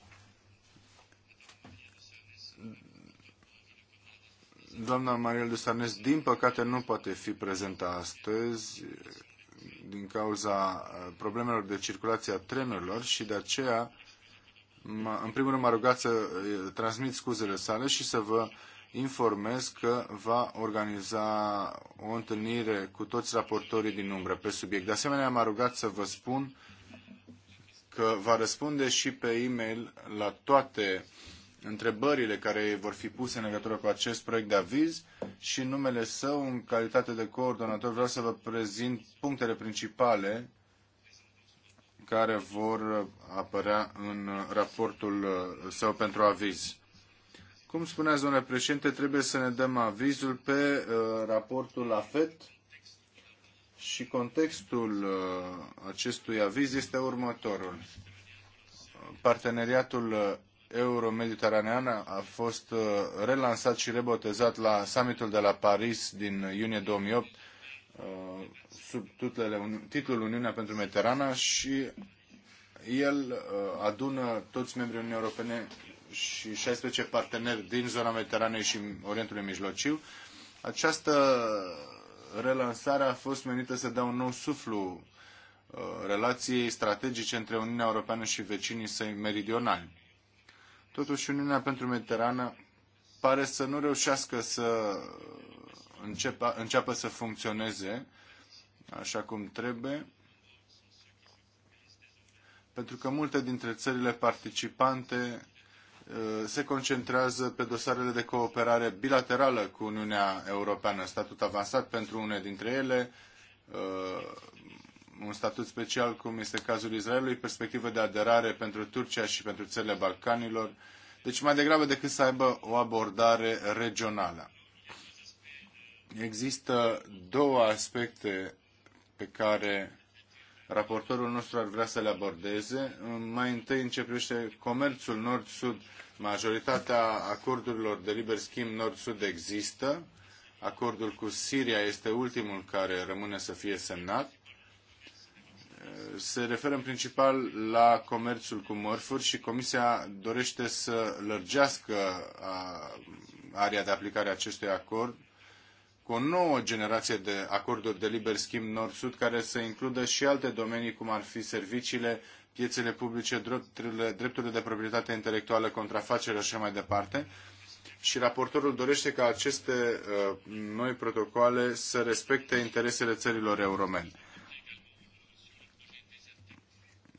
Speaker 1: Doamna Mariel de Sarnes, din păcate, nu poate fi prezentă astăzi din cauza eh, problemelor de circulație a trenurilor și de aceea, în primul rând, m-a rugat să eh, transmit scuzele sale și să vă informez că va organiza o întâlnire cu toți raportorii din umbră pe subiect. De asemenea, m-a rugat să vă spun că va răspunde și pe e-mail la toate întrebările care vor fi puse în legătură cu acest proiect de aviz și în numele său, în calitate de coordonator, vreau să vă prezint punctele principale care vor apărea în raportul său pentru aviz. Cum spuneați, domnule președinte, trebuie să ne dăm avizul pe uh, raportul AFET și contextul uh, acestui aviz este următorul. Parteneriatul uh, euro-mediteranean a fost uh, relansat și rebotezat la summitul de la Paris din iunie 2008 uh, sub tutlele, titlul Uniunea pentru Mediterana și el uh, adună toți membrii Uniunii Europene și 16 parteneri din zona Mediteranei și Orientului Mijlociu. Această relansare a fost menită să dea un nou suflu relației strategice între Uniunea Europeană și vecinii săi meridionali. Totuși, Uniunea pentru Mediterană pare să nu reușească să înceapă, înceapă să funcționeze așa cum trebuie, pentru că multe dintre țările participante uh, se concentrează pe dosarele de cooperare bilaterală cu Uniunea Europeană, statut avansat pentru une dintre ele, uh, un statut special, cum este cazul Israelului, perspectivă de aderare pentru Turcia și pentru țările Balcanilor, deci mai degrabă decât să aibă o abordare regională. Există două aspecte pe care raportorul nostru ar vrea să le abordeze. Mai întâi în ce privește comerțul nord-sud, majoritatea acordurilor de liber schimb nord-sud există. Acordul cu Siria este ultimul care rămâne să fie semnat se referă în principal la comerțul cu mărfuri și Comisia dorește să lărgească area de aplicare a acestui acord cu o nouă generație de acorduri de liber schimb nord-sud care să includă și alte domenii cum ar fi serviciile, piețele publice, drepturile, drepturile de proprietate intelectuală, contrafacere și mai departe. Și raportorul dorește ca aceste uh, noi protocoale să respecte interesele țărilor euromene.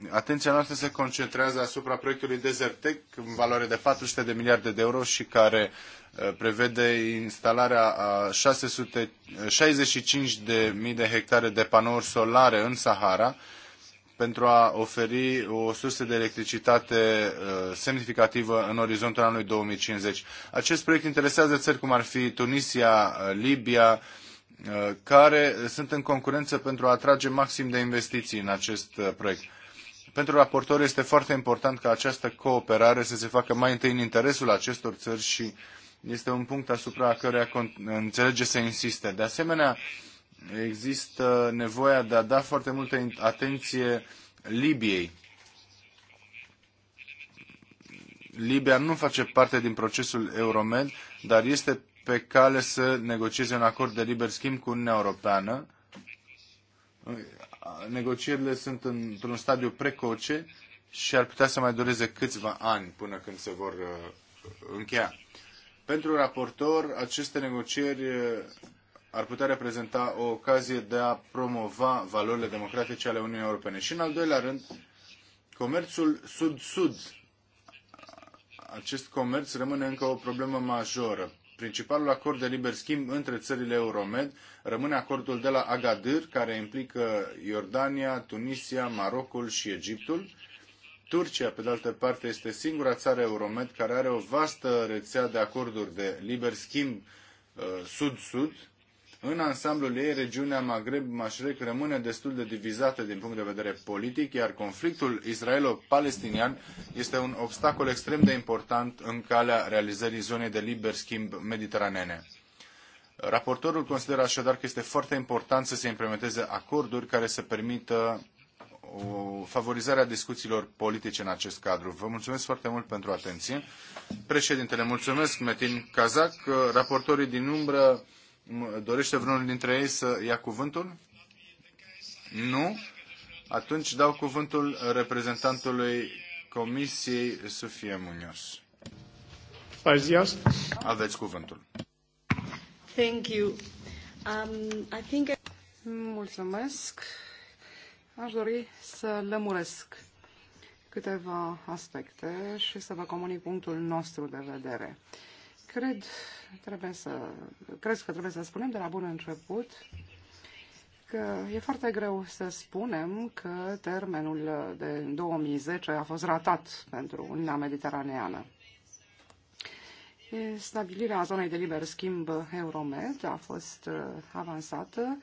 Speaker 1: Atenția noastră se concentrează asupra proiectului Desertec, în valoare de 400 de miliarde de euro și care uh, prevede instalarea a 665 de mii de hectare de panouri solare în Sahara pentru a oferi o sursă de electricitate uh, semnificativă în orizontul anului 2050. Acest proiect interesează țări cum ar fi Tunisia, uh, Libia, care sunt în concurență pentru a atrage maxim de investiții în acest proiect. Pentru raportor este foarte important ca această cooperare să se facă mai întâi în interesul acestor țări și este un punct asupra căruia înțelege să insiste. De asemenea, există nevoia de a da foarte multă atenție Libiei. Libia nu face parte din procesul Euromed, dar este pe cale să negocieze un acord de liber schimb cu Uniunea Europeană negocierile sunt într-un stadiu precoce și ar putea să mai dureze câțiva ani până când se vor uh, încheia. Pentru raportor, aceste negocieri uh, ar putea reprezenta o ocazie de a promova valorile democratice ale Uniunii Europene. Și în al doilea rând, comerțul sud-sud. Acest comerț rămâne încă o problemă majoră principalul acord de liber schimb între țările Euromed rămâne acordul de la Agadir, care implică Iordania, Tunisia, Marocul și Egiptul. Turcia, pe de altă parte, este singura țară Euromed care are o vastă rețea de acorduri de liber schimb uh, sud-sud, În ansamblul ei, regiunea maghreb mashrek rămâne destul de divizată din punct de vedere politic, iar conflictul israelo-palestinian este un obstacol extrem de important în calea realizării zonei de liber schimb mediteranene. Raportorul consideră așadar că este foarte important să se implementeze acorduri care să permită o favorizare a discuțiilor politice în acest cadru. Vă mulțumesc foarte mult pentru atenție. Președintele, mulțumesc, Metin Kazak. Raportorii din umbră Dorește vreunul dintre ei să ia cuvântul? Nu? Atunci dau cuvântul reprezentantului Comisiei Sufie munios. Aveți cuvântul.
Speaker 3: Thank you. Um, I think I... Mulțumesc. Aș dori să lămuresc câteva aspecte și să vă comunic punctul nostru de vedere. Uh, Cred, trebuie să, cred că trebuie să spunem de la bun început că e foarte greu să spunem că termenul de 2010 a fost ratat pentru Uniunea Mediteraneană. Stabilirea zonei de liber schimb Euromed a fost uh, avansată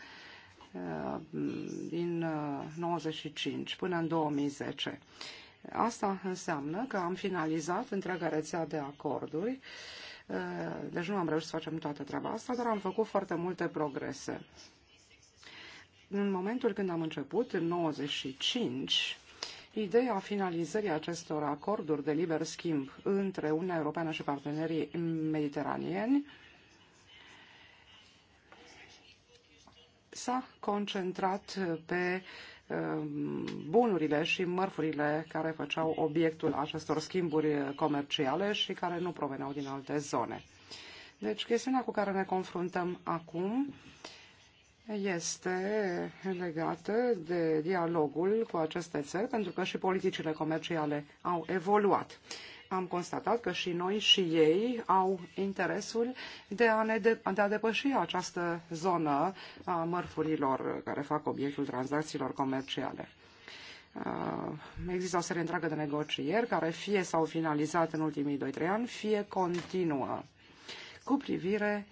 Speaker 3: uh, din 1995 uh, până în 2010. Asta înseamnă că am finalizat întreaga rețea de acorduri Eh, deci nu am reușit să facem toată treaba asta, dar am făcut foarte multe progrese. În momentul când am început, în 95, ideea finalizării acestor acorduri de liber schimb între Uniunea Europeană și partenerii mediteranieni s-a concentrat pe uh, Ehm, bunurile și mărfurile care făceau obiectul acestor schimburi comerciale și care nu proveneau din alte zone. Deci chestiunea cu care ne confruntăm acum este legată de dialogul cu aceste țări, pentru că și politicile comerciale au evoluat am constatat că și noi și ei au interesul de a, ne de, de a depăși această zonă a mărfurilor care fac obiectul tranzacțiilor comerciale. Uh, există o serie întreagă de negocieri care fie s-au finalizat în ultimii 2-3 ani, fie continuă cu privire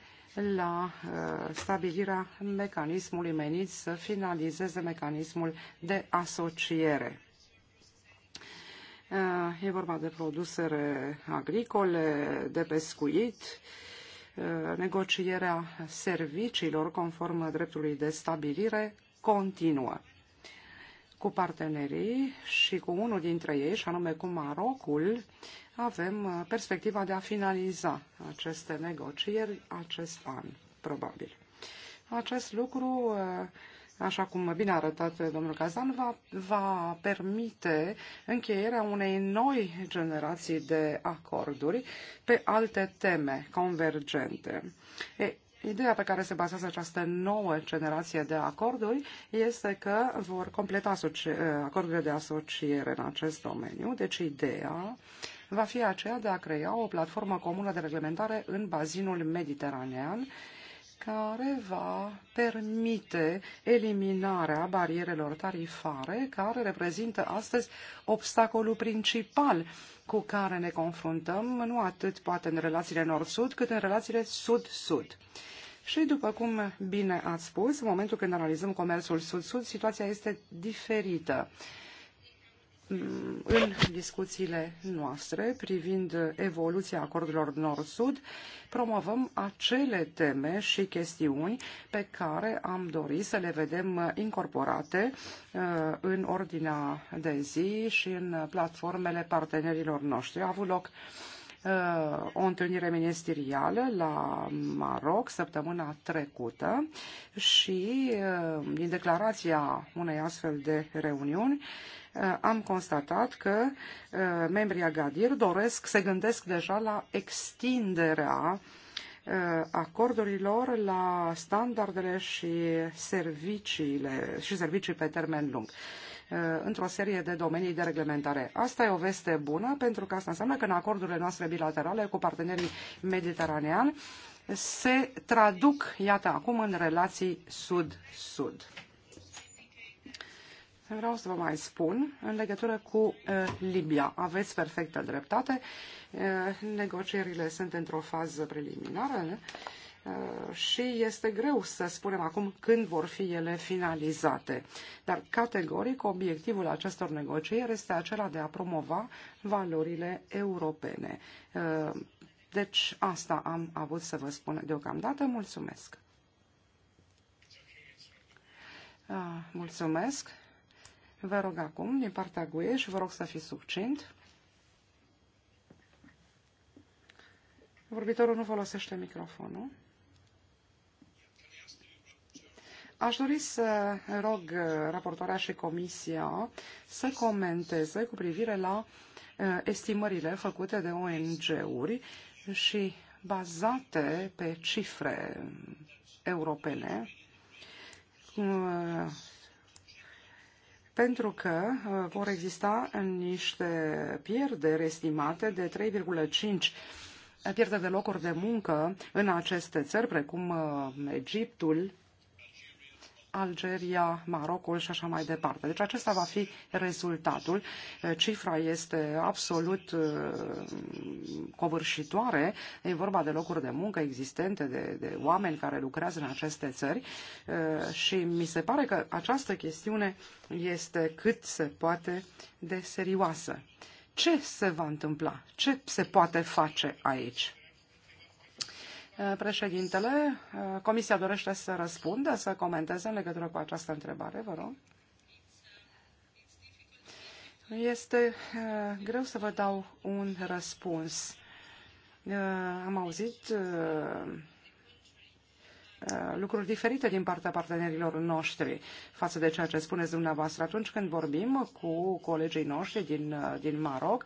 Speaker 3: la uh, stabilirea mecanismului menit să finalizeze mecanismul de asociere Eh, e vorba de produsele agricole, de pescuit, eh, negocierea serviciilor conform dreptului de stabilire continuă cu partenerii și cu unul dintre ei, și anume cu Marocul, avem eh, perspectiva de a finaliza aceste negocieri acest an, probabil. Acest lucru uh, așa cum bine a arătat domnul Cazan, va, va permite încheierea unei noi generații de acorduri pe alte teme convergente. E, Ideea pe care se bazează această nouă generație de acorduri este că vor completa acordurile de asociere în acest domeniu. Deci ideea va fi aceea de a crea o platformă comună de reglementare în bazinul mediteranean care va permite eliminarea barierelor tarifare care reprezintă astăzi obstacolul principal cu care ne confruntăm, nu atât poate în relațiile nord-sud, cât în relațiile sud-sud. Și după cum bine ați spus, în momentul când analizăm comerțul sud-sud, situația este diferită. Uh, Mm, în discuțiile noastre privind evoluția acordurilor Nord-Sud, promovăm acele teme și chestiuni pe care am dorit să le vedem incorporate uh, în ordinea de zi și în platformele partenerilor noștri. A avut loc uh, o întâlnire ministerială la Maroc săptămâna trecută și uh, din declarația unei astfel de reuniuni Eh, am constatat că eh, membrii Agadir doresc, se gândesc deja la extinderea eh, acordurilor la standardele și serviciile și servicii pe termen lung într-o serie de domenii de reglementare. Asta e o veste bună pentru că asta înseamnă că în acordurile noastre bilaterale cu partenerii mediteraneani se traduc, iată acum, în relații sud-sud. Vreau să vă mai spun, în legătură cu uh, Libia, aveți perfectă dreptate, uh, negocierile sunt într-o fază preliminară uh, și este greu să spunem acum când vor fi ele finalizate. Dar categoric obiectivul acestor negocieri este acela de a promova valorile europene. Uh, deci asta am avut să vă spun deocamdată. Mulțumesc! Uh, Mulțumesc. Vă rog acum, din partea GUE, și vă rog să fiți succint. Vorbitorul nu folosește microfonul. Aș dori să rog uh, raportoarea și comisia să comenteze cu privire la uh, estimările făcute de ONG-uri și bazate pe cifre um, europene uh, pentru că uh, vor exista niște pierderi estimate de 3,5 uh, pierderi de locuri de muncă în aceste țări, precum uh, Egiptul, Algeria, Marocul și așa mai departe. Deci acesta va fi rezultatul. Eh, cifra este absolut eh, covârșitoare. E vorba de locuri de muncă existente, de, de oameni care lucrează în aceste țări eh, și mi se pare că această chestiune este cât se poate de serioasă. Ce se va întâmpla? Ce se poate face aici? Eh, președintele, eh, Comisia dorește să răspundă, să comenteze în legătură cu această întrebare, vă rog. Este eh, greu să vă dau un răspuns. Am auzit lucruri diferite din partea partenerilor noștri față de ceea ce spuneți dumneavoastră atunci când vorbim cu colegii noștri din, din Maroc.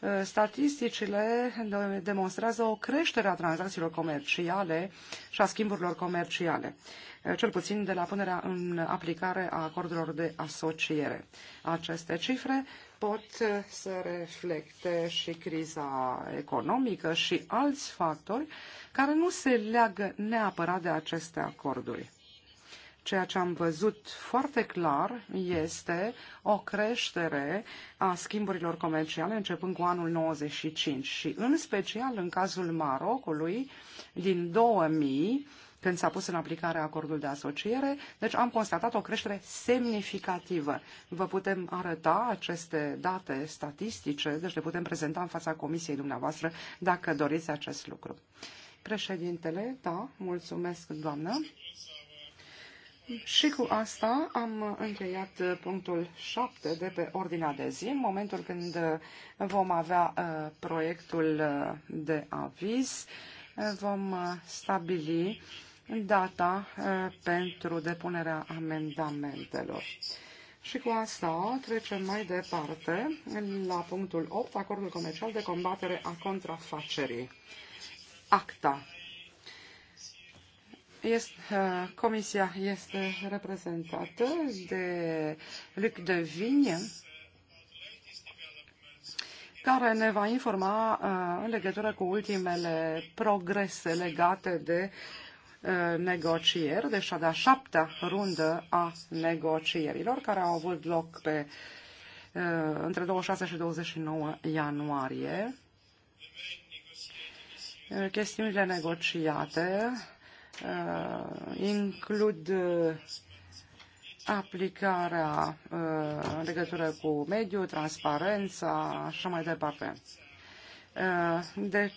Speaker 3: E, statisticile demonstrează o creștere a tranzacțiilor comerciale și a schimburilor comerciale, e, cel puțin de la punerea în aplicare a acordurilor de asociere. Aceste cifre pot e, să reflecte și criza economică și alți factori care nu se leagă neapărat de aceste acorduri. Ceea ce am văzut foarte clar este o creștere a schimburilor comerciale începând cu anul 95 și în special în cazul Marocului din 2000 când s-a pus în aplicare acordul de asociere, deci am constatat o creștere semnificativă. Vă putem arăta aceste date statistice, deci le putem prezenta în fața comisiei dumneavoastră dacă doriți acest lucru. Președintele, da, mulțumesc, doamnă. Și cu asta am încheiat punctul 7 de pe ordinea de zi, în momentul când vom avea uh, proiectul uh, de aviz, uh, vom stabili data pentru depunerea amendamentelor. Și cu asta trecem mai departe la punctul 8, acordul comercial de combatere a contrafacerii. ACTA Jest comisia e, este reprezentată de Luc de Vigne, care ne va informa e, în legătură cu ultimele progrese legate de e, negocieri, deci a de-a șaptea rundă a negocierilor care au avut loc pe între 26 și 29 ianuarie. Chestiunile negociate uh, includ eh, aplicarea uh, în legătură cu mediul, transparența așa mai departe. Uh, De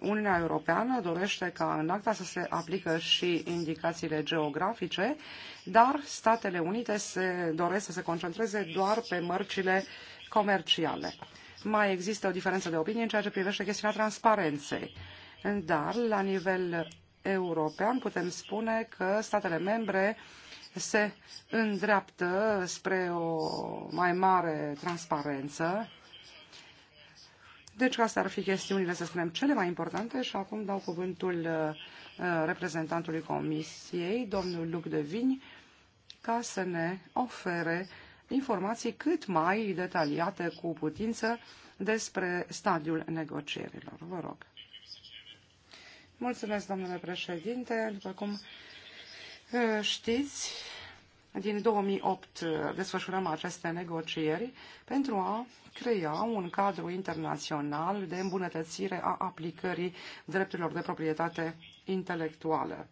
Speaker 3: Uniunea Europeană dorește ca în acta să se aplică și indicațiile geografice, dar Statele Unite se doresc să se concentreze doar pe mărcile comerciale. Mai există o diferență de opinie în ceea ce privește chestiunea transparenței. Dar, la nivel european, putem spune că statele membre se îndreaptă spre o mai mare transparență. Deci astea ar fi chestiunile, să spunem, cele mai importante și acum dau cuvântul uh, reprezentantului Comisiei, domnul Luc de Vini, ca să ne ofere informații cât mai detaliate cu putință despre stadiul negocierilor. Vă rog. Mulțumesc, domnule președinte. După cum e, știți, din 2008 e, desfășurăm aceste negocieri pentru a crea un cadru internațional de îmbunătățire a aplicării drepturilor de proprietate intelectuală.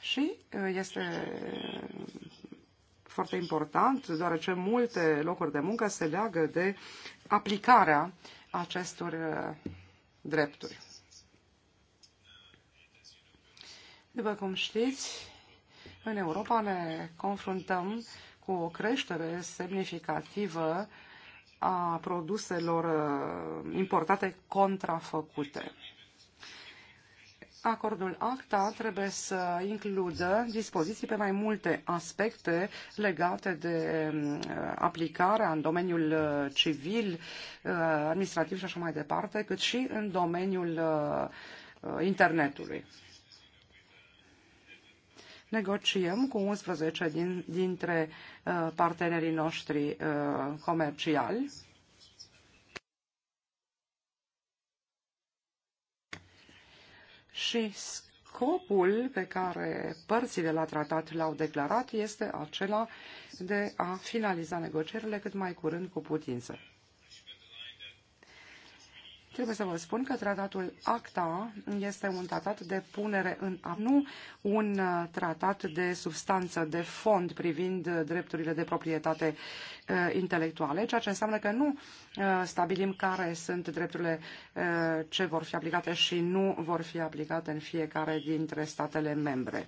Speaker 3: Și e, este foarte important, deoarece multe locuri de muncă se leagă de aplicarea acestor drepturi. După cum știți, în Europa ne confruntăm cu o creștere semnificativă a produselor uh, importate contrafăcute. Acordul ACTA trebuie să includă dispoziții pe mai multe aspecte legate de um, aplicarea în domeniul uh, civil, uh, administrativ și așa mai departe, cât și în domeniul internetului negociem cu 11 din, dintre uh, partenerii noștri uh, comerciali. Și scopul pe care părțile la tratat l-au declarat este acela de a finaliza negocierile cât mai curând cu putință. Trebuie să vă spun că tratatul ACTA este un tratat de punere în a nu un uh, tratat de substanță, de fond privind uh, drepturile de proprietate uh, intelectuale, ceea ce înseamnă că nu stabilim care sunt drepturile ce vor fi aplicate și nu vor fi aplicate în fiecare dintre statele membre.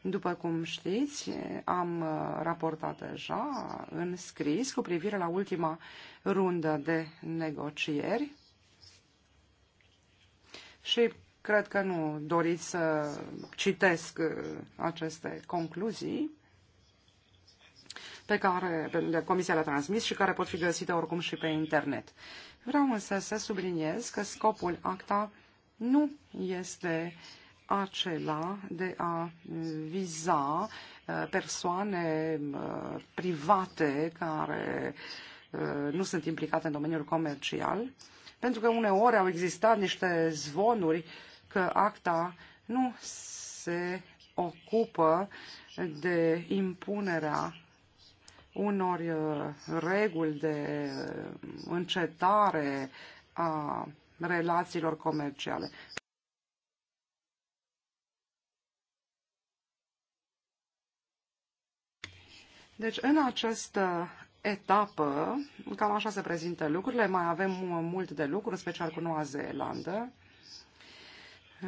Speaker 3: După cum știți, am raportat deja în scris cu privire la ultima rundă de negocieri și cred că nu doriți să citesc uh, aceste concluzii pe care Comisia le-a transmis și care pot fi găsite oricum și pe internet. Vreau însă să subliniez că scopul acta nu este acela de a viza uh, persoane uh, private care nu sunt implicate în domeniul comercial, pentru că uneori au existat niște zvonuri că acta nu se ocupă de impunerea unor uh, reguli de uh, încetare a relațiilor comerciale. Deci, în acest uh, etapă, cam așa se prezintă lucrurile, mai avem mult de lucru, în special cu Noua Zeelandă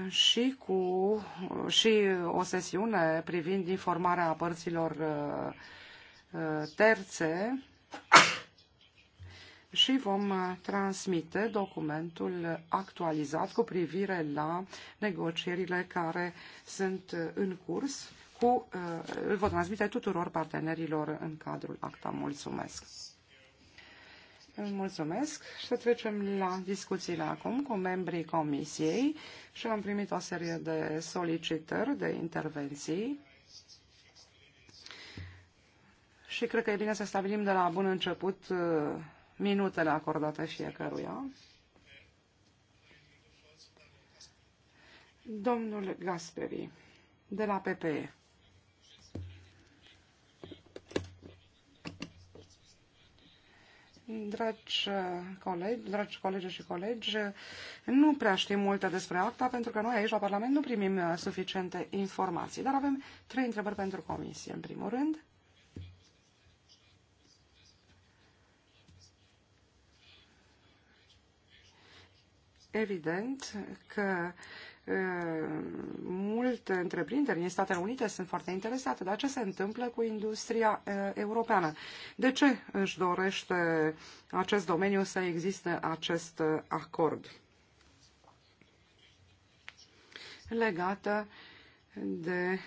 Speaker 3: și cu și o sesiune privind informarea părților uh, uh, terțe și vom uh, transmite documentul actualizat cu privire la negocierile care sunt în curs cu, îl eh, vă transmite tuturor partenerilor în cadrul ACTA. Mulțumesc! Mulțumesc și să trecem la discuțiile acum cu membrii comisiei și am primit o serie de solicitări de intervenții și cred că e bine să stabilim de la bun început eh, minutele acordate fiecăruia. Domnul Gasperi, de la PPE. Dragi colegi, dragi colegi și colegi, nu prea știm multe despre acta, pentru că noi aici la Parlament nu primim uh, suficiente informații, dar avem trei întrebări pentru comisie. În primul rând, evident că Ehm, multe întreprinderi din Statele Unite sunt foarte interesate, dar ce se întâmplă cu industria eh, europeană? De ce își dorește acest domeniu să existe acest eh, acord? Legată de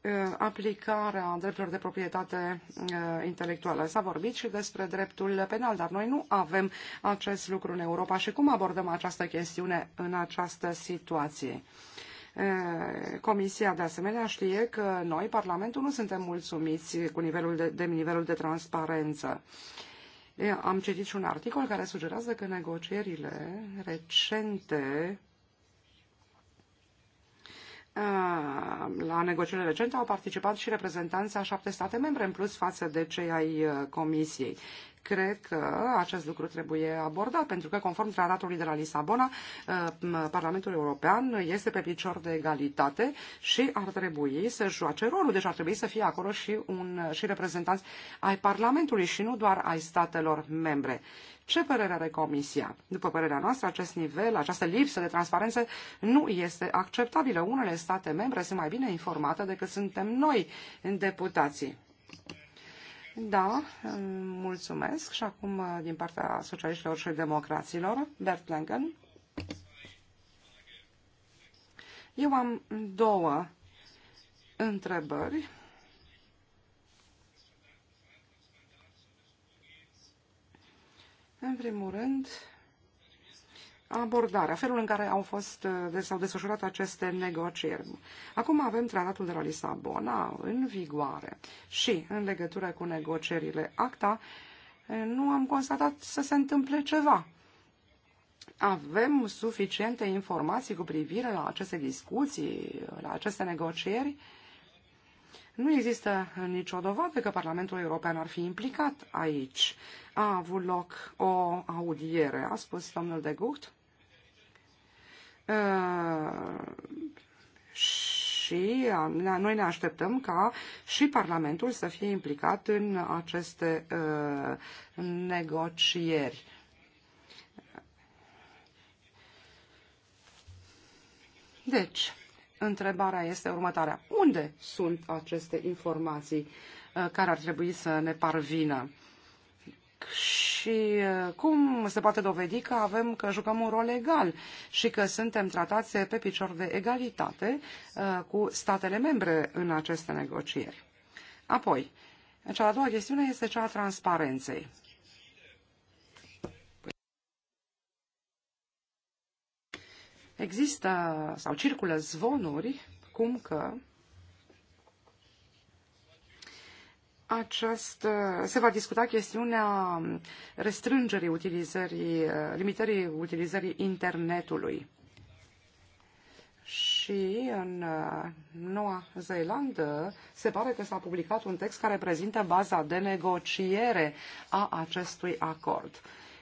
Speaker 3: Uh, aplicarea drepturilor de proprietate uh, intelectuală. S-a vorbit și despre dreptul penal, dar noi nu avem acest lucru în Europa și cum abordăm această chestiune în această situație. Uh, Comisia, de asemenea, știe că noi, Parlamentul, nu suntem mulțumiți cu nivelul de, de nivelul de transparență. Am citit și un articol care sugerează că negocierile recente Uh, la negocierile recente au participat și reprezentanți a șapte state membre în plus față de cei ai uh, Comisiei cred că acest lucru trebuie abordat, pentru că, conform tratatului de la Lisabona, uh, Parlamentul European este pe picior de egalitate și ar trebui să joace rolul. Deci ar trebui să fie acolo și, un, și reprezentanți ai Parlamentului și nu doar ai statelor membre. Ce părere are Comisia? După părerea noastră, acest nivel, această lipsă de transparență nu este acceptabilă. Unele state membre sunt mai bine informate decât suntem noi, deputații. Da, mulțumesc. Și acum, din partea socialiștilor și democraților, Bert Langen. Eu am două întrebări. În primul rând, abordarea, felul în care au fost, uh, s-au desfășurat aceste negocieri. Acum avem tratatul de la Lisabona în vigoare și în legătură cu negocierile ACTA uh, nu am constatat să se întâmple ceva. Avem suficiente informații cu privire la aceste discuții, la aceste negocieri? Nu există nicio dovadă că Parlamentul European ar fi implicat aici. A avut loc o audiere, a spus domnul de Gucht, și noi ne așteptăm ca și Parlamentul să fie implicat în aceste uh, negocieri. Deci, întrebarea este următoarea. Unde sunt aceste informații uh, care ar trebui să ne parvină? și e, cum se poate dovedi că avem că jucăm un rol egal și că suntem tratați pe picior de egalitate e, cu statele membre în aceste negocieri. Apoi, cea a doua chestiune este cea a transparenței. Există sau circulă zvonuri cum că această, se va discuta chestiunea restrângerii utilizării, limitării utilizării internetului. Și în uh, Noua Zeelandă se pare că s-a publicat un text care prezintă baza de negociere a acestui acord,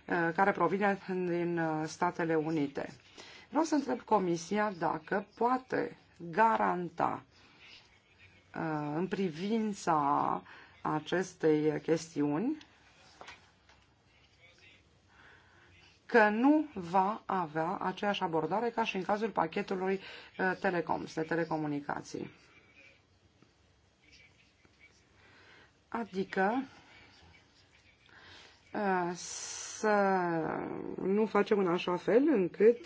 Speaker 3: uh, care provine din uh, Statele Unite. Vreau să întreb Comisia dacă poate garanta în privința uh, acestei uh, chestiuni că nu va avea aceeași abordare ca și în cazul pachetului uh, telecom, de telecomunicații. Adică uh, să nu facem în așa fel încât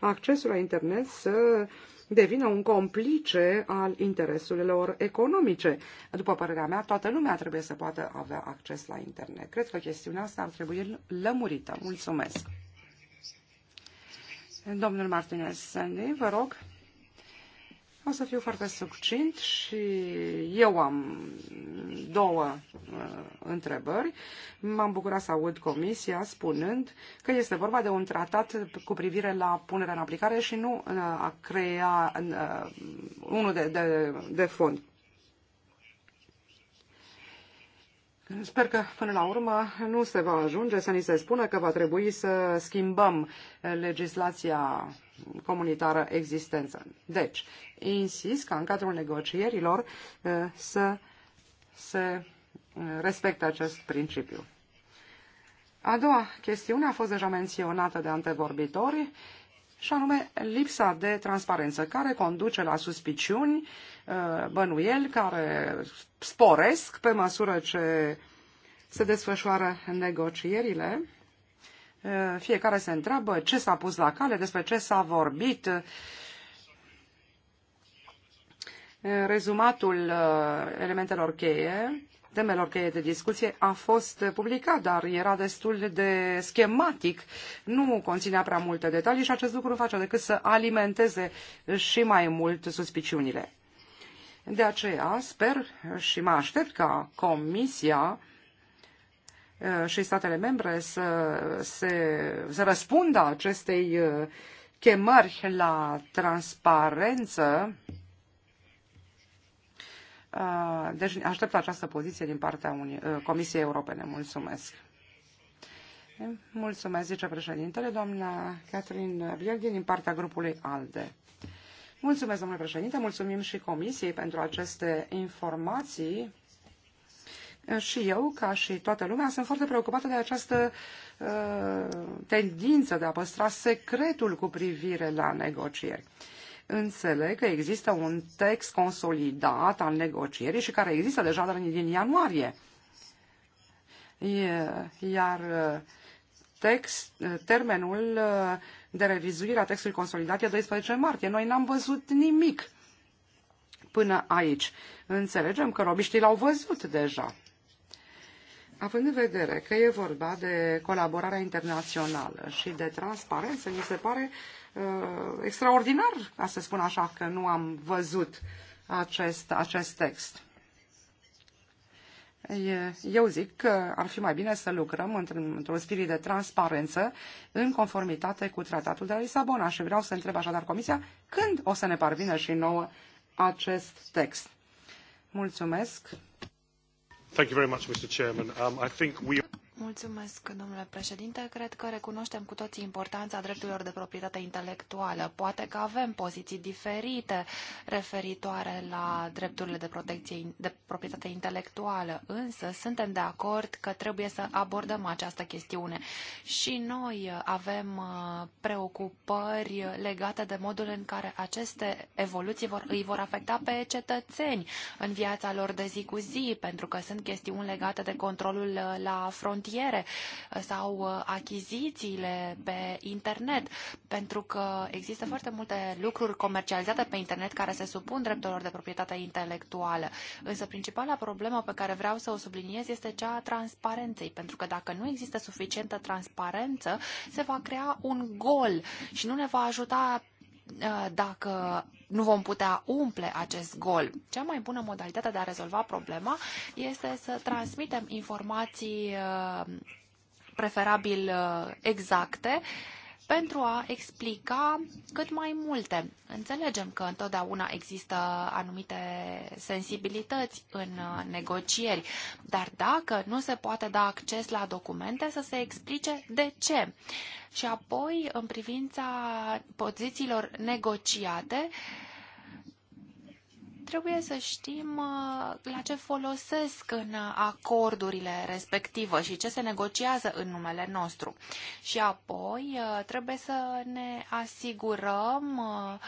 Speaker 3: accesul la internet să devină un complice al intereselor economice. După părerea mea, toată lumea trebuie să poată avea acces la internet. Cred că chestiunea asta ar trebui lămurită. Mulțumesc! Domnul Martinez vă rog. O să fiu foarte succint și eu am două uh, întrebări. M-am bucurat să aud comisia spunând că este vorba de un tratat cu privire la punerea în aplicare și nu uh, a crea uh, unul de, de, de fond. Sper că până la urmă nu se va ajunge să ni se spună că va trebui să schimbăm legislația comunitară existență. Deci, insist ca în cadrul negocierilor eh, să se eh, respecte acest principiu. A doua chestiune a fost deja menționată de antevorbitori și anume lipsa de transparență care conduce la suspiciuni uh, bănuieli care sporesc pe măsură ce se desfășoară negocierile. Fiecare se întreabă ce s-a pus la cale, despre ce s-a vorbit. Rezumatul uh, elementelor cheie, temelor cheie de discuție, a fost publicat, dar era destul de schematic, nu conținea prea multe detalii și acest lucru nu face decât să alimenteze și mai mult suspiciunile. De aceea sper și mă aștept ca Comisia e, și statele membre să, se, să răspundă acestei e, chemări la transparență. E, deci aștept această poziție din partea Unii, Comisiei Europene. Mulțumesc. Mulțumesc, vicepreședintele, doamna Catherine Bielghi, din partea grupului ALDE. Mulțumesc, domnule președinte, mulțumim și comisiei pentru aceste informații. Și eu, ca și toată lumea, sunt foarte preocupată de această uh, tendință de a păstra secretul cu privire la negocieri. Înțeleg că există un text consolidat al negocierii și care există deja din ianuarie. E, iar uh, text, termenul eh, de revizuire a textului consolidat e 12 martie. Noi n-am văzut nimic până aici. Înțelegem că robiștii l-au văzut deja. Având în vedere că e vorba de colaborarea internațională și de transparență, mi se pare uh, extraordinar, ca să spun așa, că nu am văzut acest, acest text. E, eu zic că ar fi mai bine să lucrăm într-un spirit de transparență, în conformitate cu tratatul de la Lisabona. Și vreau să întreb așadar Comisia când o să ne parvină și nouă acest text. Mulțumesc!
Speaker 2: Thank you very much, Mr. Chairman. Um, I think we... Mulțumesc, domnule președinte. Cred că recunoaștem cu toții importanța drepturilor de proprietate intelectuală. Poate că avem poziții diferite referitoare la drepturile de protecție de proprietate intelectuală, însă suntem de acord că trebuie să abordăm această chestiune. Și noi avem uh, preocupări legate de modul în care aceste evoluții vor, îi vor afecta pe cetățeni în viața lor de zi cu zi, pentru că sunt chestiuni legate de controlul uh, la frontieră frontiere sau uh, achizițiile pe internet, pentru că există foarte multe lucruri comercializate pe internet care se supun drepturilor de proprietate intelectuală. Însă principala problemă pe care vreau să o subliniez este cea a transparenței, pentru că dacă nu există suficientă transparență, se va crea un gol și nu ne va ajuta Uh, dacă nu vom putea umple acest gol. Cea mai bună modalitate de a rezolva problema este să transmitem informații uh, preferabil uh, exacte pentru a explica cât mai multe. Înțelegem că întotdeauna există anumite sensibilități în uh, negocieri, dar dacă nu se poate da acces la documente, să se explice de ce. Și apoi, în privința pozițiilor negociate, trebuie să știm uh, la ce folosesc în acordurile respective și ce se negociază în numele nostru. Și apoi uh, trebuie să ne asigurăm uh,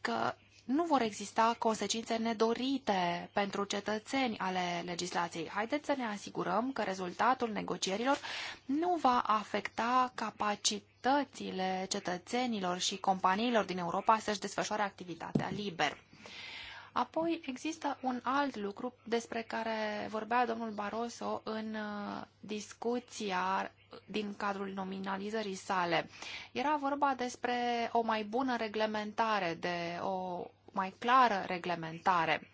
Speaker 2: că nu vor exista consecințe nedorite pentru cetățeni ale legislației. Haideți să ne asigurăm că rezultatul negocierilor nu va afecta capacitățile cetățenilor și companiilor din Europa să-și desfășoare activitatea liber. Apoi există un alt lucru despre care vorbea domnul Barroso în uh, discuția din cadrul nominalizării sale. Era vorba despre o mai bună reglementare, de o mai clară reglementare.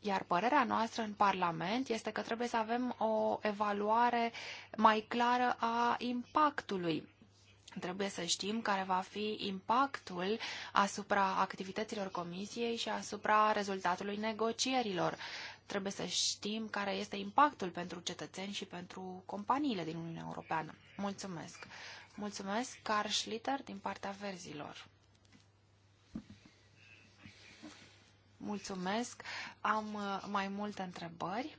Speaker 2: Iar părerea noastră în Parlament este că trebuie să avem o evaluare mai clară a impactului. Trebuie să știm care va fi impactul asupra activităților comisiei și asupra rezultatului negocierilor. Trebuie să știm care este impactul pentru cetățeni și pentru companiile din Uniunea Europeană. Mulțumesc! Mulțumesc, Carl Schlitter, din partea verzilor. Mulțumesc. Am uh, mai multe întrebări.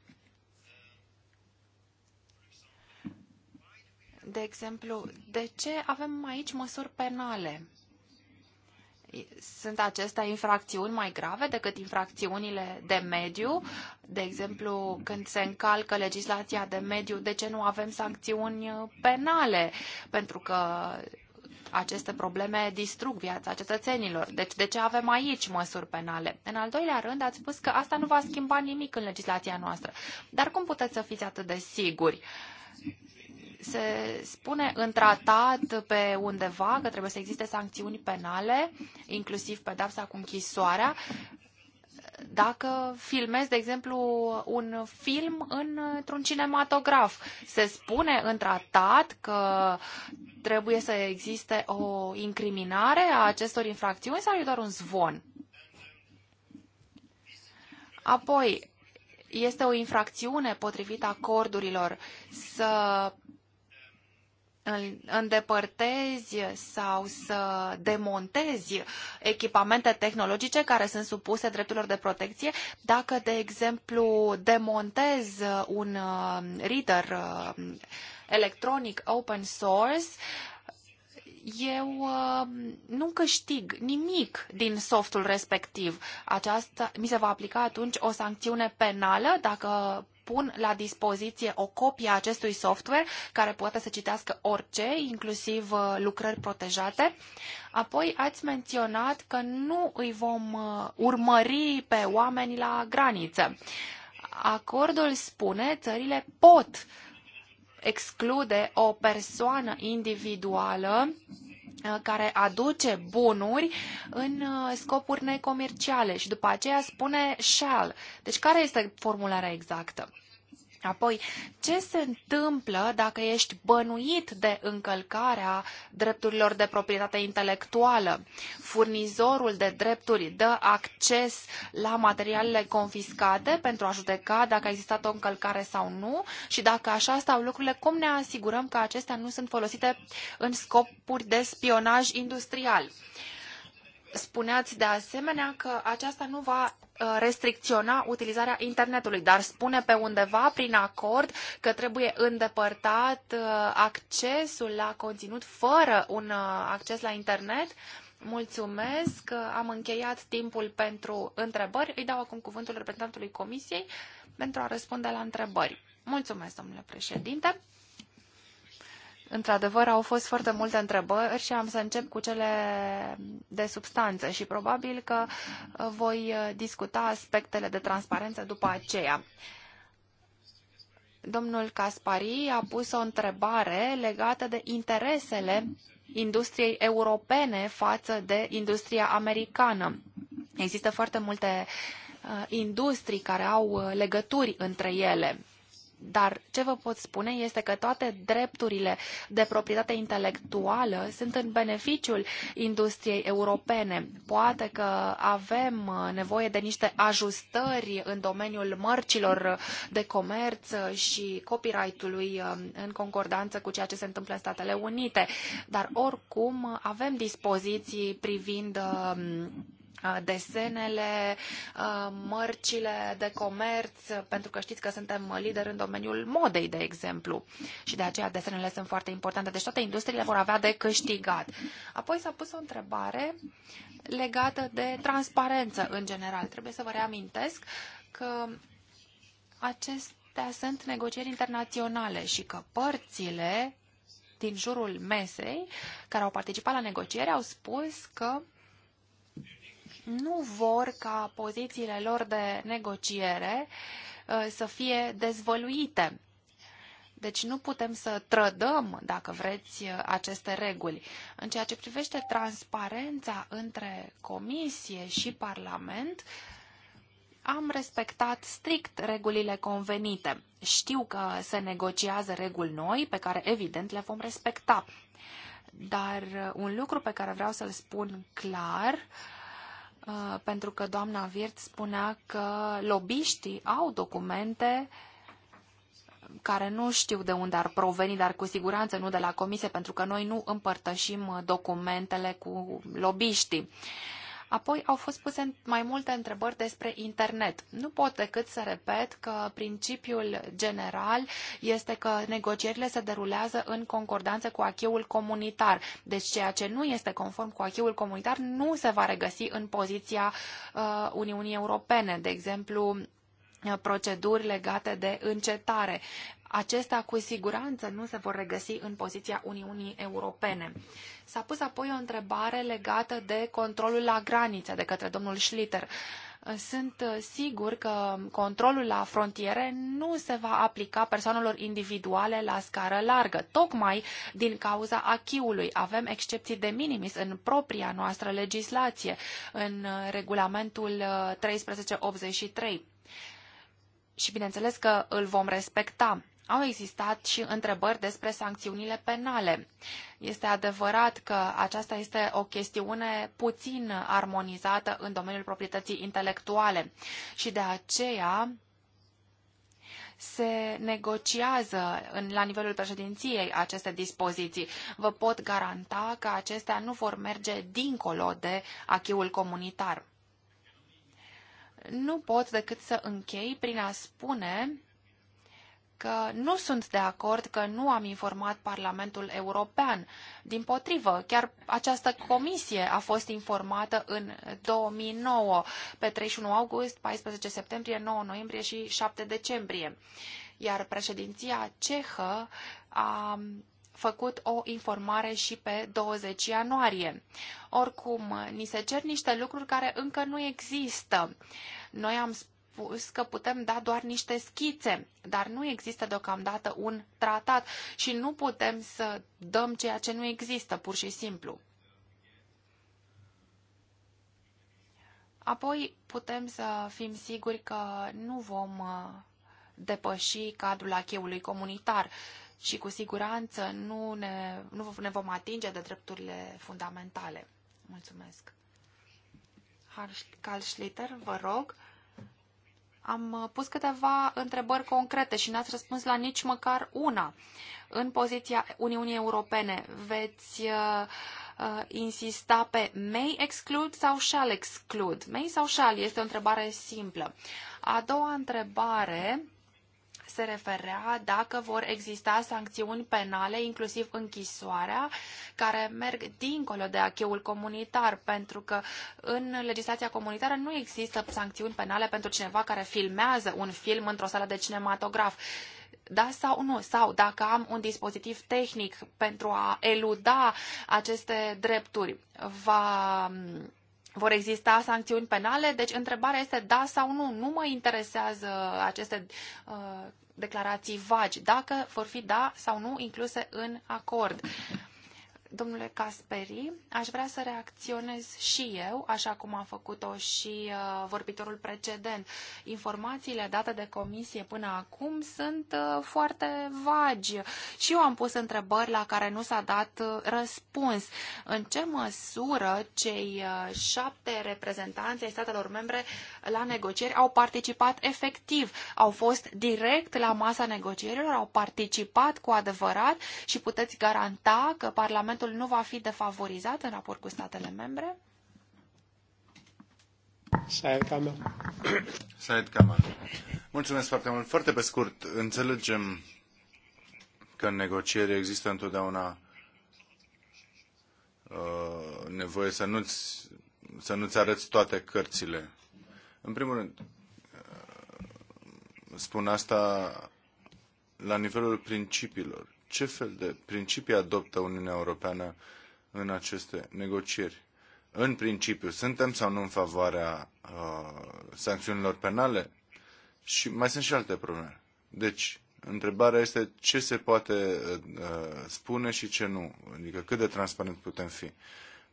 Speaker 2: De exemplu, de ce avem aici măsuri penale? sunt acestea infracțiuni mai grave decât infracțiunile de mediu? De exemplu, când se încalcă legislația de mediu, de ce nu avem sancțiuni penale? Pentru că aceste probleme distrug viața cetățenilor. Deci de ce avem aici măsuri penale? În al doilea rând, ați spus că asta nu va schimba nimic în legislația noastră. Dar cum puteți să fiți atât de siguri? se spune în tratat pe undeva că trebuie să existe sancțiuni penale, inclusiv pedapsa cu închisoarea, dacă filmezi, de exemplu, un film într-un cinematograf. Se spune în tratat că trebuie să existe o incriminare a acestor infracțiuni sau e doar un zvon? Apoi, este o infracțiune potrivit acordurilor să îndepărtezi sau să demontezi echipamente tehnologice care sunt supuse drepturilor de protecție. Dacă, de exemplu, demontezi un uh, reader uh, electronic open source, eu uh, nu câștig nimic din softul respectiv. Aceasta mi se va aplica atunci o sancțiune penală dacă pun la dispoziție o copie a acestui software care poate să citească orice, inclusiv uh, lucrări protejate. Apoi ați menționat că nu îi vom uh, urmări pe oameni la graniță. Acordul spune, țările pot exclude o persoană individuală Uh, care aduce bunuri în uh, scopuri necomerciale și după aceea spune shall. Deci care este formularea exactă? Apoi, ce se întâmplă dacă ești bănuit de încălcarea drepturilor de proprietate intelectuală? Furnizorul de drepturi dă acces la materialele confiscate pentru a judeca dacă a existat o încălcare sau nu și dacă așa stau lucrurile, cum ne asigurăm că acestea nu sunt folosite în scopuri de spionaj industrial? Uh, Spuneați de asemenea că aceasta nu va uh, restricționa utilizarea internetului, dar spune pe undeva prin acord că trebuie îndepărtat uh, accesul la conținut fără un uh, acces la internet. Mulțumesc, am încheiat timpul pentru întrebări. Îi dau acum cuvântul reprezentantului Comisiei pentru a răspunde la întrebări. Mulțumesc, domnule președinte. Într-adevăr, au fost foarte multe întrebări și am să încep cu cele de substanță și probabil că uh, voi uh, discuta aspectele de transparență după aceea. Domnul Caspari a pus o întrebare legată de interesele industriei europene față de industria americană. Există foarte multe uh, industrii care au legături între ele Dar ce vă pot spune este că toate drepturile de proprietate intelectuală sunt în beneficiul industriei europene. Poate că avem nevoie de niște ajustări în domeniul mărcilor de comerț și copyright-ului um, în concordanță cu ceea ce se întâmplă în Statele Unite, dar oricum avem dispoziții privind um, desenele, mărcile de comerț, pentru că știți că suntem lider în domeniul modei, de exemplu, și de aceea desenele sunt foarte importante. Deci toate industriile vor avea de câștigat. Apoi s-a pus o întrebare legată de transparență în general. Trebuie să vă reamintesc că acestea sunt negocieri internaționale și că părțile din jurul mesei care au participat la negocieri au spus că nu vor ca pozițiile lor de negociere uh, să fie dezvăluite. Deci nu putem să trădăm, dacă vreți, uh, aceste reguli. În ceea ce privește transparența între Comisie și Parlament, am respectat strict regulile convenite. Știu că se negociază reguli noi, pe care evident le vom respecta. Dar uh, un lucru pe care vreau să-l spun clar uh, Uh, pentru că doamna Virt spunea că lobiștii au documente care nu știu de unde ar proveni, dar cu siguranță nu de la comisie, pentru că noi nu împărtășim documentele cu lobiștii. Uh, Apoi au fost puse mai multe întrebări despre internet. Nu pot decât să repet că principiul general este că negocierile se derulează în concordanță cu acheul comunitar. Deci ceea ce nu este conform cu acheul comunitar nu se va regăsi în poziția uh, Uniunii Europene. De exemplu, uh, proceduri legate de încetare acestea cu siguranță nu se vor regăsi în poziția Uniunii Europene. S-a pus apoi o întrebare legată de controlul la graniță de către domnul Schlitter. Sunt uh, sigur că controlul la frontiere nu se va aplica persoanelor individuale la scară largă, tocmai din cauza achiului. Avem excepții de minimis în propria noastră legislație, în uh, regulamentul 1383 uh, și bineînțeles că îl vom respecta. Au existat și întrebări despre sancțiunile penale. Este adevărat că aceasta este o chestiune puțin armonizată în domeniul proprietății intelectuale și de aceea se negociază în, la nivelul președinției aceste dispoziții. Vă pot garanta că acestea nu vor merge dincolo de achiul comunitar. Nu pot decât să închei prin a spune că nu sunt de acord că nu am informat Parlamentul European. Din potrivă, chiar această comisie a fost informată în 2009, pe 31 august, 14 septembrie, 9 noiembrie și 7 decembrie. Iar președinția cehă a făcut o informare și pe 20 ianuarie. Oricum, ni se cer niște lucruri care încă nu există. Noi am spus spus că putem da doar niște schițe, dar nu există deocamdată un tratat și nu putem să dăm ceea ce nu există, pur și simplu. Apoi putem să fim siguri că nu vom uh, depăși cadrul acheului comunitar și cu siguranță nu ne, nu ne vom atinge de drepturile fundamentale. Mulțumesc. Carl Schlitter, vă rog. Am pus câteva întrebări concrete și n-ați răspuns la nici măcar una. În poziția Uniunii Europene veți uh, uh insista pe may exclude sau shall exclude? May sau shall este o întrebare simplă. A doua întrebare se referea dacă vor exista sancțiuni penale, inclusiv închisoarea, care merg dincolo de acheul comunitar, pentru că în legislația comunitară nu există sancțiuni penale pentru cineva care filmează un film într-o sală de cinematograf da sau nu, sau dacă am un dispozitiv tehnic pentru a eluda aceste drepturi, va vor exista sancțiuni penale, deci întrebarea este da sau nu. Nu mă interesează aceste uh, declarații vagi, dacă vor fi da sau nu incluse în acord. Domnule Casperi, aș vrea să reacționez și eu, așa cum a făcut-o și uh, vorbitorul precedent. Informațiile date de comisie până acum sunt uh, foarte vagi și eu am pus întrebări la care nu s-a dat uh, răspuns. În ce măsură cei uh, șapte reprezentanți ai statelor membre la negocieri au participat efectiv? Au fost direct la masa negocierilor? Au participat cu adevărat și puteți garanta că Parlamentul Parlamentul nu va fi defavorizat în raport cu statele membre?
Speaker 3: Saed Kamal.
Speaker 1: Saed Kamal. Mulțumesc foarte mult. Foarte pe scurt, înțelegem că în negocieri există întotdeauna uh, nevoie să nu-ți, să nu arăți toate cărțile. În primul rând, uh, spun asta la nivelul principiilor ce fel de principii adoptă Uniunea Europeană în aceste negocieri? În principiu, suntem sau nu în favoarea uh, sancțiunilor penale? Și mai sunt și alte probleme. Deci, întrebarea este ce se poate uh, spune și ce nu. Adică cât de transparent putem fi.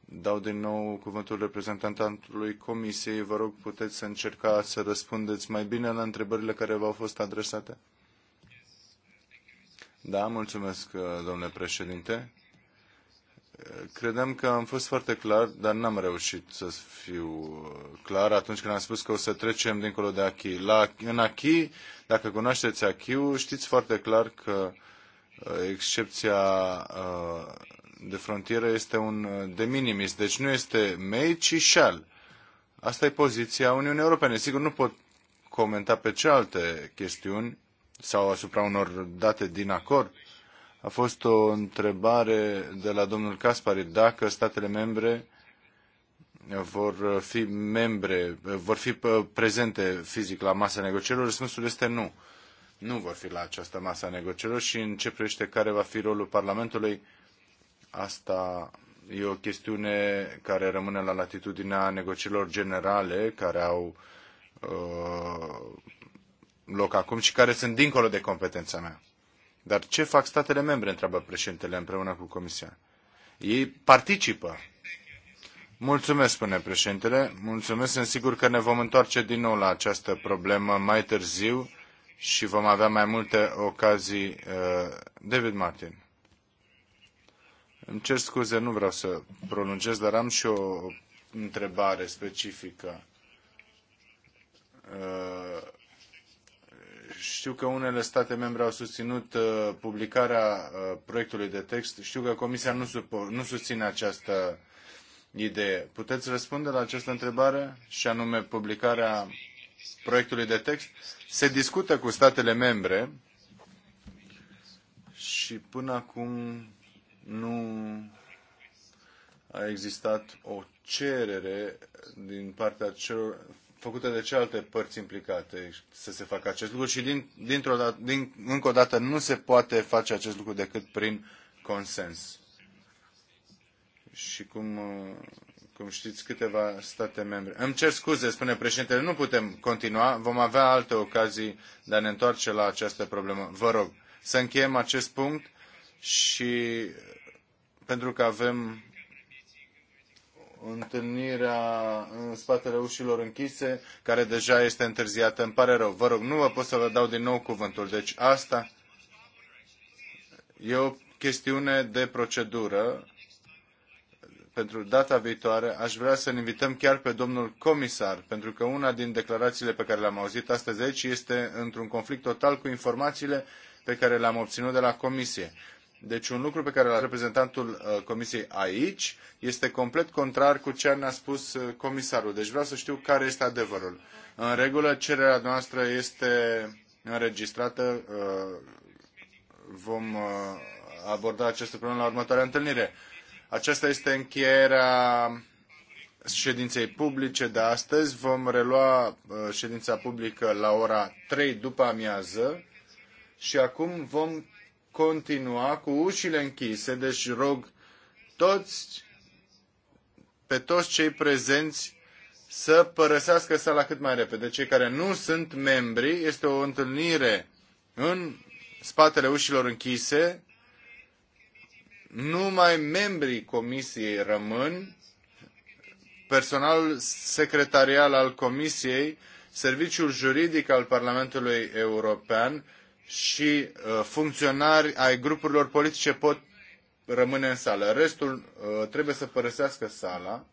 Speaker 1: Dau din nou cuvântul reprezentantului Comisiei. Vă rog, puteți să încercați să răspundeți mai bine la întrebările care v-au fost adresate? Da, mulțumesc, domnule președinte. Credeam că am fost foarte clar, dar n-am reușit să fiu clar atunci când am spus că o să trecem dincolo de achi. La, în achi, dacă cunoașteți achi știți foarte clar că uh, excepția uh, de frontieră este un uh, de minimis, deci nu este mei, ci șal. Asta e poziția Uniunii Europene. Sigur, nu pot comenta pe ce alte chestiuni, sau asupra unor date din acord. A fost o întrebare de la domnul Caspari dacă statele membre vor fi membre, vor fi uh, prezente fizic la masa negocierilor. Răspunsul este nu. Nu vor fi la această masă negocierilor și în ce privește care va fi rolul Parlamentului, asta e o chestiune care rămâne la latitudinea negocierilor generale care au uh, loc acum și care sunt dincolo de competența mea. Dar ce fac statele membre, întreabă președintele împreună cu Comisia. Ei participă. Mulțumesc, spune președintele. Mulțumesc. Sunt sigur că ne vom întoarce din nou la această problemă mai târziu și vom avea mai multe ocazii. Uh, David Martin. Îmi cer scuze, nu vreau să prolungez, dar am și o întrebare specifică. Uh, Știu că unele state membre au susținut uh, publicarea uh, proiectului de text. Știu că Comisia nu, supo, nu susține această idee. Puteți răspunde la această întrebare și anume publicarea proiectului de text? Se discută cu statele membre și până acum nu a existat o cerere din partea celor făcută de celelalte părți implicate să se facă acest lucru și din, dintr-o dată, din, încă o dată nu se poate face acest lucru decât prin consens. Și cum, uh, cum știți, câteva state membre. Îmi cer scuze, spune președintele, nu putem continua, vom avea alte ocazii de a ne întoarce la această problemă. Vă rog să încheiem acest punct și uh, pentru că avem întâlnirea în spatele ușilor închise, care deja este întârziată. Îmi pare rău. Vă rog, nu vă pot să vă dau din nou cuvântul. Deci asta e o chestiune de procedură. Pentru data viitoare aș vrea să-l invităm chiar pe domnul comisar, pentru că una din declarațiile pe care le-am auzit astăzi aici este într-un conflict total cu informațiile pe care le-am obținut de la comisie. Deci un lucru pe care l-a reprezentantul uh, Comisiei aici este complet contrar cu ce ne-a spus uh, comisarul. Deci vreau să știu care este adevărul. În regulă, cererea noastră este înregistrată. Uh, vom aborda această problemă la următoarea întâlnire. Aceasta este încheierea ședinței publice de astăzi. Vom relua ședința publică la ora 3 după amiază și acum vom continua cu ușile închise, deci rog toți, pe toți cei prezenți să părăsească sala cât mai repede. Cei care nu sunt membri, este o întâlnire în spatele ușilor închise, numai membrii comisiei rămân, personalul secretarial al comisiei, serviciul juridic al Parlamentului European, și uh, funcționari ai grupurilor politice pot rămâne în sală. Restul uh, trebuie să părăsească sala.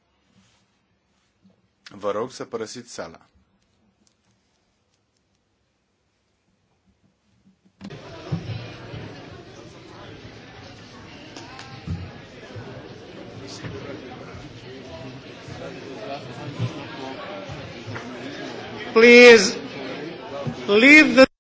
Speaker 1: Vă rog să părăsiți sala. Please leave the